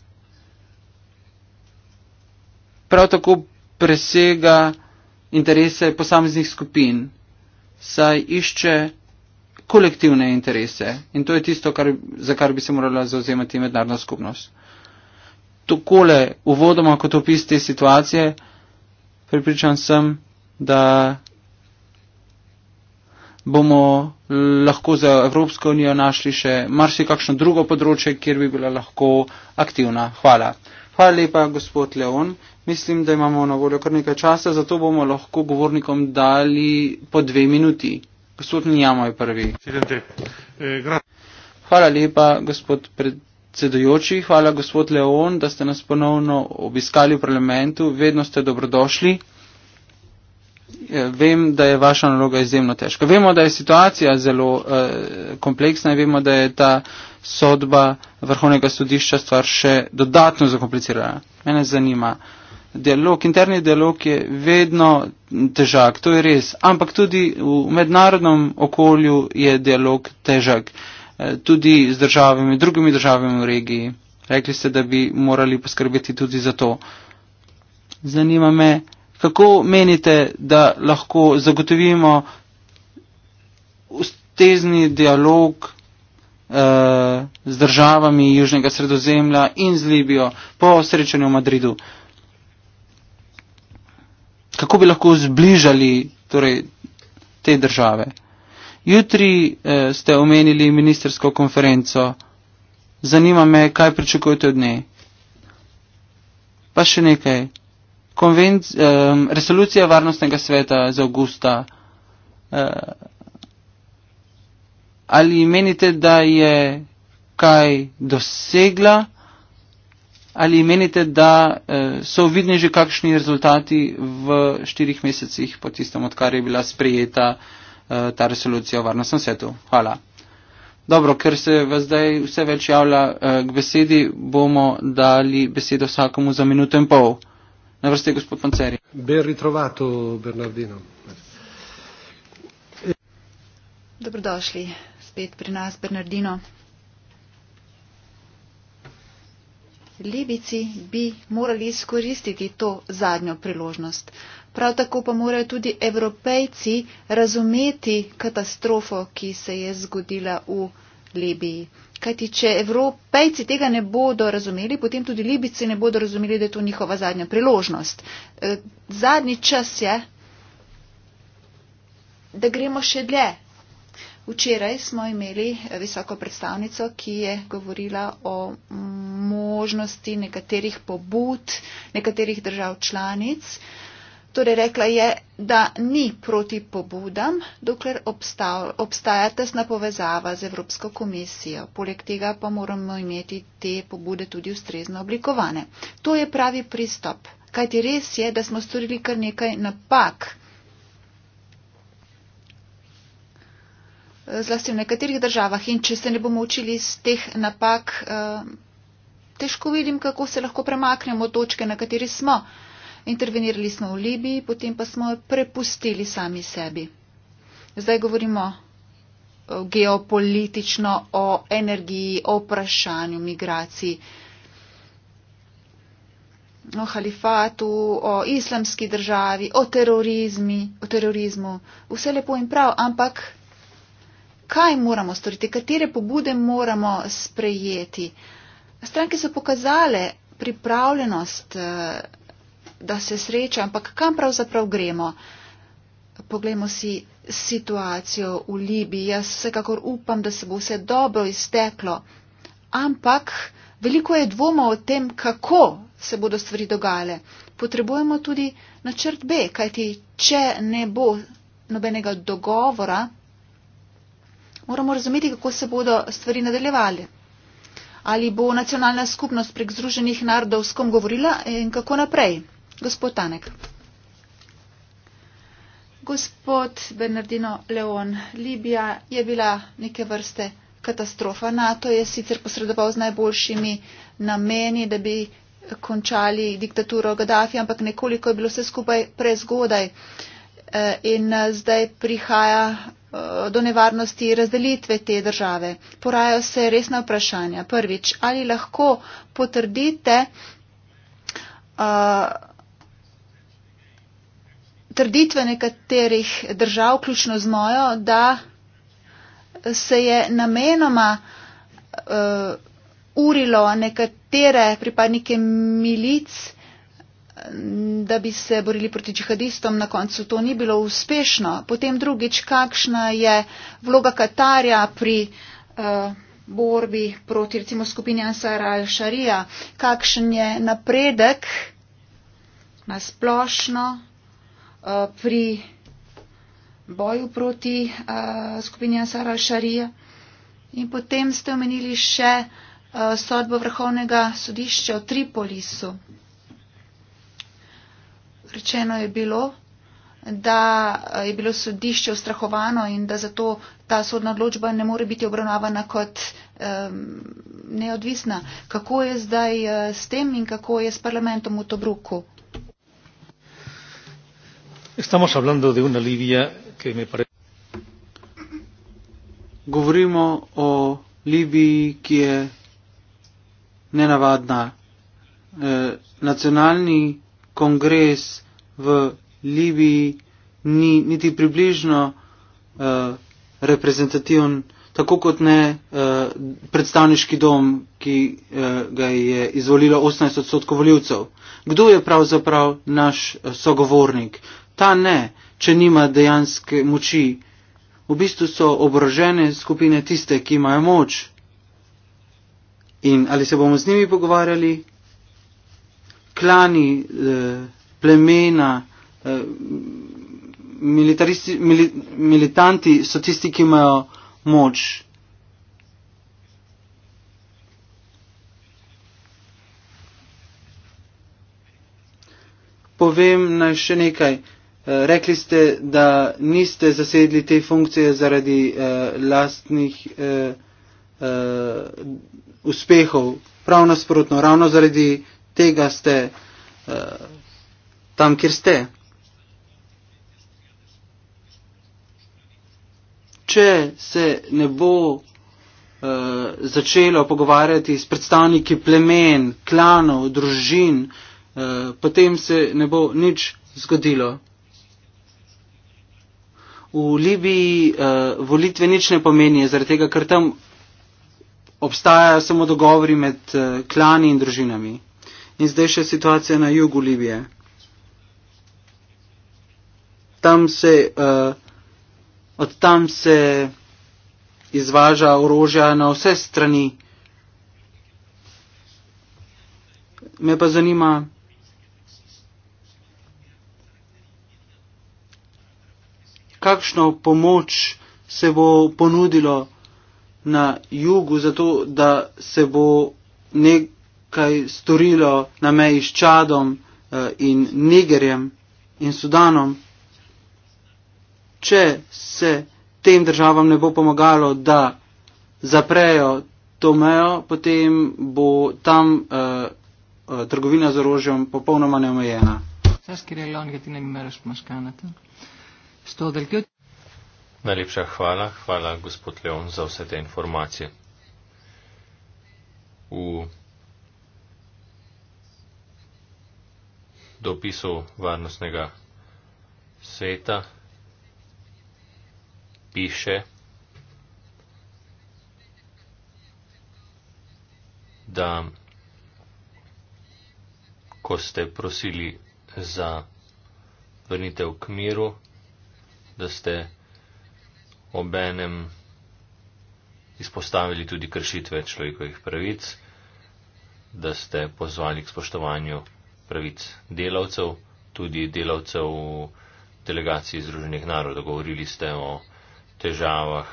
A: Prav tako presega interese posameznih skupin, saj išče kolektivne interese in to je tisto, kar, za kar bi se morala zauzemati mednarodna skupnost. Tokole, uvodoma kot opis te situacije, pripričan sem, da bomo lahko za Evropsko unijo našli še marsikakšno drugo področje, kjer bi bila lahko aktivna. Hvala. Hvala lepa, gospod Leon. Mislim, da imamo na voljo kar nekaj časa, zato bomo lahko govornikom dali po dve minuti. Gospod Njamo je prvi. Eh, Hvala lepa, gospod predsedujoči. Hvala, gospod Leon, da ste nas ponovno obiskali v parlamentu. Vedno ste dobrodošli. Ja, vem, da je vaša naloga izjemno težka. Vemo, da je situacija zelo eh, kompleksna in vemo, da je ta sodba vrhovnega sodišča stvar še dodatno zakomplicirana. Mene zanima. Dialog, interni dialog je vedno težak, to je res, ampak tudi v mednarodnem okolju je dialog težak, eh, tudi z državami, drugimi državami v regiji. Rekli ste, da bi morali poskrbeti tudi za to. Zanima me, Kako menite, da lahko zagotovimo ustezni dialog eh, z državami Južnega sredozemlja in z Libijo po srečanju v Madridu? Kako bi lahko zbližali torej, te države? Jutri eh, ste omenili ministersko konferenco. Zanima me, kaj pričakujete od nje. Pa še nekaj konvenc, um, resolucija varnostnega sveta za augusta. Uh, eh, ali menite, da je kaj dosegla? Ali menite, da uh, so vidni že kakšni rezultati v štirih mesecih po tistem, odkar je bila sprejeta uh, ta resolucija o varnostnem svetu? Hvala. Dobro, ker se vas zdaj vse več javlja k besedi, bomo dali besedo vsakomu za minuto in pol. Na vrste gospod Panceri. Ben ritrovato, Bernardino.
B: Dobrodošli spet pri nas, Bernardino. Libici bi morali izkoristiti to zadnjo priložnost. Prav tako pa morajo tudi evropejci razumeti katastrofo, ki se je zgodila v Libiji. Kajti, če evropejci tega ne bodo razumeli, potem tudi libici ne bodo razumeli, da je to njihova zadnja priložnost. E, zadnji čas je, da gremo še dlje. Včeraj smo imeli e, visoko predstavnico, ki je govorila o možnosti nekaterih pobud, nekaterih držav članic. Torej, rekla je, da ni proti pobudam, dokler obstaja, obstaja tesna povezava z Evropsko komisijo. Poleg tega pa moramo imeti te pobude tudi ustrezno oblikovane. To je pravi pristop. Kajti res je, da smo storili kar nekaj napak. Eh, zlasti v nekaterih državah. In če se ne bomo učili iz teh napak, eh, težko vidim, kako se lahko premaknemo točke, na kateri smo. Intervenirali smo v Libiji, potem pa smo jo prepustili sami sebi. Zdaj govorimo geopolitično o energiji, o vprašanju migracij, o halifatu, o islamski državi, o, terorizmi, o terorizmu. Vse lepo in prav, ampak kaj moramo storiti, katere pobude moramo sprejeti? Stranke so pokazale pripravljenost. Uh, da se sreča, ampak kam pravzaprav gremo? Poglejmo si situacijo v Libiji. Jaz vsekakor upam, da se bo vse dobro izteklo, ampak veliko je dvoma o tem, kako se bodo stvari dogajale. Potrebujemo tudi načrt B, kajti če ne bo nobenega dogovora, moramo razumeti, kako se bodo stvari nadaljevali. Ali bo nacionalna skupnost prek Združenih narodov s kom govorila in kako naprej. Gospod Tanek. Gospod Bernardino Leon, Libija je bila neke vrste katastrofa. NATO je sicer posredoval z najboljšimi nameni, da bi končali diktaturo Gaddafi, ampak nekoliko je bilo vse skupaj prezgodaj. Eh, in eh, zdaj prihaja eh, do nevarnosti razdelitve te države. Porajajo se resna vprašanja. Prvič, ali lahko potrdite, trditve nekaterih držav, vključno z mojo, da se je namenoma uh, urilo nekatere pripadnike milic, da bi se borili proti džihadistom. Na koncu to ni bilo uspešno. Potem drugič, kakšna je vloga Katarja pri. Uh, borbi proti recimo skupini Ansar al-Sharia, kakšen je napredek na splošno Eh, pri boju proti uh, skupini Ansara Šarija. In potem ste omenili še uh, sodbo vrhovnega sodišča v Tripolisu. Rečeno je bilo, da je bilo sodišče ustrahovano in da zato ta sodna odločba ne more biti obravnavana kot um, neodvisna. Kako je zdaj uh, s tem in kako je s parlamentom v Tobruku?
C: estamos hablando de
A: una Libia que me parece. Govorimo o Libiji, ki je nenavadna. E, nacionalni kongres v Libiji ni niti približno e, reprezentativen, tako kot ne e, predstavniški dom, ki e, ga je izvolilo 18 odstotkov voljivcev. Kdo je pravzaprav naš e, sogovornik? ta ne, če nima dejanske moči. V bistvu so oborožene skupine tiste, ki imajo moč. In ali se bomo z njimi pogovarjali? Klani, eh, plemena, eh, militanti so tisti, ki imajo moč. Povem naj še nekaj. Eh, rekli ste, da niste zasedli te funkcije zaradi uh, lastnih uh, uh, uspehov. Prav nasprotno, ravno zaradi tega ste uh, tam, kjer ste. Če se ne bo uh, začelo pogovarjati s predstavniki plemen, klanov, družin, uh, potem se ne bo nič zgodilo v Libiji uh, volitve nič ne pomenijo, zaradi tega, ker tam obstajajo samo dogovori med uh, klani in družinami. In zdaj še situacija na jugu Libije. Tam se, uh, od tam se izvaža orožja na vse strani. Me pa zanima, kakšno pomoč se bo ponudilo na jugu, zato da se bo nekaj storilo na meji s Čadom eh, in Nigerjem in Sudanom. Če se tem državam ne bo pomagalo, da zaprejo to mejo, potem bo tam uh, uh, trgovina z orožjem popolnoma neomejena. Saj, skirej, Stodelgjot.
E: Najlepša hvala, hvala gospod Leon za vse te informacije. V dopisu varnostnega sveta piše, da ko ste prosili za vrnitev k miru, da ste obenem izpostavili tudi kršitve človekovih pravic, da ste pozvali k spoštovanju pravic delavcev, tudi delavcev v delegaciji Združenih narodov. Govorili ste o težavah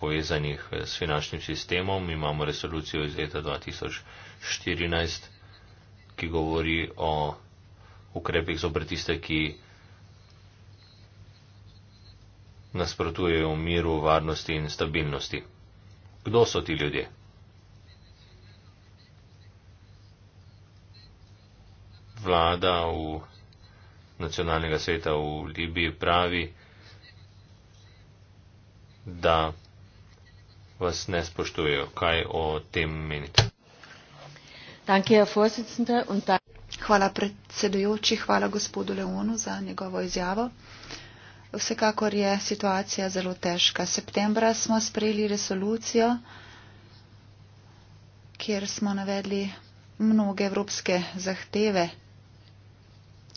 E: povezanih s finančnim sistemom. Imamo resolucijo iz leta 2014, ki govori o ukrepih zopr tiste, ki nasprotujejo miru, varnosti in stabilnosti. Kdo so ti ljudje? Vlada v nacionalnega sveta v Libiji pravi, da vas ne spoštujejo. Kaj o tem menite?
B: Hvala predsedujoči, hvala gospodu Leonu za njegovo izjavo vsekakor je situacija zelo težka. Septembra smo sprejeli resolucijo, kjer smo navedli mnoge evropske zahteve.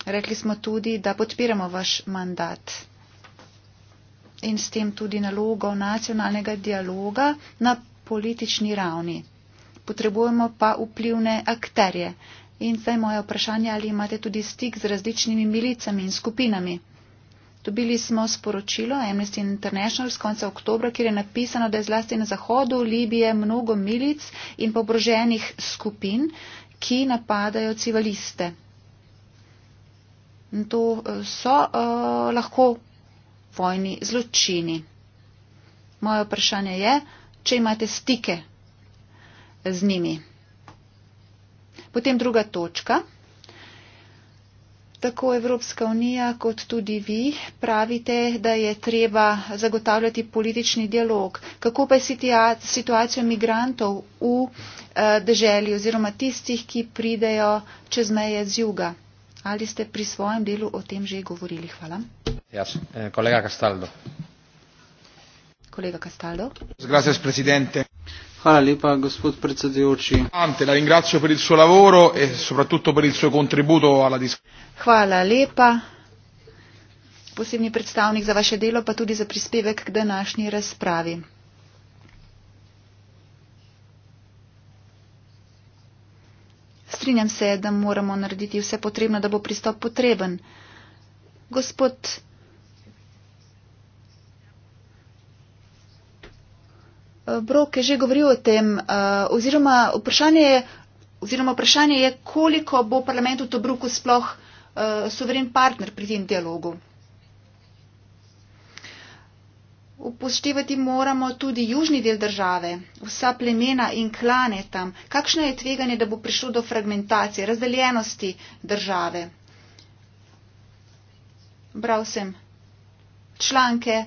B: Rekli smo tudi, da podpiramo vaš mandat in s tem tudi nalogo nacionalnega dialoga na politični ravni. Potrebujemo pa vplivne akterje. In zdaj moje vprašanje, ali imate tudi stik z različnimi milicami in skupinami. Dobili smo sporočilo Amnesty International z konca oktobra, kjer je napisano, da je zlasti na zahodu Libije mnogo milic in pobroženih skupin, ki napadajo civiliste. In to eh, so uh, lahko vojni zločini. Moje vprašanje je, če imate stike z njimi. Potem druga točka tako Evropska unija kot tudi vi pravite, da je treba zagotavljati politični dialog. Kako pa je situacija migrantov v eh, deželi oziroma tistih, ki pridejo čez meje z juga? Ali ste pri svojem delu o tem že govorili? Hvala.
E: Jaz, eh,
C: kolega
A: Kastaldo.
B: Kolega Castaldo.
A: Gracias, presidente. Hvala lepa, gospod predsedujoči. Ante, la ringrazio per il suo lavoro e soprattutto per il suo contributo alla discussione.
B: Hvala lepa, posebni predstavnik za vaše delo, pa tudi za prispevek k današnji razpravi. Strinjam se, da moramo narediti vse potrebno, da bo pristop potreben. Gospod Brok je že govoril o tem, eh, oziroma vprašanje je, oziroma vprašanje je koliko bo parlament v Tobruku sploh eh, suveren partner pri tem dialogu. Upoštevati moramo tudi južni del države, vsa plemena in klane tam. Kakšno je tveganje, da bo prišlo do fragmentacije, razdeljenosti države? Bral sem članke,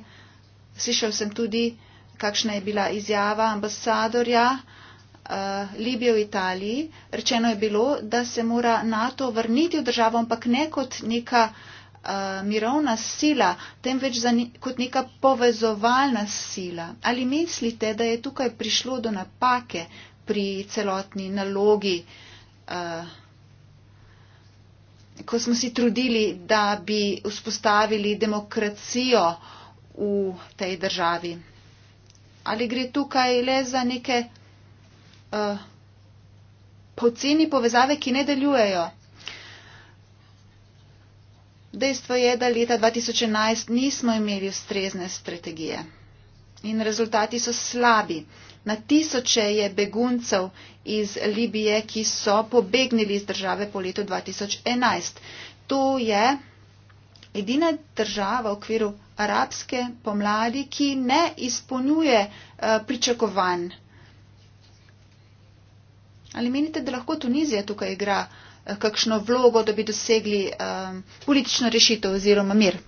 B: slišal sem tudi uh, kakšna je bila izjava ambasadorja uh, Libije v Italiji. Rečeno je bilo, da se mora NATO vrniti v državo, ampak ne kot neka uh, mirovna sila, temveč ni, kot neka povezovalna sila. Ali mislite, da je tukaj prišlo do napake pri celotni nalogi? Uh, Ko smo si trudili, da bi vzpostavili demokracijo v tej državi ali gre tukaj le za neke uh, poceni povezave, ki ne delujejo. Dejstvo je, da leta 2011 nismo imeli ustrezne strategije in rezultati so slabi. Na tisoče je beguncev iz Libije, ki so pobegnili iz države po letu 2011. To je edina država v okviru arabske pomladi, ki ne izpolnjuje eh, pričakovanj. Ali menite, da lahko Tunizija tukaj igra eh, kakšno vlogo, da bi dosegli eh, politično rešitev oziroma mir?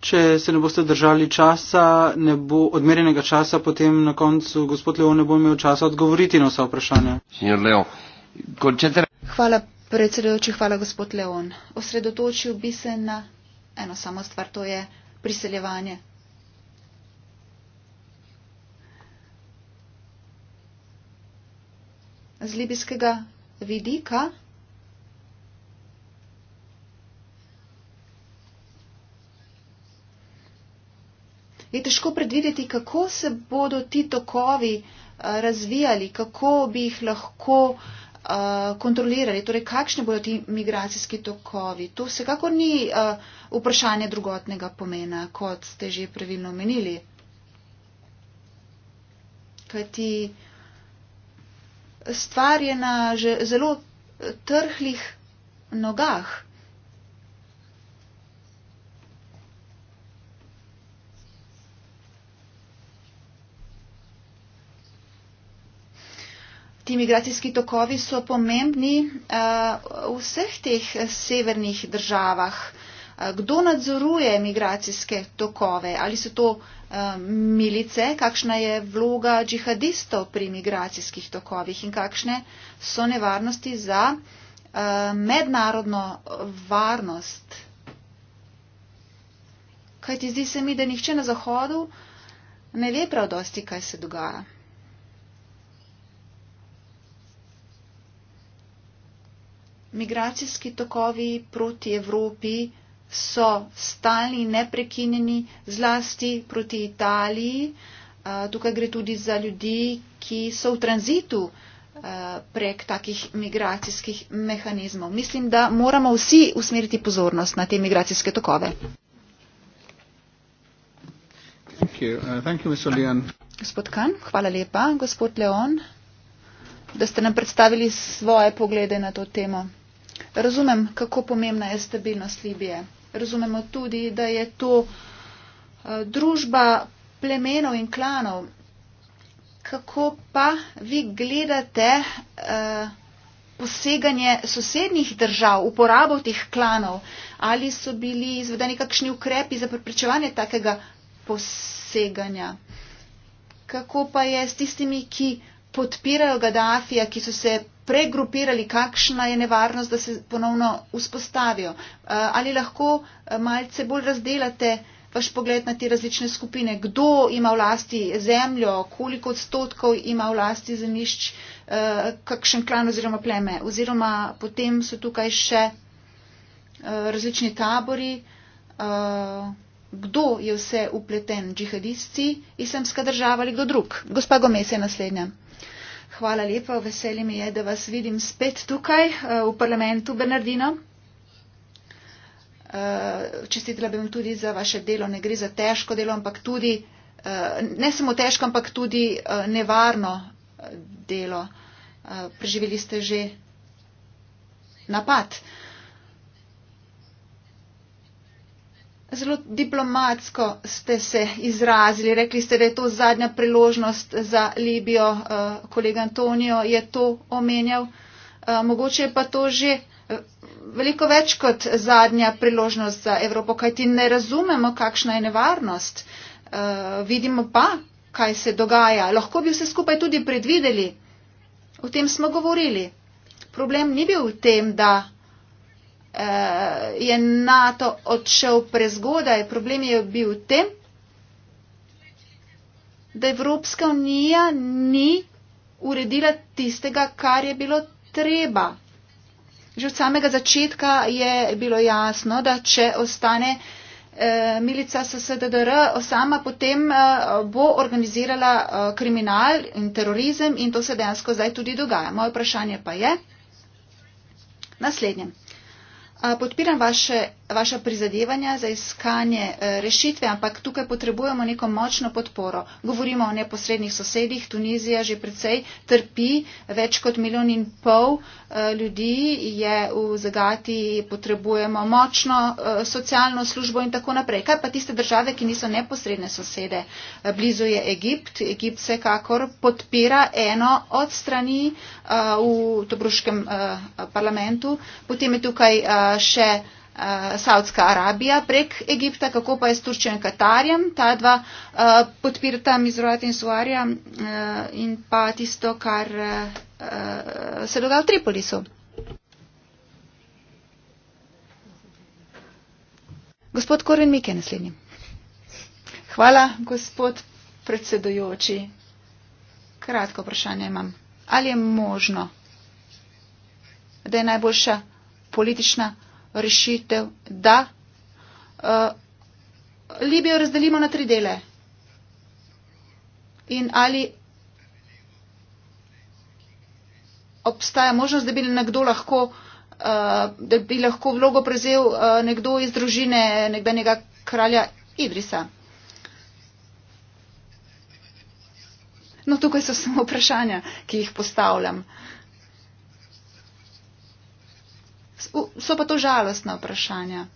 A: Če se ne boste držali časa, ne bo odmerjenega časa, potem na koncu gospod Leo ne bo imel časa odgovoriti na vsa vprašanja.
B: Hvala. Predsedujoči, hvala gospod Leon. Osredotočil bi se na eno samo stvar, to je priseljevanje. Z libijskega vidika je težko predvideti, kako se bodo ti tokovi eh, razvijali, kako bi jih lahko uh, uh, kontrolirali, torej kakšne bodo ti migracijski tokovi. To vsekako ni uh, vprašanje drugotnega pomena, kot ste že pravilno omenili. Kajti stvar je na že zelo trhlih nogah. Ti migracijski tokovi so pomembni eh, v vseh teh severnih državah. Eh, kdo nadzoruje migracijske tokove? Ali so to eh, milice? Kakšna je vloga džihadistov pri migracijskih tokovih in kakšne so nevarnosti za mednarodno varnost? Kaj ti zdi se mi, da nihče na Zahodu ne ve prav dosti, kaj se dogaja? migracijski tokovi proti Evropi so stalni in neprekineni, zlasti proti Italiji. Tukaj gre tudi za ljudi, ki so v tranzitu prek takih migracijskih mehanizmov. Mislim, da moramo vsi usmeriti pozornost na te migracijske tokove.
D: Thank you. Uh, thank you, Mr. Leon.
B: Gospod Kan, hvala lepa. Gospod Leon, da ste nam predstavili svoje poglede na to temo. Razumem, kako pomembna je stabilnost Libije. Razumemo tudi, da je to eh, družba plemenov in klanov. Kako pa vi gledate eh, poseganje sosednjih držav, uporabo teh klanov? Ali so bili izvedeni kakšni ukrepi za preprečevanje takega poseganja? Kako pa je s tistimi, ki podpirajo Gaddafija, ki so se pregrupirali, kakšna je nevarnost, da se ponovno vzpostavijo. Eh, ali lahko eh, malce bolj razdelate vaš pogled na te različne skupine, kdo ima v lasti zemljo, koliko odstotkov ima v lasti zemljišč, eh, kakšen klan oziroma pleme. Oziroma potem so tukaj še različni tabori, kdo je vse upleten, džihadisti, islamska država ali kdo drug. Gospa Gomes je naslednja. Hvala lepa, veseli mi je, da vas vidim spet tukaj eh, v parlamentu Bernardino. Eh, čestitela bi vam tudi za vaše delo, ne gre za težko delo, ampak tudi, eh, ne samo težko, ampak tudi nevarno delo. Preživeli ste že napad. Zelo diplomatsko ste se izrazili. Rekli ste, da je to zadnja priložnost za Libijo. Eh, kolega Antonijo je to omenjal. Eh, mogoče je pa to že eh, veliko več kot zadnja priložnost za Evropo, kajti ne razumemo, kakšna je nevarnost. Vidimo pa, kaj se dogaja. Lahko bi vse skupaj tudi predvideli. O tem smo govorili. Problem ni bil v tem, da je NATO odšel prezgodaj. Problem je bil v tem, da Evropska unija ni uredila tistega, kar je bilo treba. Že od samega začetka je bilo jasno, da če ostane eh, milica SSDDR osama, potem eh, bo organizirala eh, kriminal in terorizem in to se dejansko zdaj tudi dogaja. Moje vprašanje pa je naslednje podpiram vaše vaša prizadevanja za iskanje eh, rešitve, ampak tukaj potrebujemo neko močno podporo. Govorimo o neposrednih sosedih, Tunizija že precej trpi, več kot milijon in pol eh, ljudi je v zagati, potrebujemo močno eh, socialno službo in tako naprej. Kaj pa tiste države, ki niso neposredne sosede? Blizu je Egipt, Egipt se kakor podpira eno od strani v Tobruškem parlamentu, potem je tukaj še Eh, Saudska Arabija prek Egipta, kako pa je s Turčjo in Katarjem, ta dva eh, podpirata Mizrojata in Suarja eh, in pa tisto, kar se dogaja v Tripolisu. Gospod Koren Mike, naslednji. Hvala, gospod predsedojoči. Kratko vprašanje imam. Ali je možno, da je najboljša politična rešitev, da uh, Libijo razdelimo na tri dele. In ali obstaja možnost, da bi nekdo lahko, uh, da bi lahko vlogo prevzel uh, nekdo iz družine nekdanjega kralja Idrisa. No, tukaj so samo vprašanja, ki jih postavljam. Uh, so pa to žalostna vprašanja.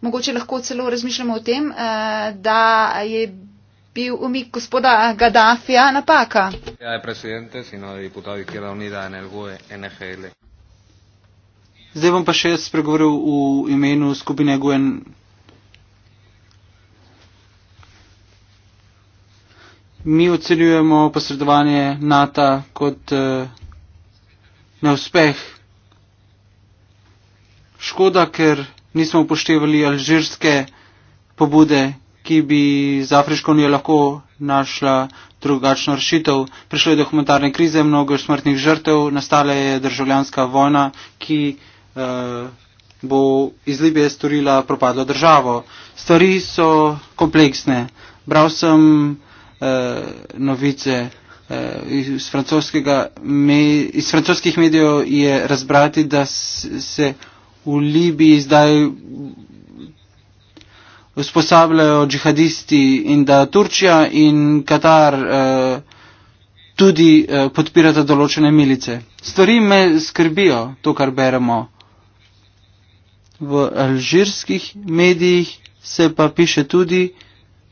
B: Mogoče lahko celo razmišljamo o tem, eh, da je bil umik gospoda Gaddafija napaka.
C: Ja, e,
A: Zdaj bom pa še jaz spregovoril v imenu skupine Guen. Mi ocenjujemo posredovanje NATO kot. Eh, neuspeh. Škoda, ker nismo upoštevali alžirske pobude, ki bi za Afriško unijo lahko našla drugačno rešitev. Prišlo je do humanitarne krize, mnogo smrtnih žrtev, nastala je državljanska vojna, ki uh, bo iz Libije storila propadlo državo. Stvari so kompleksne. Bral sem uh, novice. Eh, iz, francoskega me, iz francoskih medijev je razbrati, da se v Libiji zdaj usposabljajo džihadisti in da Turčija in Katar eh, tudi eh, podpirata določene milice. Stvari me skrbijo, to kar beremo. V alžirskih medijih se pa piše tudi,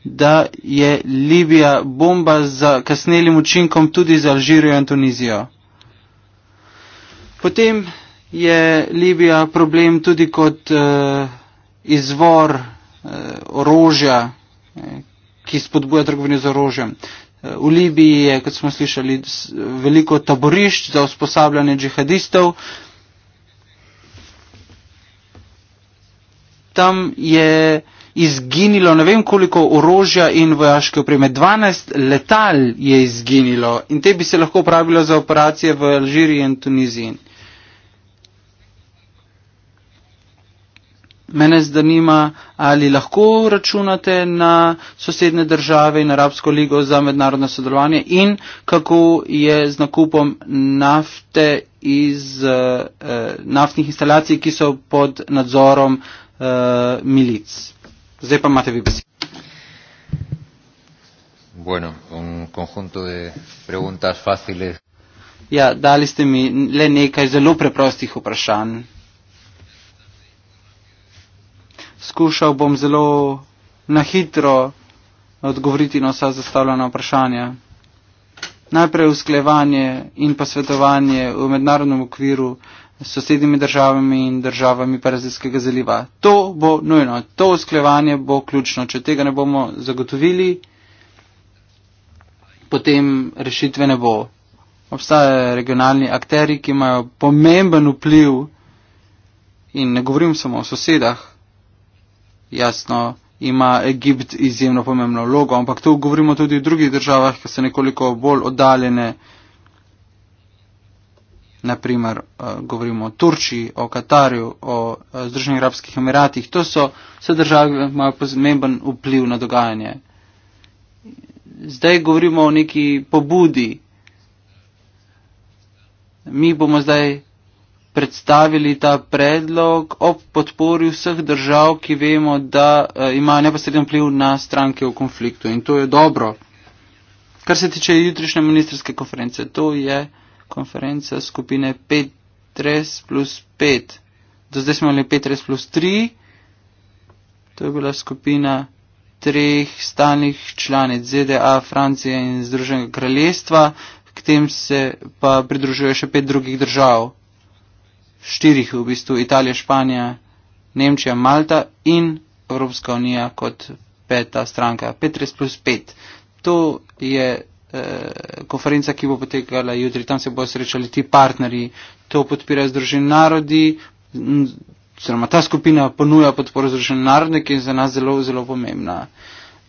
A: da je Libija bomba z kasnelim učinkom tudi za Alžirijo in Tunizijo. Potem je Libija problem tudi kot eh, izvor eh, orožja, eh, ki spodbuja trgovino z orožjem. Eh, v Libiji je, kot smo slišali, veliko taborišč za usposabljanje džihadistov. Tam je eh, izginilo ne vem koliko orožja in vojaške opreme. 12 letal je izginilo in te bi se lahko uporabilo za operacije v Alžiriji in Tuniziji. Mene zanima, ali lahko računate na sosedne države in Arabsko ligo za mednarodno sodelovanje in kako je z nakupom nafte iz uh, naftnih instalacij, ki so pod nadzorom uh, milic. Zdaj pa imate vi besedo.
E: Bueno, un conjunto de preguntas fáciles.
A: Ja, dali ste mi le nekaj zelo preprostih vprašanj. Skušal bom zelo na hitro odgovoriti na vsa zastavljena vprašanja. Najprej usklevanje in pa svetovanje v mednarodnem okviru s sosednjimi državami in državami Perzijskega zaliva. To bo nujno, to usklevanje bo ključno. Če tega ne bomo zagotovili, potem rešitve ne bo. Obstajajo regionalni akteri, ki imajo pomemben vpliv in ne govorim samo o sosedah. Jasno, ima Egipt izjemno pomembno vlogo, ampak to govorimo tudi o drugih državah, ki so nekoliko bolj oddaljene naprimer eh, govorimo o Turčiji, o Katarju, o eh, Združenih arabskih emiratih, to so vse države, ki imajo pomemben vpliv na dogajanje. Zdaj govorimo o neki pobudi. Mi bomo zdaj predstavili ta predlog ob podpori vseh držav, ki vemo, da eh, imajo neposreden vpliv na stranke v konfliktu in to je dobro. Kar se tiče jutrišnje ministerske konference, to je konferenca skupine 5 res plus 5. Do zdaj smo imeli 5 res plus 3. To je bila skupina treh stalnih članic ZDA, Francije in Združenega kraljestva, k tem se pa pridružuje še pet drugih držav. Štirih v bistvu Italija, Španija, Nemčija, Malta in Evropska unija kot peta stranka. 5 res plus 5. To je Eh, konferenca, ki bo potekala jutri, tam se bojo srečali ti partnerji, to podpirajo Združeni narodi, oziroma ta skupina ponuja podporo Združeni narodi, ki je za nas zelo, zelo pomembna.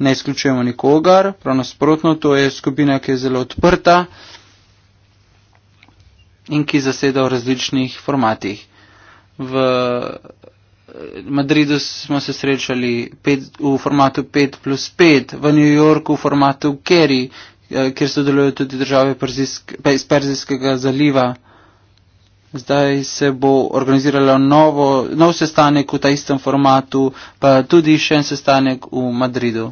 A: Ne izključujemo nikogar, prav nasprotno, to je skupina, ki je zelo odprta in ki zaseda v različnih formatih. V eh, Madridu smo se srečali pet, v formatu 5 plus 5, v New Yorku v formatu Kerry, Eh, kjer sodelujo tudi države Perzijske, iz Perzijskega zaliva. Zdaj se bo organiziralo novo, nov sestanek v ta istem formatu, pa tudi še en sestanek v Madridu.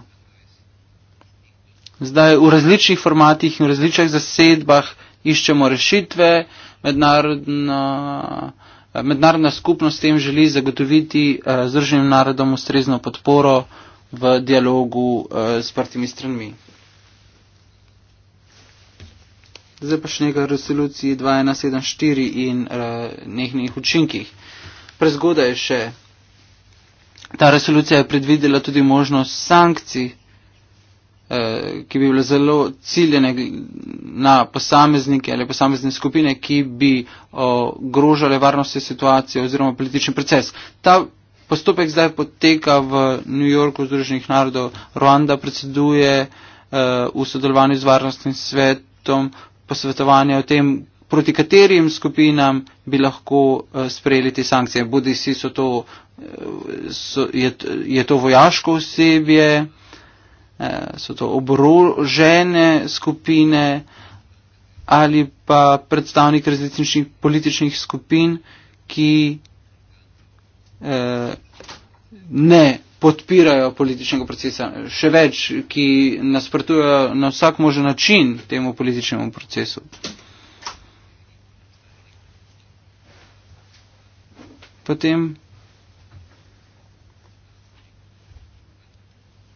A: Zdaj v različnih formatih in v različnih zasedbah iščemo rešitve, mednarodna. Eh, mednarodna skupnost tem želi zagotoviti eh, Združenim narodom ustrezno podporo v dialogu eh, s prtimi stranmi. zdaj pa še nekaj resoluciji 2.1.7.4 in uh, nehnih učinkih. Prezgodaj je še, ta resolucija je predvidela tudi možnost sankcij, uh, ki bi bile zelo ciljene na posameznike ali posamezne skupine, ki bi ogrožale uh, varnostne situacije oziroma politični proces. Ta postopek zdaj poteka v New Yorku Združenih narodov, Ruanda predseduje uh, v sodelovanju z varnostnim svetom, posvetovanja o tem, proti katerim skupinam bi lahko eh, sprejeli te sankcije. Bodi si so to, eh, so, je, je to vojaško osebje, eh, so to oborožene skupine ali pa predstavnik različnih političnih skupin, ki eh, ne podpirajo političnega procesa, še več, ki nasprotujejo na vsak možen način temu političnemu procesu. Potem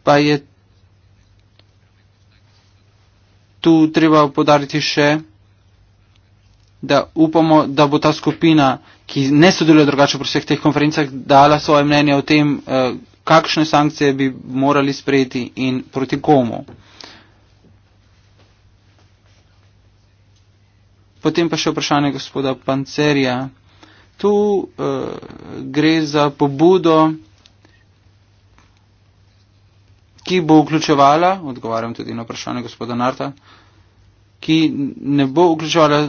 A: pa je tu treba podariti še, da upamo, da bo ta skupina, ki ne sodeluje drugače pri vseh teh konferencah, dala svoje mnenje o tem, eh, kakšne sankcije bi morali sprejeti in proti komu. Potem pa še vprašanje gospoda Pancerja. Tu uh, gre za pobudo, ki bo vključevala, odgovarjam tudi na vprašanje gospoda Narta, ki ne bo vključevala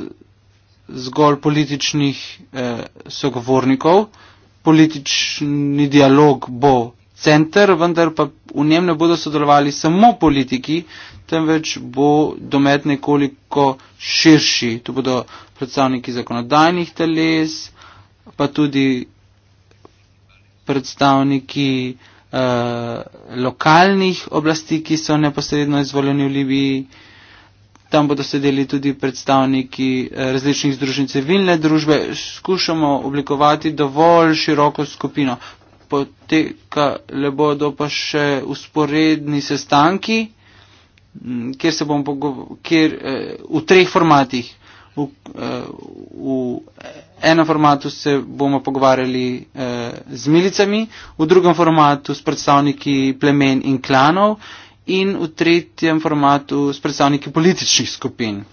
A: zgolj političnih eh, sogovornikov, politični dialog bo center, vendar pa v njem ne bodo sodelovali samo politiki, temveč bo domet nekoliko širši. Tu bodo predstavniki zakonodajnih teles, pa tudi predstavniki eh, lokalnih oblasti, ki so neposredno izvoljeni v Libiji. Tam bodo sedeli tudi predstavniki eh, različnih združenj civilne družbe. Skušamo oblikovati dovolj široko skupino potekale bodo pa še usporedni sestanki, kjer se bom kjer, eh, v treh formatih. V, eh, v enem formatu se bomo pogovarjali eh, z milicami, v drugem formatu s predstavniki plemen in klanov in v tretjem formatu s predstavniki političnih skupin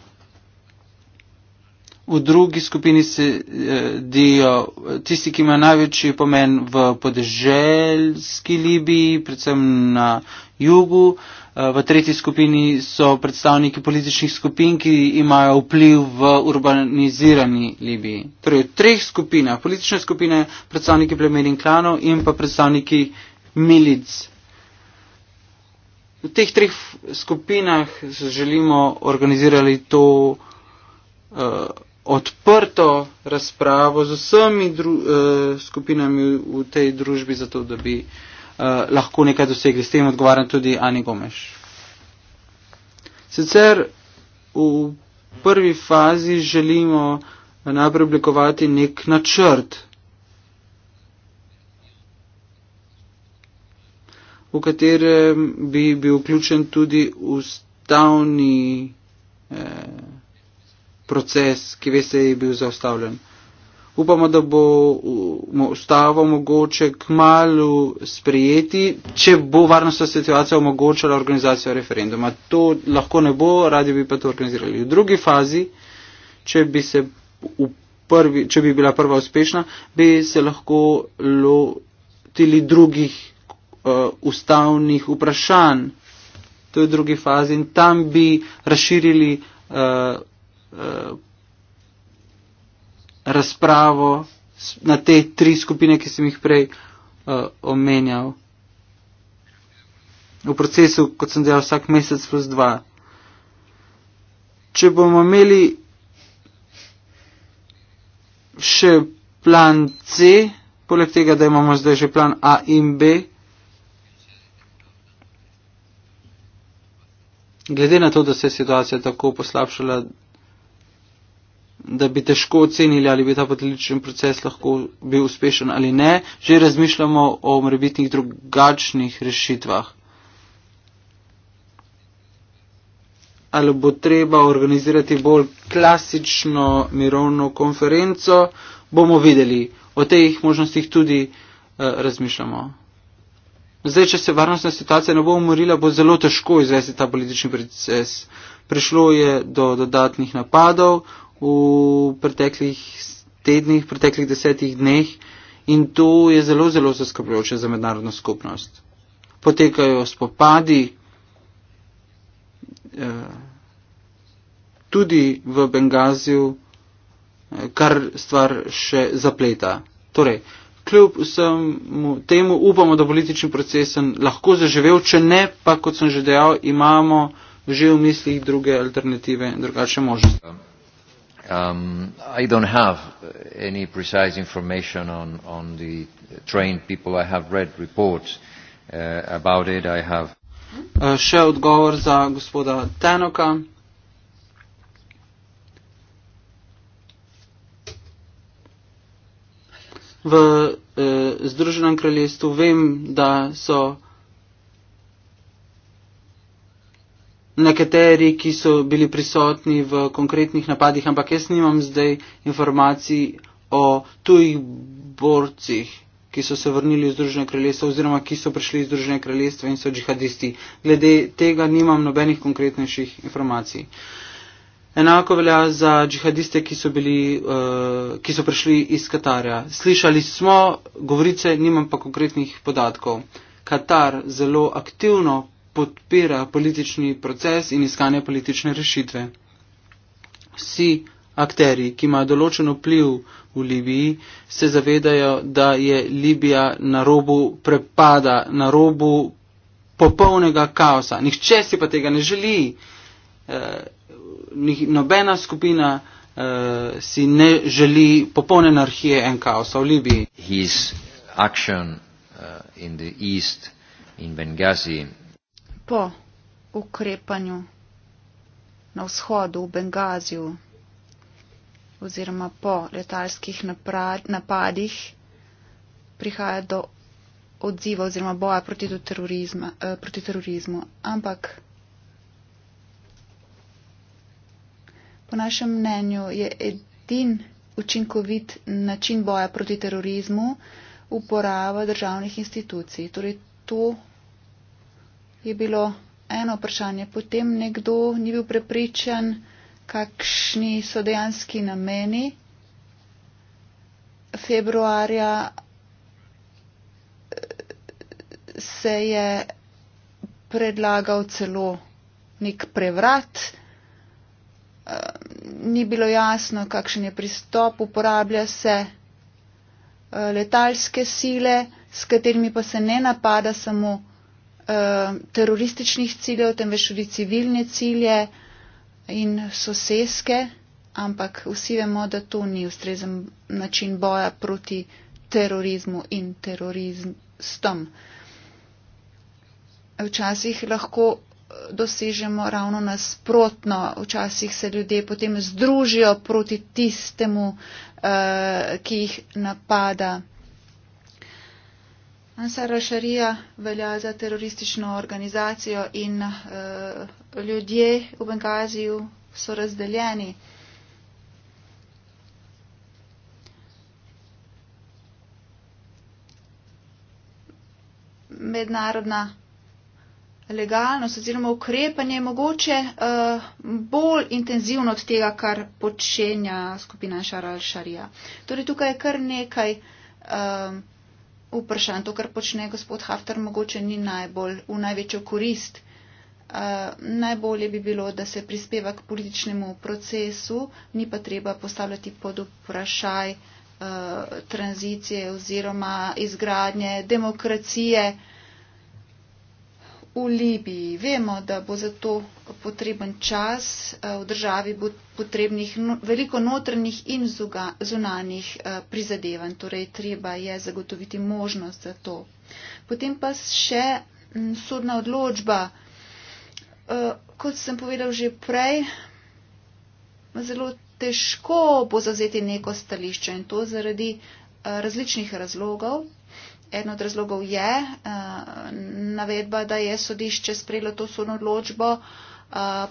A: v drugi skupini sedijo eh, tisti, ki imajo največji pomen v podeželjski Libiji, predvsem na jugu. Eh, v tretji skupini so predstavniki političnih skupin, ki imajo vpliv v urbanizirani Libiji. Torej v treh skupinah, politične skupine, predstavniki plemen in klanov in pa predstavniki milic. V teh treh skupinah se želimo organizirati to uh, odprto razpravo z vsemi dru, eh, skupinami v tej družbi, zato da bi eh, lahko nekaj dosegli. S tem odgovarjam tudi Ani Gomeš. Sicer v prvi fazi želimo najprej oblikovati nek načrt, v katerem bi bil vključen tudi ustavni. Eh, proces, ki veste, je bil zaustavljen. Upamo, da bo ustavo mogoče k malu sprijeti, če bo varnostna situacija omogočala organizacijo referenduma. To lahko ne bo, radi bi pa to organizirali. V drugi fazi, če bi, se prvi, če bi bila prva uspešna, bi se lahko lotili drugih uh, ustavnih vprašanj. To je v drugi fazi in tam bi razširili. Uh, Eh, razpravo na te tri skupine, ki sem jih prej uh, omenjal. V procesu, kot sem delal vsak mesec plus dva. Če bomo imeli še plan C, poleg tega, da imamo zdaj že plan A in B, glede na to, da se je situacija tako poslabšala, da bi težko ocenili, ali bi ta podeličen proces lahko bil uspešen ali ne, že razmišljamo o morebitnih drugačnih rešitvah. Ali bo treba organizirati bolj klasično mirovno konferenco, bomo videli. O teh možnostih tudi eh, razmišljamo. Zdaj, če se varnostna situacija ne bo umorila, bo zelo težko izvesti ta politični proces. Prišlo je do dodatnih napadov, v preteklih tednih, preteklih desetih dneh in to je zelo, zelo zaskrbljujoče za mednarodno skupnost. Potekajo spopadi eh, tudi v Bengaziju, eh, kar stvar še zapleta. Torej, kljub vsemu temu upamo, da politični proces lahko zaživel, če ne, pa kot sem že dejal, imamo že v mislih druge alternative, drugače možnosti.
E: Um, I don't have uh, any precise information on, on the trained people. I have read reports uh, about it. I have.
A: Uh, še odgovor za gospoda Tenoka. V uh, Združenem kraljestvu vem, da so. nekateri, ki so bili prisotni v konkretnih napadih, ampak jaz nimam zdaj informacij o tujih borcih, ki so se vrnili v Združene kraljestvo oziroma ki so prišli iz Združene kraljestva in so džihadisti. Glede tega nimam nobenih konkretnejših informacij. Enako velja za džihadiste, ki so, bili, uh, ki so prišli iz Katarja. Slišali smo govorice, nimam pa konkretnih podatkov. Katar zelo aktivno podpira politični proces in iskanje politične rešitve. Vsi akteri, ki imajo določen vpliv v Libiji, se zavedajo, da je Libija na robu prepada, na robu popolnega kaosa. Nihče si pa tega ne želi. Eh, nobena skupina eh, si ne želi popolne anarhije in kaosa v Libiji.
E: His action uh, in the east in Benghazi
B: po ukrepanju na vzhodu v Bengaziju oziroma po letalskih napadih prihaja do odziva oziroma boja proti, terorizma, eh, proti terorizmu. Ampak po našem mnenju je edin učinkovit način boja proti terorizmu uporaba državnih institucij. Torej to je bilo eno vprašanje. Potem nekdo ni bil prepričan, kakšni so dejanski nameni. Februarja eh, se je predlagal celo nek prevrat. Eh, ni bilo jasno, kakšen je pristop, uporablja se eh, letalske sile, s katerimi pa se ne napada samo Eh, terorističnih ciljev, temveč tudi civilne cilje in soseske, ampak vsi vemo, da to ni ustrezen način boja proti terorizmu in teroristom. Včasih lahko eh, dosežemo ravno nasprotno, včasih se ljudje potem združijo proti tistemu, eh, ki jih napada. Ansar al-Sharia velja za teroristično organizacijo in uh, ljudje v Bengaziju so razdeljeni. Mednarodna legalnost oziroma ukrepanje je mogoče uh, bolj intenzivno od tega, kar počenja skupina Ansar al-Sharia. Torej tukaj je kar nekaj. Uh, vprašanj. To, kar počne gospod Hafter, mogoče ni najbolj v največjo korist. Uh, najbolje bi bilo, da se prispeva k političnemu procesu, ni pa treba postavljati pod vprašaj uh, tranzicije oziroma izgradnje demokracije. Uh, v Libiji. Vemo, da bo za to potreben čas, eh, v državi bo potrebnih no, veliko notrnih in zunanih eh, prizadevanj, torej treba je zagotoviti možnost za to. Potem pa še sodna odločba. Eh, kot sem povedal že prej, zelo težko bo zazeti neko stališče in to zaradi različnih razlogov. Eden od razlogov je eh, navedba, da je sodišče sprejelo to sodno odločbo eh,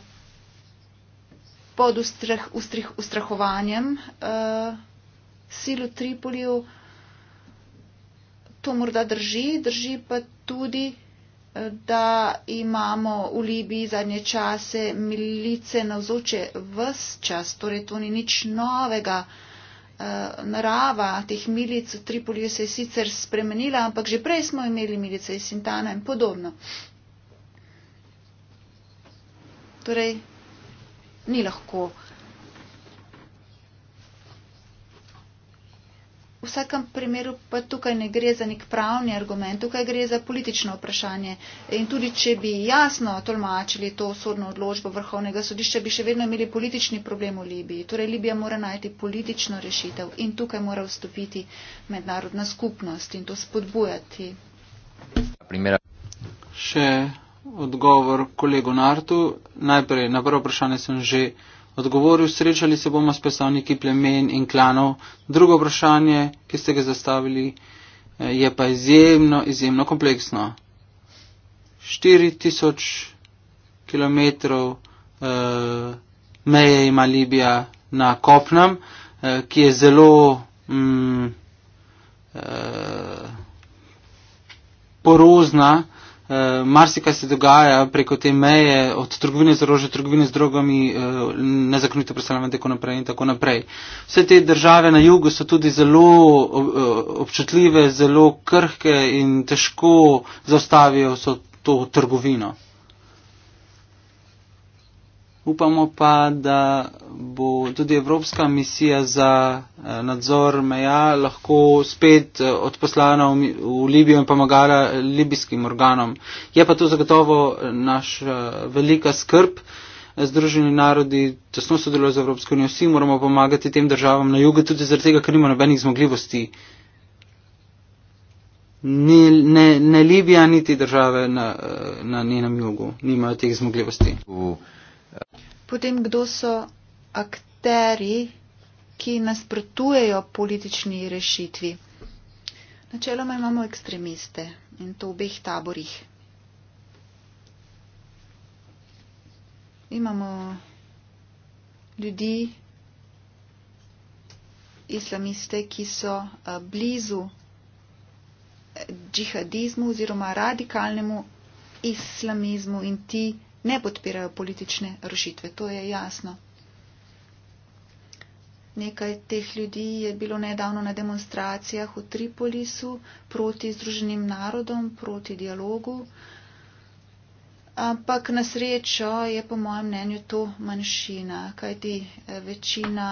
B: pod ustreh, ustreh, ustrahovanjem eh, sil v Tripolju. To morda drži, drži pa tudi, da imamo v Libiji zadnje čase milice navzoče vse čas, torej to ni nič novega. Eh, narava teh milic v Tripoliju se je sicer spremenila, ampak že prej smo imeli milice iz Sintana in podobno. Torej, ni lahko. V vsakem primeru pa tukaj ne gre za nek pravni argument, tukaj gre za politično vprašanje. In tudi, če bi jasno tolmačili to sodno odločbo vrhovnega sodišča, bi še vedno imeli politični problem v Libiji. Torej, Libija mora najti politično rešitev in tukaj mora vstopiti mednarodna skupnost in to spodbujati.
A: Še odgovor kolegu Nartu. Najprej, na prvo vprašanje sem že odgovoril, srečali se bomo s predstavniki plemen in klanov. Drugo vprašanje, ki ste ga zastavili, eh, je pa izjemno, izjemno kompleksno. 4000 km eh, meje ima Libija na kopnem, eh, ki je zelo mm, eh, porozna. Eh, marsikaj se dogaja preko te meje, od trgovine z orožjem, trgovine z drogami, eh, nezakonito preseljanje in tako naprej in tako naprej. Vse te države na jugu so tudi zelo eh, občutljive, zelo krhke in težko zaustavijo vso to trgovino. Upamo pa, da bo tudi Evropska misija za eh, nadzor meja lahko spet eh, odposlana v Libijo in pomagala libijskim organom. Je pa to zagotovo naša eh, velika skrb. Združeni narodi tesno sodelujo z Evropsko unijo. Vsi moramo pomagati tem državam na jugu, tudi zaradi tega, ker nima nobenih zmogljivosti. Ni, ne, ne Libija, niti države na, na njenem jugu nimajo teh zmogljivosti. U.
B: Potem, kdo so akteri, ki nasprotujejo politični rešitvi? Načeloma imamo ekstremiste in to v obeh taborih. Imamo ljudi, islamiste, ki so eh, blizu eh, džihadizmu oziroma radikalnemu islamizmu in ti ne podpirajo politične rušitve, to je jasno. Nekaj teh ljudi je bilo nedavno na demonstracijah v Tripolisu proti Združenim narodom, proti dialogu, ampak na srečo je po mojem mnenju to manjšina, kajti eh, večina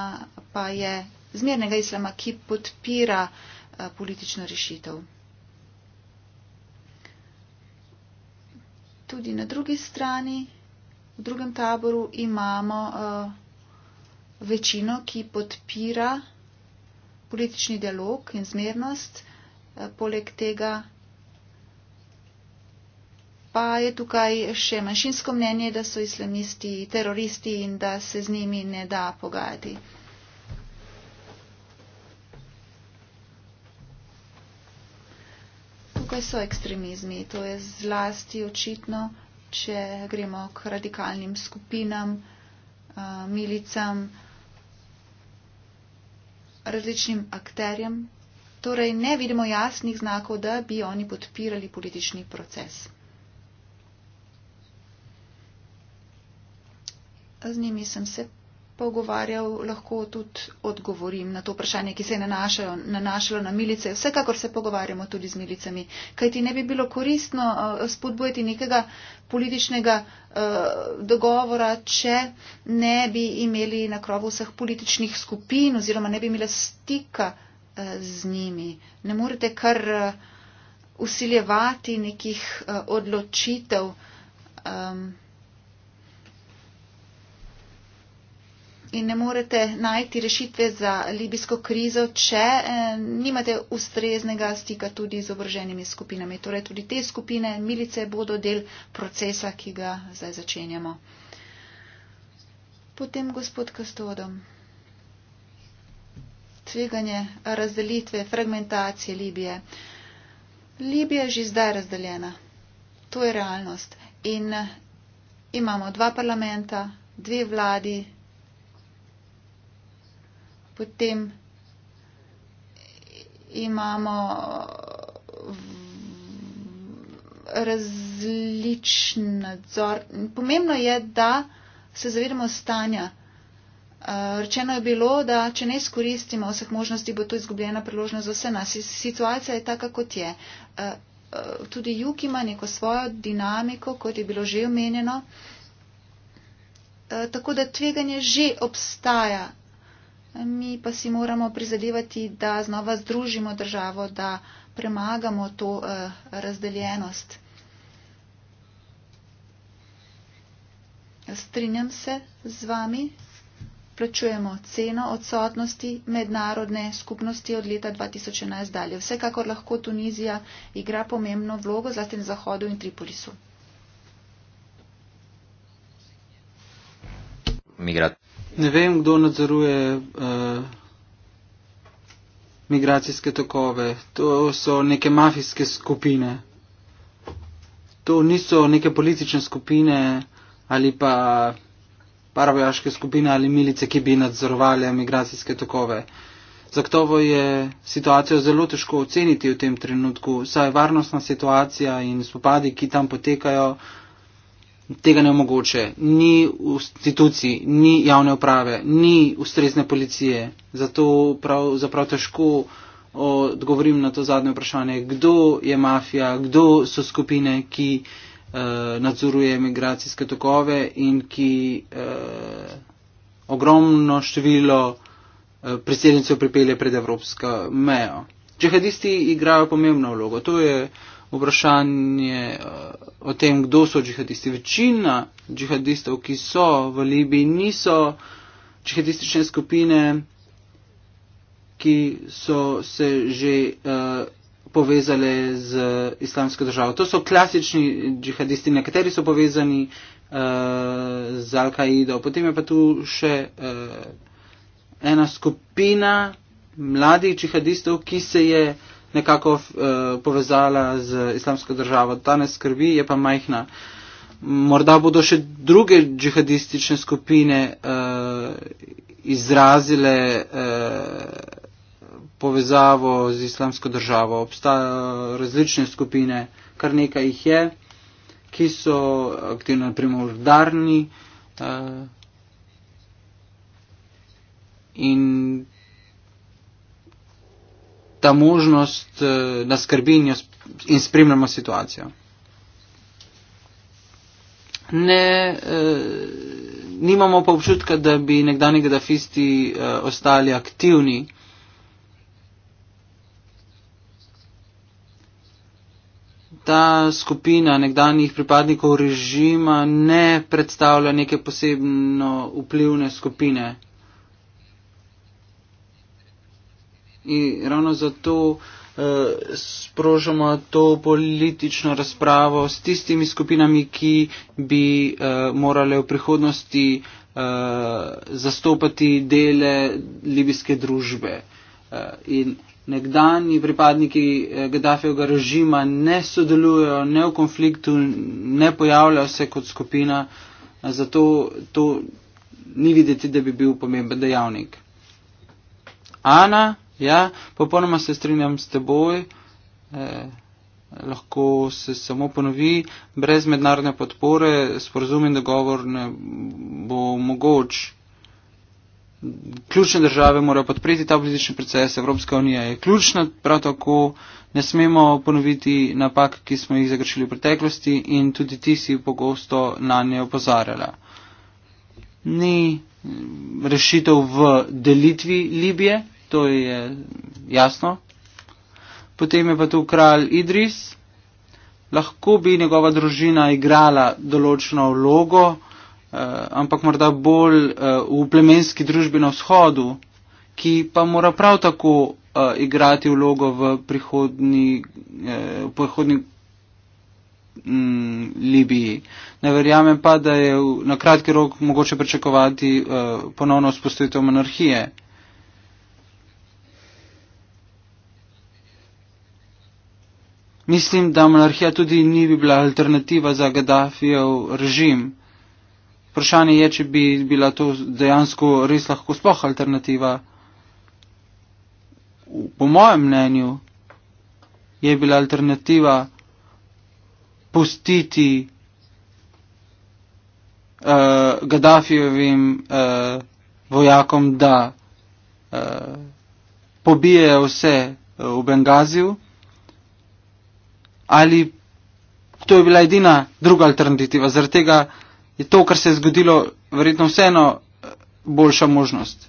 B: pa je zmernega islama, ki podpira eh, politično rešitev. tudi na drugi strani, v drugem taboru, imamo uh, večino, ki podpira politični dialog in zmernost. Uh, poleg tega pa je tukaj še manjšinsko mnenje, da so islamisti teroristi in da se z njimi ne da pogajati. tukaj so ekstremizmi. To je zlasti očitno, če gremo k radikalnim skupinam, eh, milicam, različnim akterjem. Torej, ne vidimo jasnih znakov, da bi oni podpirali politični proces. Z njimi sem se pogovarjal, lahko tudi odgovorim na to vprašanje, ki se je nanašalo na milice. Vsekakor se pogovarjamo tudi z milicami, kajti ne bi bilo koristno eh, spodbujati nekega političnega eh, dogovora, če ne bi imeli na krovu vseh političnih skupin oziroma ne bi imela stika eh, z njimi. Ne morete kar usiljevati nekih odločitev. Ehm, in ne morete najti rešitve za libijsko krizo, če eh, nimate ustreznega stika tudi z obroženimi skupinami. Torej tudi te skupine milice bodo del procesa, ki ga zdaj začenjamo. Potem gospod Kastodom. Tveganje razdelitve, fragmentacije Libije. Libija je že zdaj razdeljena. To je realnost. In eh, imamo dva parlamenta, dve vladi, potem imamo eh, različen nadzor. Pomembno je, da se zavedamo stanja. Eh, rečeno je bilo, da če ne izkoristimo vseh možnosti, bo to izgubljena priložnost za vse nas. Situacija je taka, kot je. Eh, tudi jug ima neko svojo dinamiko, kot je bilo že omenjeno. Tako da tveganje že obstaja Mi pa si moramo prizadevati, da znova združimo državo, da premagamo to eh, razdeljenost. Strinjam se z vami, plačujemo ceno odsotnosti mednarodne skupnosti od leta 2011 dalje. Vsekakor lahko Tunizija igra pomembno vlogo, zlasti na Zahodu in Tripolisu.
A: Migrat. Ne vem, kdo nadzoruje uh, migracijske tokove. To so neke mafijske skupine. To niso neke politične skupine ali pa paravojaške skupine ali milice, ki bi nadzorovali migracijske tokove. Zagotovo je situacijo zelo težko oceniti v tem trenutku, saj varnostna situacija in spopadi, ki tam potekajo, uh, tega ne omogoče, ni institucij, ni javne uprave, ni ustrezne policije. Zato pravzaprav težko odgovorim na to zadnje vprašanje, kdo je mafija, kdo so skupine, ki eh, nadzoruje migracijske tokove in ki eh, ogromno število eh, priseljencev pripelje pred Evropsko mejo. Džihadisti igrajo pomembno vlogo. To je eh, vprašanje eh, o tem, kdo so džihadisti. Večina džihadistov, ki so v Libiji, niso džihadistične skupine, ki so se že eh, povezale z islamsko državo. To so klasični džihadisti, nekateri so povezani eh, z Al-Kaido. Potem je pa tu še ena skupina mladih džihadistov, ki se je nekako uh, povezala z islamsko državo. Danes skrbi je pa majhna. Morda bodo še druge džihadistične skupine uh, izrazile uh, povezavo z islamsko državo. Obstajajo različne skupine, kar nekaj jih je, ki so aktivno, naprimer, vdarni uh, in ta možnost, eh, da skrbinjo in spremljamo situacijo. Ne, eh, nimamo pa občutka, da bi nekdani gadafisti eh, ostali aktivni. Ta skupina nekdanjih pripadnikov režima ne predstavlja neke posebno vplivne skupine. in ravno zato uh, sprožamo to politično razpravo s tistimi skupinami, ki bi uh, morale v prihodnosti uh, zastopati dele libijske družbe. Uh, in nekdani pripadniki Gaddafijevega režima ne sodelujo, ne v konfliktu, ne pojavljajo se kot skupina, zato to ni videti, da bi bil pomemben dejavnik. Ana? Ja, popolnoma se strinjam s teboj. E, lahko se samo ponovi, brez mednarodne podpore sporozum in dogovor ne bo mogoč. Ključne države morajo podpreti ta politični proces, Evropska unija je ključna, prav tako ne smemo ponoviti napak, ki smo jih zagrešili v preteklosti in tudi ti si pogosto na nje opozarjala. Ni rešitev v delitvi Libije, to je jasno. Potem je pa tu kralj Idris, lahko bi njegova družina igrala določeno vlogo, eh, ampak morda bolj eh, v plemenski družbi na vzhodu, ki pa mora prav tako eh, igrati vlogo v prihodni, eh, v prihodni mm, Libiji. Ne verjamem pa, da je v, na kratki rok mogoče pričakovati eh, ponovno vzpostavitev monarhije. Mislim, da monarhija tudi ni bi bila alternativa za Gaddafijev režim. Vprašanje je, če bi bila to dejansko res lahko sploh alternativa. Po mojem mnenju je bila alternativa pustiti uh, Gaddafijevim uh, vojakom, da uh, pobijejo vse uh, v Bengaziju ali to je bila edina druga alternativa. Zaradi tega je to, kar se je zgodilo, verjetno vseeno eh, boljša možnost.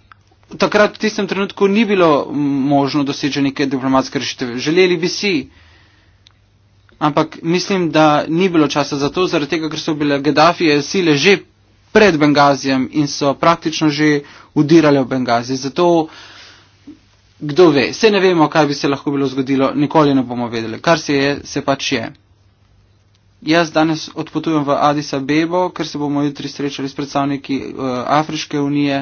A: Takrat v tistem trenutku ni bilo možno doseči neke diplomatske rešitve. Želeli bi si, ampak mislim, da ni bilo časa za to, zaradi tega, ker so bile Gaddafije sile že pred Bengazijem in so praktično že udirale v Bengazi. Zato uh, kdo ve, vse ne vemo, kaj bi se lahko bilo zgodilo, nikoli ne bomo vedeli, kar se je, se pač je. Jaz danes odpotujem v Addis Abebo, ker se bomo jutri srečali s predstavniki uh, Afriške unije,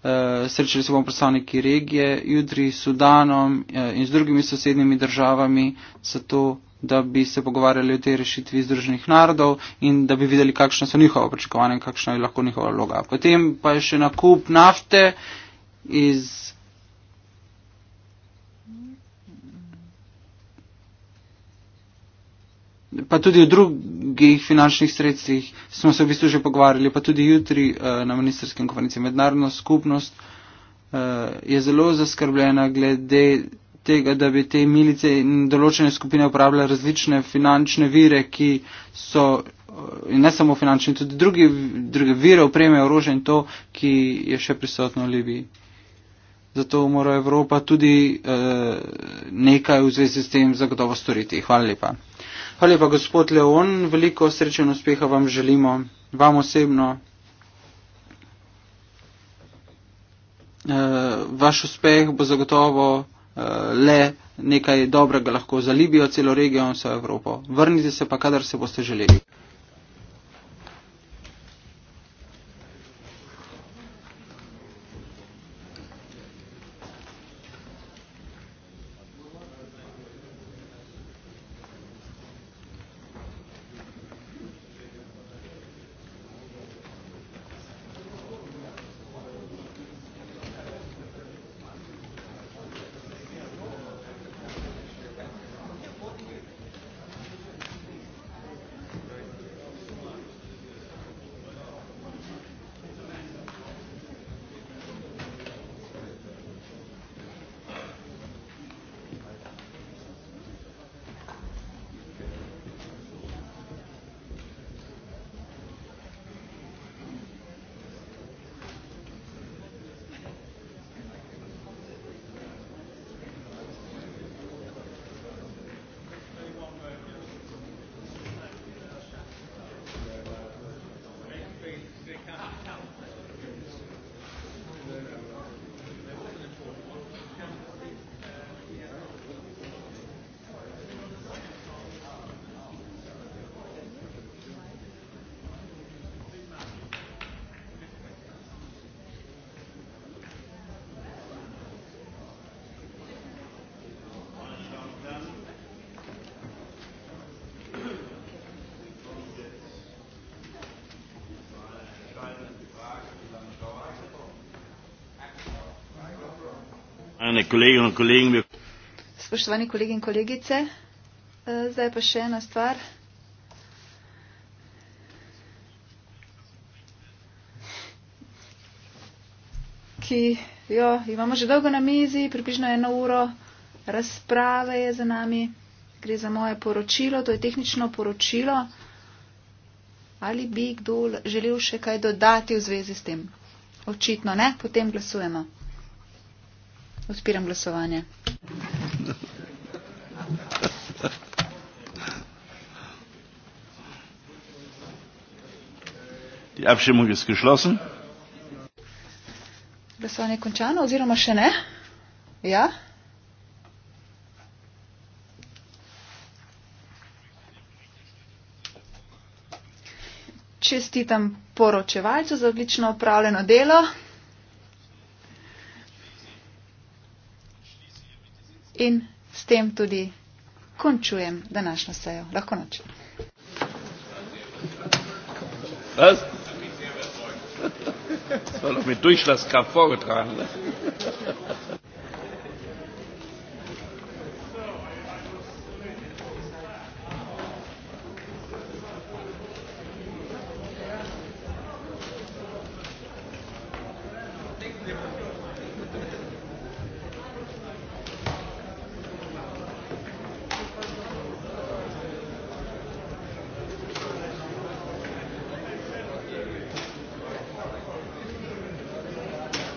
A: uh, srečali se bomo predstavniki regije, jutri s Sudanom uh, in z drugimi sosednjimi državami, zato da bi se pogovarjali o tej rešitvi združenih narodov in da bi videli, kakšna so njihova pričakovanja in kakšna je lahko njihova vloga. Potem pa je še nakup nafte iz pa tudi o drugih finančnih sredstvih smo se v bistvu že pogovarjali, pa tudi jutri uh, na ministerskem konferenci. Mednarodna skupnost uh, je zelo zaskrbljena glede tega, da bi te milice in določene skupine uporabljale različne finančne vire, ki so. Eh, in ne samo finančni, tudi drugi, druge vire, opreme, orožje in to, ki je še prisotno v Libiji. Zato mora Evropa tudi uh, nekaj v zvezi s tem zagotovo storiti. Hvala lepa. Hvala lepa, gospod Leon, veliko srečen uspeha vam želimo, vam osebno. Eh, vaš uspeh bo zagotovo eh, le nekaj dobrega lahko za Libijo, celo regijo in vso Evropo. Vrnite se pa, kadar se boste želeli.
D: kolegom in kolegom.
B: Spoštovani kolegi in kolegice, eh, zdaj pa še ena stvar. Ki jo imamo že dolgo na mizi, približno eno uro razprave je za nami, gre za moje poročilo, to je tehnično poročilo. Ali bi kdo želel še kaj dodati v zvezi s tem? Očitno ne, potem glasujemo. Odpiram glasovanje.
D: Die Abstimmung ist geschlossen.
B: Glasovanje je končano oziroma še ne? Ja? Čestitam poročevalcu za odlično opravljeno delo. S tem tudi končujem današnjo sejo. Lahko noč.
D: Was?
C: Soll doch mit Durchlasskraft
D: vorgetragen werden.